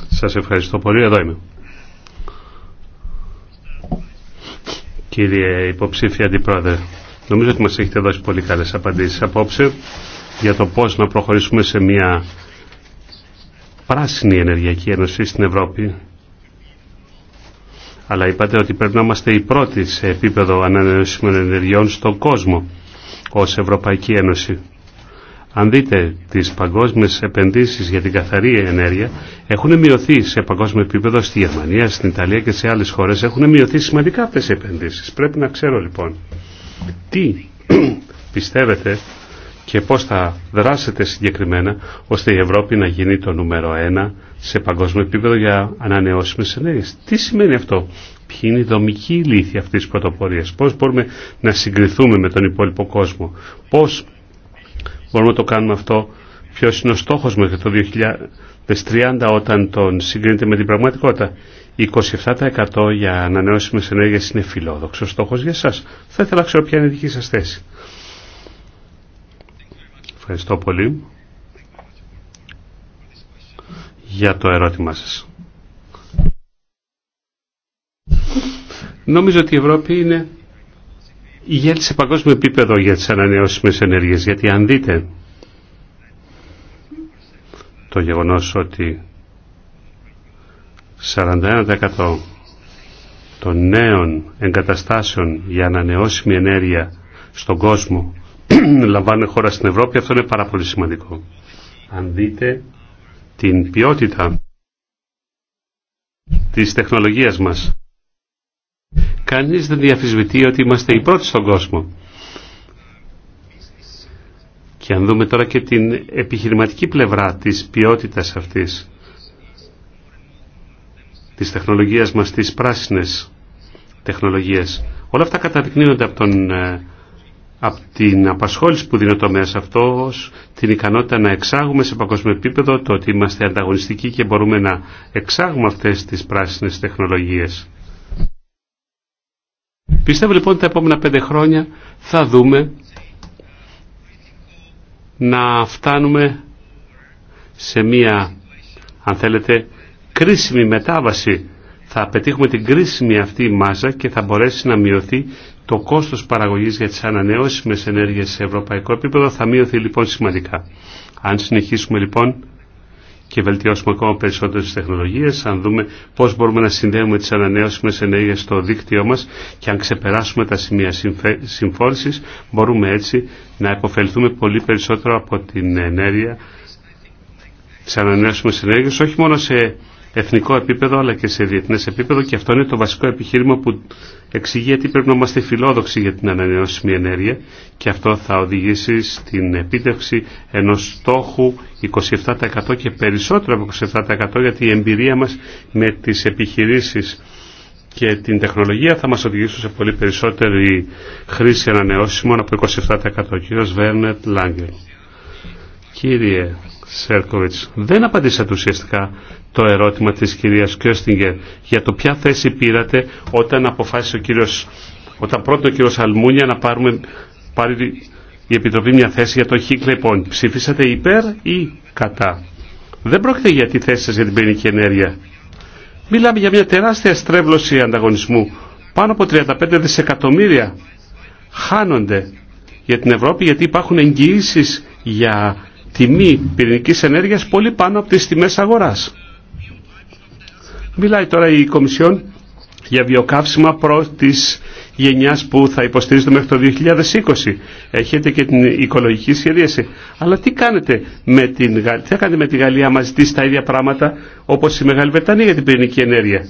Σας ευχαριστώ πολύ. Εδώ είμαι. Κύριε υποψήφια αντιπρόεδρε, νομίζω ότι μας έχετε δώσει πολύ καλές απαντήσεις απόψε για το πώς να προχωρήσουμε σε μια πράσινη ενεργειακή ένωση στην Ευρώπη. Αλλά είπατε ότι πρέπει να είμαστε οι πρώτοι σε επίπεδο ανανεώσιμων ενεργειών στον κόσμο ως Ευρωπαϊκή Ένωση. Αν δείτε τις παγκόσμιες επενδύσεις για την καθαρή ενέργεια έχουν μειωθεί σε παγκόσμιο επίπεδο στη Γερμανία, στην Ιταλία και σε άλλες χώρες έχουν μειωθεί σημαντικά αυτές οι επενδύσεις. Πρέπει να ξέρω λοιπόν τι πιστεύετε και πώς θα δράσετε συγκεκριμένα ώστε η Ευρώπη να γίνει το νούμερο ένα σε παγκόσμιο επίπεδο για ανανεώσιμες ενέργειες. Τι σημαίνει αυτό, ποιοι είναι οι δομικοί λύθοι αυτής της πρωτοπορίας, πώς μπορούμε να συγκριθούμε με τον υπόλοιπο κόσμο, πώς μπορούμε να το κάνουμε αυτό, ποιος είναι ο στόχος μέχρι το 2030 όταν τον συγκρίνεται με την πραγματικότητα. 27% για ανανεώσιμες ενέργειες είναι φιλόδοξο στόχος για εσάς. Θα ήθελα να ξέρω ποια είναι η δική σας θέση. Ευχαριστώ πολύ για το ερώτημά σας. Νομίζω ότι η Ευρώπη είναι ηγέτη σε παγκόσμιο επίπεδο για τις ανανεώσιμες ενέργειες. Γιατί αν δείτε το γεγονός ότι 41% των νέων εγκαταστάσεων για ανανεώσιμη ενέργεια στον κόσμο λαμβάνουν χώρα στην Ευρώπη, αυτό είναι πάρα πολύ σημαντικό. Αν δείτε την ποιότητα της τεχνολογίας μας Κανείς δεν διαφυσβητεί ότι είμαστε οι πρώτοι στον κόσμο. Και αν δούμε τώρα και την επιχειρηματική πλευρά της ποιότητας αυτής, της τεχνολογίας μας, της πράσινες τεχνολογίες, όλα αυτά καταδεικνύονται από, τον, ε, από την απασχόληση που δίνει ο τομέας αυτός, την ικανότητα να εξάγουμε σε παγκόσμιο επίπεδο, το ότι είμαστε ανταγωνιστικοί και μπορούμε να εξάγουμε αυτές τις πράσινες τεχνολογίες. Πιστεύω λοιπόν ότι τα επόμενα πέντε χρόνια θα δούμε να φτάνουμε σε μία, αν θέλετε, κρίσιμη μετάβαση. Θα πετύχουμε την κρίσιμη αυτή μάζα και θα μπορέσει να μειωθεί το κόστος παραγωγής για τις ανανεώσιμες ενέργειες σε ευρωπαϊκό επίπεδο. Θα μειωθεί λοιπόν σημαντικά. Αν συνεχίσουμε λοιπόν και βελτιώσουμε ακόμα περισσότερε τις τεχνολογίες, αν δούμε πώς μπορούμε να συνδέουμε τις ανανεώσιμες ενέργειες στο δίκτυό μας και αν ξεπεράσουμε τα σημεία συμφόρησης, μπορούμε έτσι να υποφελθούμε πολύ περισσότερο από την ενέργεια, τις ανανεώσιμες ενέργειες, όχι μόνο σε εθνικό επίπεδο αλλά και σε διεθνές επίπεδο και αυτό είναι το βασικό επιχείρημα που εξηγεί ότι πρέπει να είμαστε φιλόδοξοι για την ανανεώσιμη ενέργεια και αυτό θα οδηγήσει στην επίτευξη ενός στόχου 27% και περισσότερο από 27% γιατί η εμπειρία μας με τις επιχειρήσεις και την τεχνολογία θα μας οδηγήσουν σε πολύ περισσότερη χρήση ανανεώσιμων από 27% κύριος Βέρνετ Λάγκελ. Κύριε Σέρκοβιτ. Δεν απαντήσατε ουσιαστικά το ερώτημα τη κυρία Κιώστιγκερ για το ποια θέση πήρατε όταν αποφάσισε ο κύριος, όταν πρώτο ο Αλμούνια να πάρουμε, πάρει η Επιτροπή μια θέση για το χίκλεπον. Ψηφίσατε υπέρ ή κατά. Δεν πρόκειται για τη θέση σας για την πυρηνική ενέργεια. Μιλάμε για μια τεράστια στρέβλωση ανταγωνισμού. Πάνω από 35 δισεκατομμύρια χάνονται για την Ευρώπη γιατί υπάρχουν εγγυήσει για τιμή πυρηνικής ενέργειας πολύ πάνω από τις τιμές αγοράς. Μιλάει τώρα η Κομισιόν για βιοκαύσιμα προ τη γενιάς που θα υποστηρίζεται μέχρι το 2020. Έχετε και την οικολογική σχεδίαση. Αλλά τι κάνετε με την Γαλλία, τι θα κάνετε με τη Γαλλία, μαζί ζητήσει τα ίδια πράγματα όπως η Μεγάλη Βρετανία για την πυρηνική ενέργεια.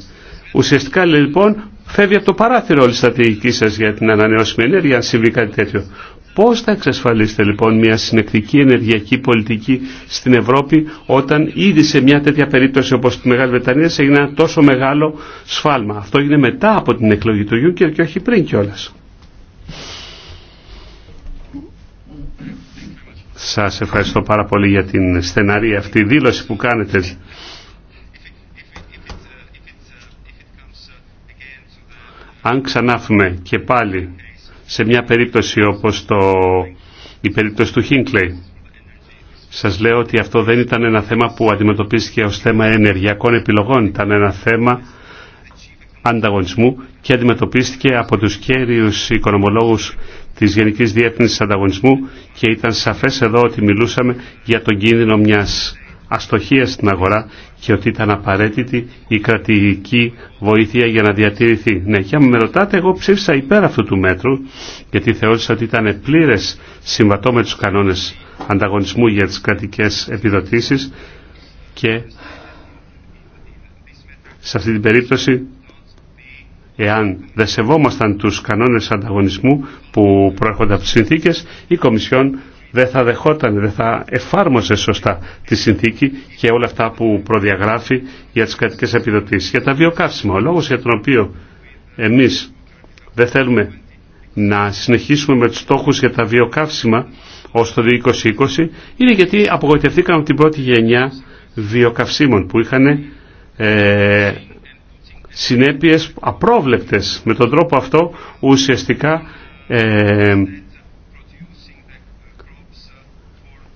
Ουσιαστικά λοιπόν φεύγει από το παράθυρο όλη η στρατηγική σα για την ανανεώσιμη ενέργεια, αν συμβεί κάτι τέτοιο. Πώς θα εξασφαλίσετε λοιπόν μια συνεκτική ενεργειακή πολιτική στην Ευρώπη όταν ήδη σε μια τέτοια περίπτωση όπως τη Μεγάλη Βρετανία έγινε ένα τόσο μεγάλο σφάλμα. Αυτό έγινε μετά από την εκλογή του Γιούγκερ και όχι πριν κιόλα. Σας ευχαριστώ πάρα πολύ για την στεναρή αυτή δήλωση που κάνετε. Αν ξανάφουμε και πάλι σε μια περίπτωση όπως το, η περίπτωση του Χίνκλεϊ. Σας λέω ότι αυτό δεν ήταν ένα θέμα που αντιμετωπίστηκε ως θέμα ενεργειακών επιλογών. Ήταν ένα θέμα ανταγωνισμού και αντιμετωπίστηκε από τους κέριους οικονομολόγους της Γενικής Διεύθυνσης Ανταγωνισμού και ήταν σαφές εδώ ότι μιλούσαμε για τον κίνδυνο μιας αστοχία στην αγορά και ότι ήταν απαραίτητη η κρατική βοήθεια για να διατηρηθεί. Ναι, και αν με ρωτάτε, εγώ ψήφισα υπέρ αυτού του μέτρου, γιατί θεώρησα ότι ήταν πλήρε συμβατό με του κανόνε ανταγωνισμού για τι κρατικέ επιδοτήσει και σε αυτή την περίπτωση εάν δεν σεβόμασταν τους κανόνες ανταγωνισμού που προέρχονται από τις συνθήκες, η Κομισιόν δεν θα δεχόταν, δεν θα εφάρμοσε σωστά τη συνθήκη και όλα αυτά που προδιαγράφει για τις κρατικές επιδοτήσεις. Για τα βιοκαύσιμα, ο λόγος για τον οποίο εμείς δεν θέλουμε να συνεχίσουμε με τους στόχους για τα βιοκαύσιμα ως το 2020 είναι γιατί απογοητευθήκαμε την πρώτη γενιά βιοκαυσίμων που είχαν ε, συνέπειες απρόβλεπτες. Με τον τρόπο αυτό ουσιαστικά ε,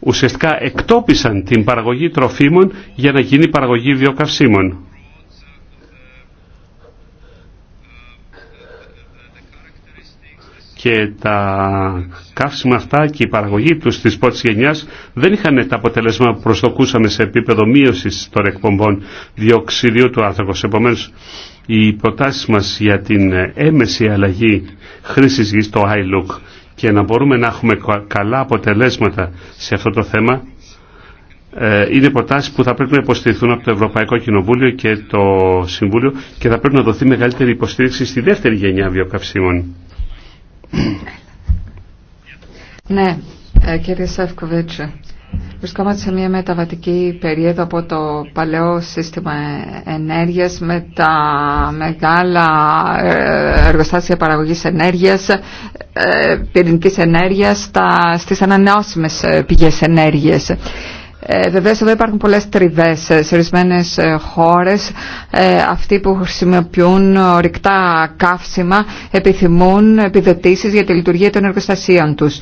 ουσιαστικά εκτόπισαν την παραγωγή τροφίμων για να γίνει παραγωγή βιοκαυσίμων. και τα καύσιμα αυτά και η παραγωγή τους της πρώτη γενιάς δεν είχαν τα αποτελέσματα που προσδοκούσαμε σε επίπεδο μείωσης των εκπομπών διοξιδίου του άνθρακος. Επομένως, οι προτάσει μας για την έμεση αλλαγή χρήσης γης, το iLook, και να μπορούμε να έχουμε καλά αποτελέσματα σε αυτό το θέμα ε, είναι προτάσει που θα πρέπει να υποστηριχθούν από το Ευρωπαϊκό Κοινοβούλιο και το Συμβούλιο και θα πρέπει να δοθεί μεγαλύτερη υποστήριξη στη δεύτερη γενιά βιοκαυσίμων. Ναι, ε, κύριε Σεύκοβιτς, Βρισκόμαστε σε μια μεταβατική περίοδο από το παλαιό σύστημα ενέργειας με τα μεγάλα ε, εργοστάσια παραγωγής ενέργειας, ε, πυρηνικής ενέργειας, τα, στις ανανεώσιμες ε, πηγές ενέργειας. Ε, βεβαίως εδώ υπάρχουν πολλές τριβές σε ορισμένε χώρες. αυτοί που χρησιμοποιούν ορυκτά καύσιμα επιθυμούν επιδοτήσεις για τη λειτουργία των εργοστασίων τους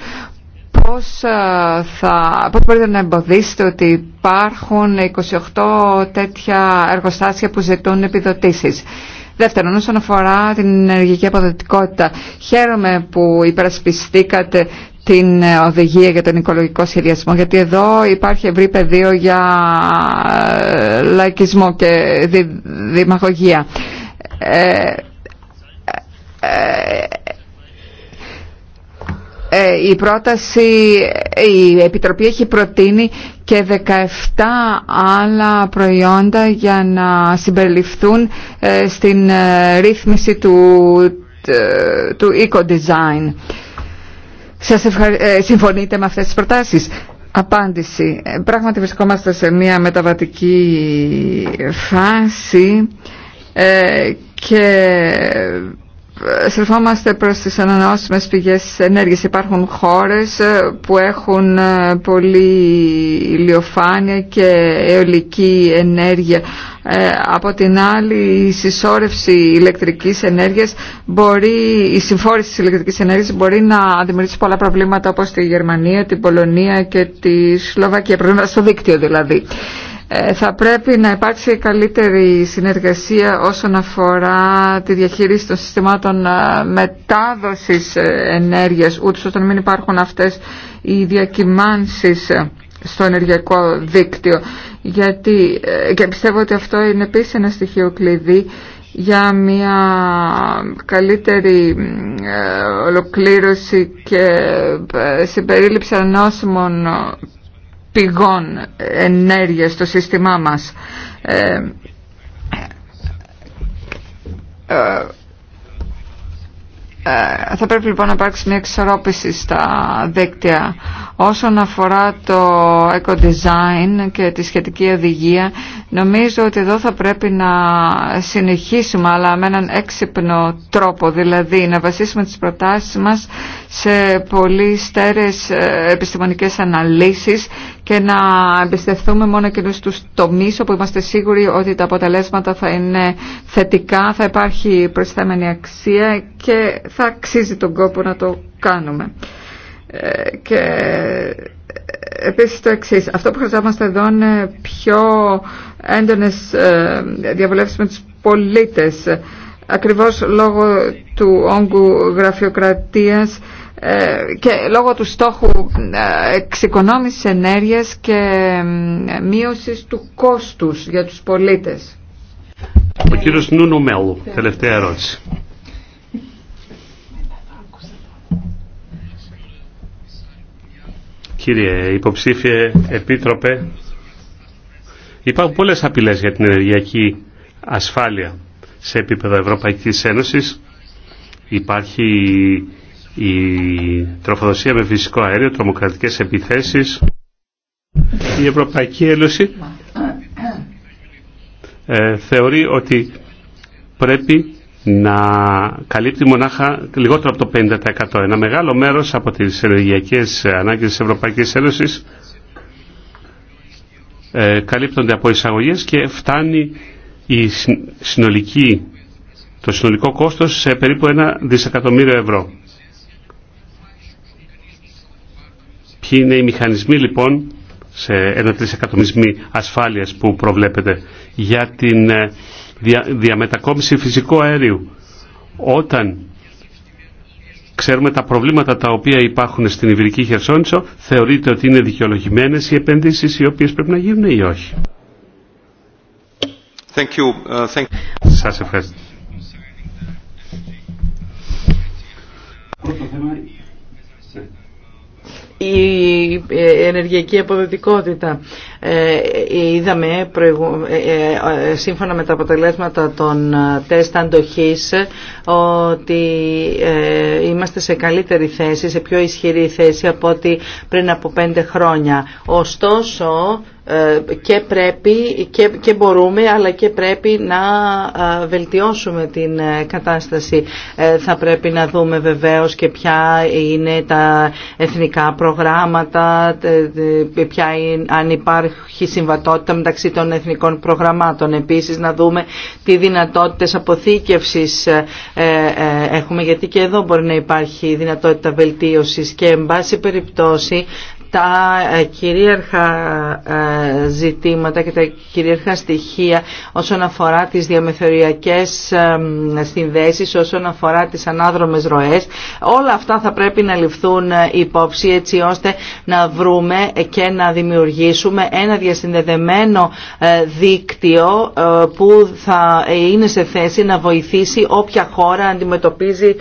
πώς, ε, θα, πώς μπορείτε να εμποδίσετε ότι υπάρχουν 28 τέτοια εργοστάσια που ζητούν επιδοτήσεις. Δεύτερον, όσον αφορά την ενεργειακή αποδοτικότητα, χαίρομαι που υπερασπιστήκατε την ε, οδηγία για τον οικολογικό σχεδιασμό, γιατί εδώ υπάρχει ευρύ πεδίο για ε, λαϊκισμό και δημαγωγία. Ε, η πρόταση, ε, η Επιτροπή έχει προτείνει και 17 άλλα προϊόντα για να συμπεριληφθούν ε, στην ρύθμιση του, του eco-design. Σας ευχαρι... συμφωνείτε με αυτές τις προτάσεις. Απάντηση. Πράγματι βρισκόμαστε σε μια μεταβατική φάση και στρεφόμαστε προς τις ανανεώσιμες πηγές ενέργειας. Υπάρχουν χώρες ε, που έχουν ε, πολύ ηλιοφάνεια και αιωλική ενέργεια. Ε, από την άλλη η συσσόρευση ηλεκτρικής ενέργειας μπορεί, η συμφόρηση της ηλεκτρικής ενέργειας μπορεί να δημιουργήσει πολλά προβλήματα όπως τη Γερμανία, την Πολωνία και τη Σλοβακία, προβλήματα στο δίκτυο δηλαδή. Ε, θα πρέπει να υπάρξει καλύτερη συνεργασία όσον αφορά τη διαχείριση των συστημάτων ε, μετάδοσης ε, ενέργειας, ούτως ώστε να μην υπάρχουν αυτές οι διακυμάνσεις στο ενεργειακό δίκτυο. Γιατί, και πιστεύω ότι αυτό είναι επίσης ένα στοιχείο κλειδί για μια καλύτερη ολοκλήρωση και συμπερίληψη ανώσιμων πηγών ενέργειας στο σύστημά μας. ε, ε ε, θα πρέπει λοιπόν να υπάρξει μια εξορρόπηση στα δίκτυα όσον αφορά το eco-design και τη σχετική οδηγία νομίζω ότι εδώ θα πρέπει να συνεχίσουμε αλλά με έναν έξυπνο τρόπο δηλαδή να βασίσουμε τις προτάσεις μας σε πολύ στέρεες ε, επιστημονικές αναλύσεις και να εμπιστευτούμε μόνο και τους τομείς όπου είμαστε σίγουροι ότι τα αποτελέσματα θα είναι θετικά, θα υπάρχει προσθέμενη αξία και θα αξίζει τον κόπο να το κάνουμε. Ε, και ε, επίσης το εξή. Αυτό που χρειαζόμαστε εδώ είναι πιο έντονες ε, διαβουλεύσει με τους πολίτες. Ακριβώς λόγω του όγκου γραφειοκρατίας και λόγω του στόχου εξοικονόμησης ενέργειας και μείωσης του κόστους για τους πολίτες. Ο κύριος Νούνο Μέλου, τελευταία ερώτηση. Κύριε Υποψήφιε Επίτροπε, υπάρχουν πολλές απειλές για την ενεργειακή ασφάλεια σε επίπεδο Ευρωπαϊκής Ένωσης. Υπάρχει η τροφοδοσία με φυσικό αέριο, τρομοκρατικές επιθέσεις. Η Ευρωπαϊκή Ένωση ε, θεωρεί ότι πρέπει να καλύπτει μονάχα λιγότερο από το 50%. Ένα μεγάλο μέρος από τις ενεργειακές ανάγκες της Ευρωπαϊκής Ένωσης ε, καλύπτονται από εισαγωγές και φτάνει η συνολική, το συνολικό κόστος σε περίπου ένα δισεκατομμύριο ευρώ. Ποιοι είναι οι μηχανισμοί λοιπόν σε ένα τρισεκατομμύριο ασφάλειας που προβλέπεται για την ε, δια, διαμετακόμιση φυσικού αερίου. Όταν ξέρουμε τα προβλήματα τα οποία υπάρχουν στην Ιβρική Χερσόνησο, θεωρείτε ότι είναι δικαιολογημένε οι επενδύσεις οι οποίες πρέπει να γίνουν ή όχι. Thank uh, Σας ευχαριστώ. η ε, ενεργειακή αποδοτικότητα. Ε, είδαμε ε, ε, σύμφωνα με τα αποτελέσματα των τεστ αντοχής ότι είμαστε σε καλύτερη θέση, σε πιο ισχυρή θέση από ό,τι πριν από πέντε χρόνια. Ωστόσο και πρέπει και, μπορούμε αλλά και πρέπει να βελτιώσουμε την κατάσταση. Θα πρέπει να δούμε βεβαίως και ποια είναι τα εθνικά προγράμματα, ποια είναι, αν υπάρχει υπάρχει συμβατότητα μεταξύ των εθνικών προγραμμάτων. Επίσης να δούμε τι δυνατότητες αποθήκευσης ε, ε, ε, έχουμε γιατί και εδώ μπορεί να υπάρχει δυνατότητα βελτίωσης και εν πάση περιπτώσει τα ε, κυρίαρχα ε, ζητήματα και τα κυρίαρχα στοιχεία όσον αφορά τις διαμεθοριακές συνδέσεις, όσον αφορά τις ανάδρομες ροές. Όλα αυτά θα πρέπει να ληφθούν ε, υπόψη έτσι ώστε να βρούμε και να δημιουργήσουμε ένα διασυνδεδεμένο δίκτυο που θα είναι σε θέση να βοηθήσει όποια χώρα αντιμετωπίζει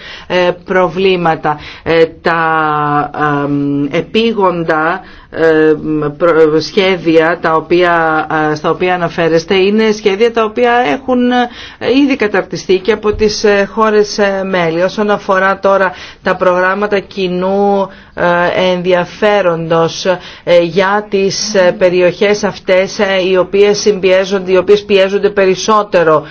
προβλήματα. Τα επίγοντα σχέδια τα οποία, στα οποία αναφέρεστε είναι σχέδια τα οποία έχουν ε, ήδη καταρτιστεί και από τις ε, χώρες ε, μέλη. Όσον αφορά τώρα τα προγράμματα κοινού ενδιαφέροντος για τις περιοχές αυτές οι οποίες συμπιέζονται, οι οποίες πιέζονται περισσότερο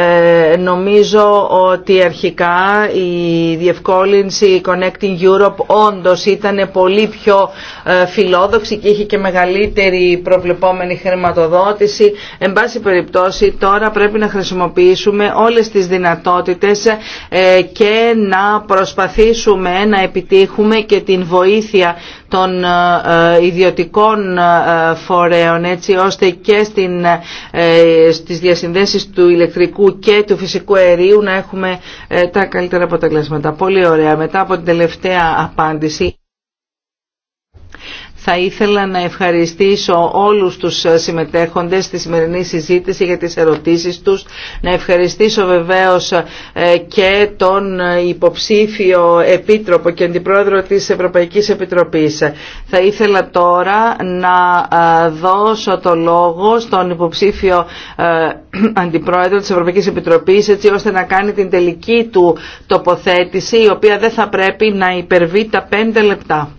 ε, νομίζω ότι αρχικά η διευκόλυνση Connecting Europe όντως ήταν πολύ πιο ε, φιλόδοξη και είχε και μεγαλύτερη προβλεπόμενη χρηματοδότηση. Εν πάση περιπτώσει τώρα πρέπει να χρησιμοποιήσουμε όλες τις δυνατότητες ε, και να προσπαθήσουμε να επιτύχουμε και την βοήθεια των ε, ε, ιδιωτικών ε, φορέων έτσι ώστε και στην, στις διασυνδέσεις του ηλεκτρικού και του φυσικού αερίου να έχουμε τα καλύτερα αποτελέσματα. Πολύ ωραία. Μετά από την τελευταία απάντηση θα ήθελα να ευχαριστήσω όλους τους συμμετέχοντες στη σημερινή συζήτηση για τις ερωτήσεις τους. Να ευχαριστήσω βεβαίως ε, και τον υποψήφιο επίτροπο και αντιπρόεδρο της Ευρωπαϊκής Επιτροπής. Θα ήθελα τώρα να ε, δώσω το λόγο στον υποψήφιο ε, αντιπρόεδρο της Ευρωπαϊκής Επιτροπής έτσι ώστε να κάνει την τελική του τοποθέτηση η οποία δεν θα πρέπει να υπερβεί τα πέντε λεπτά.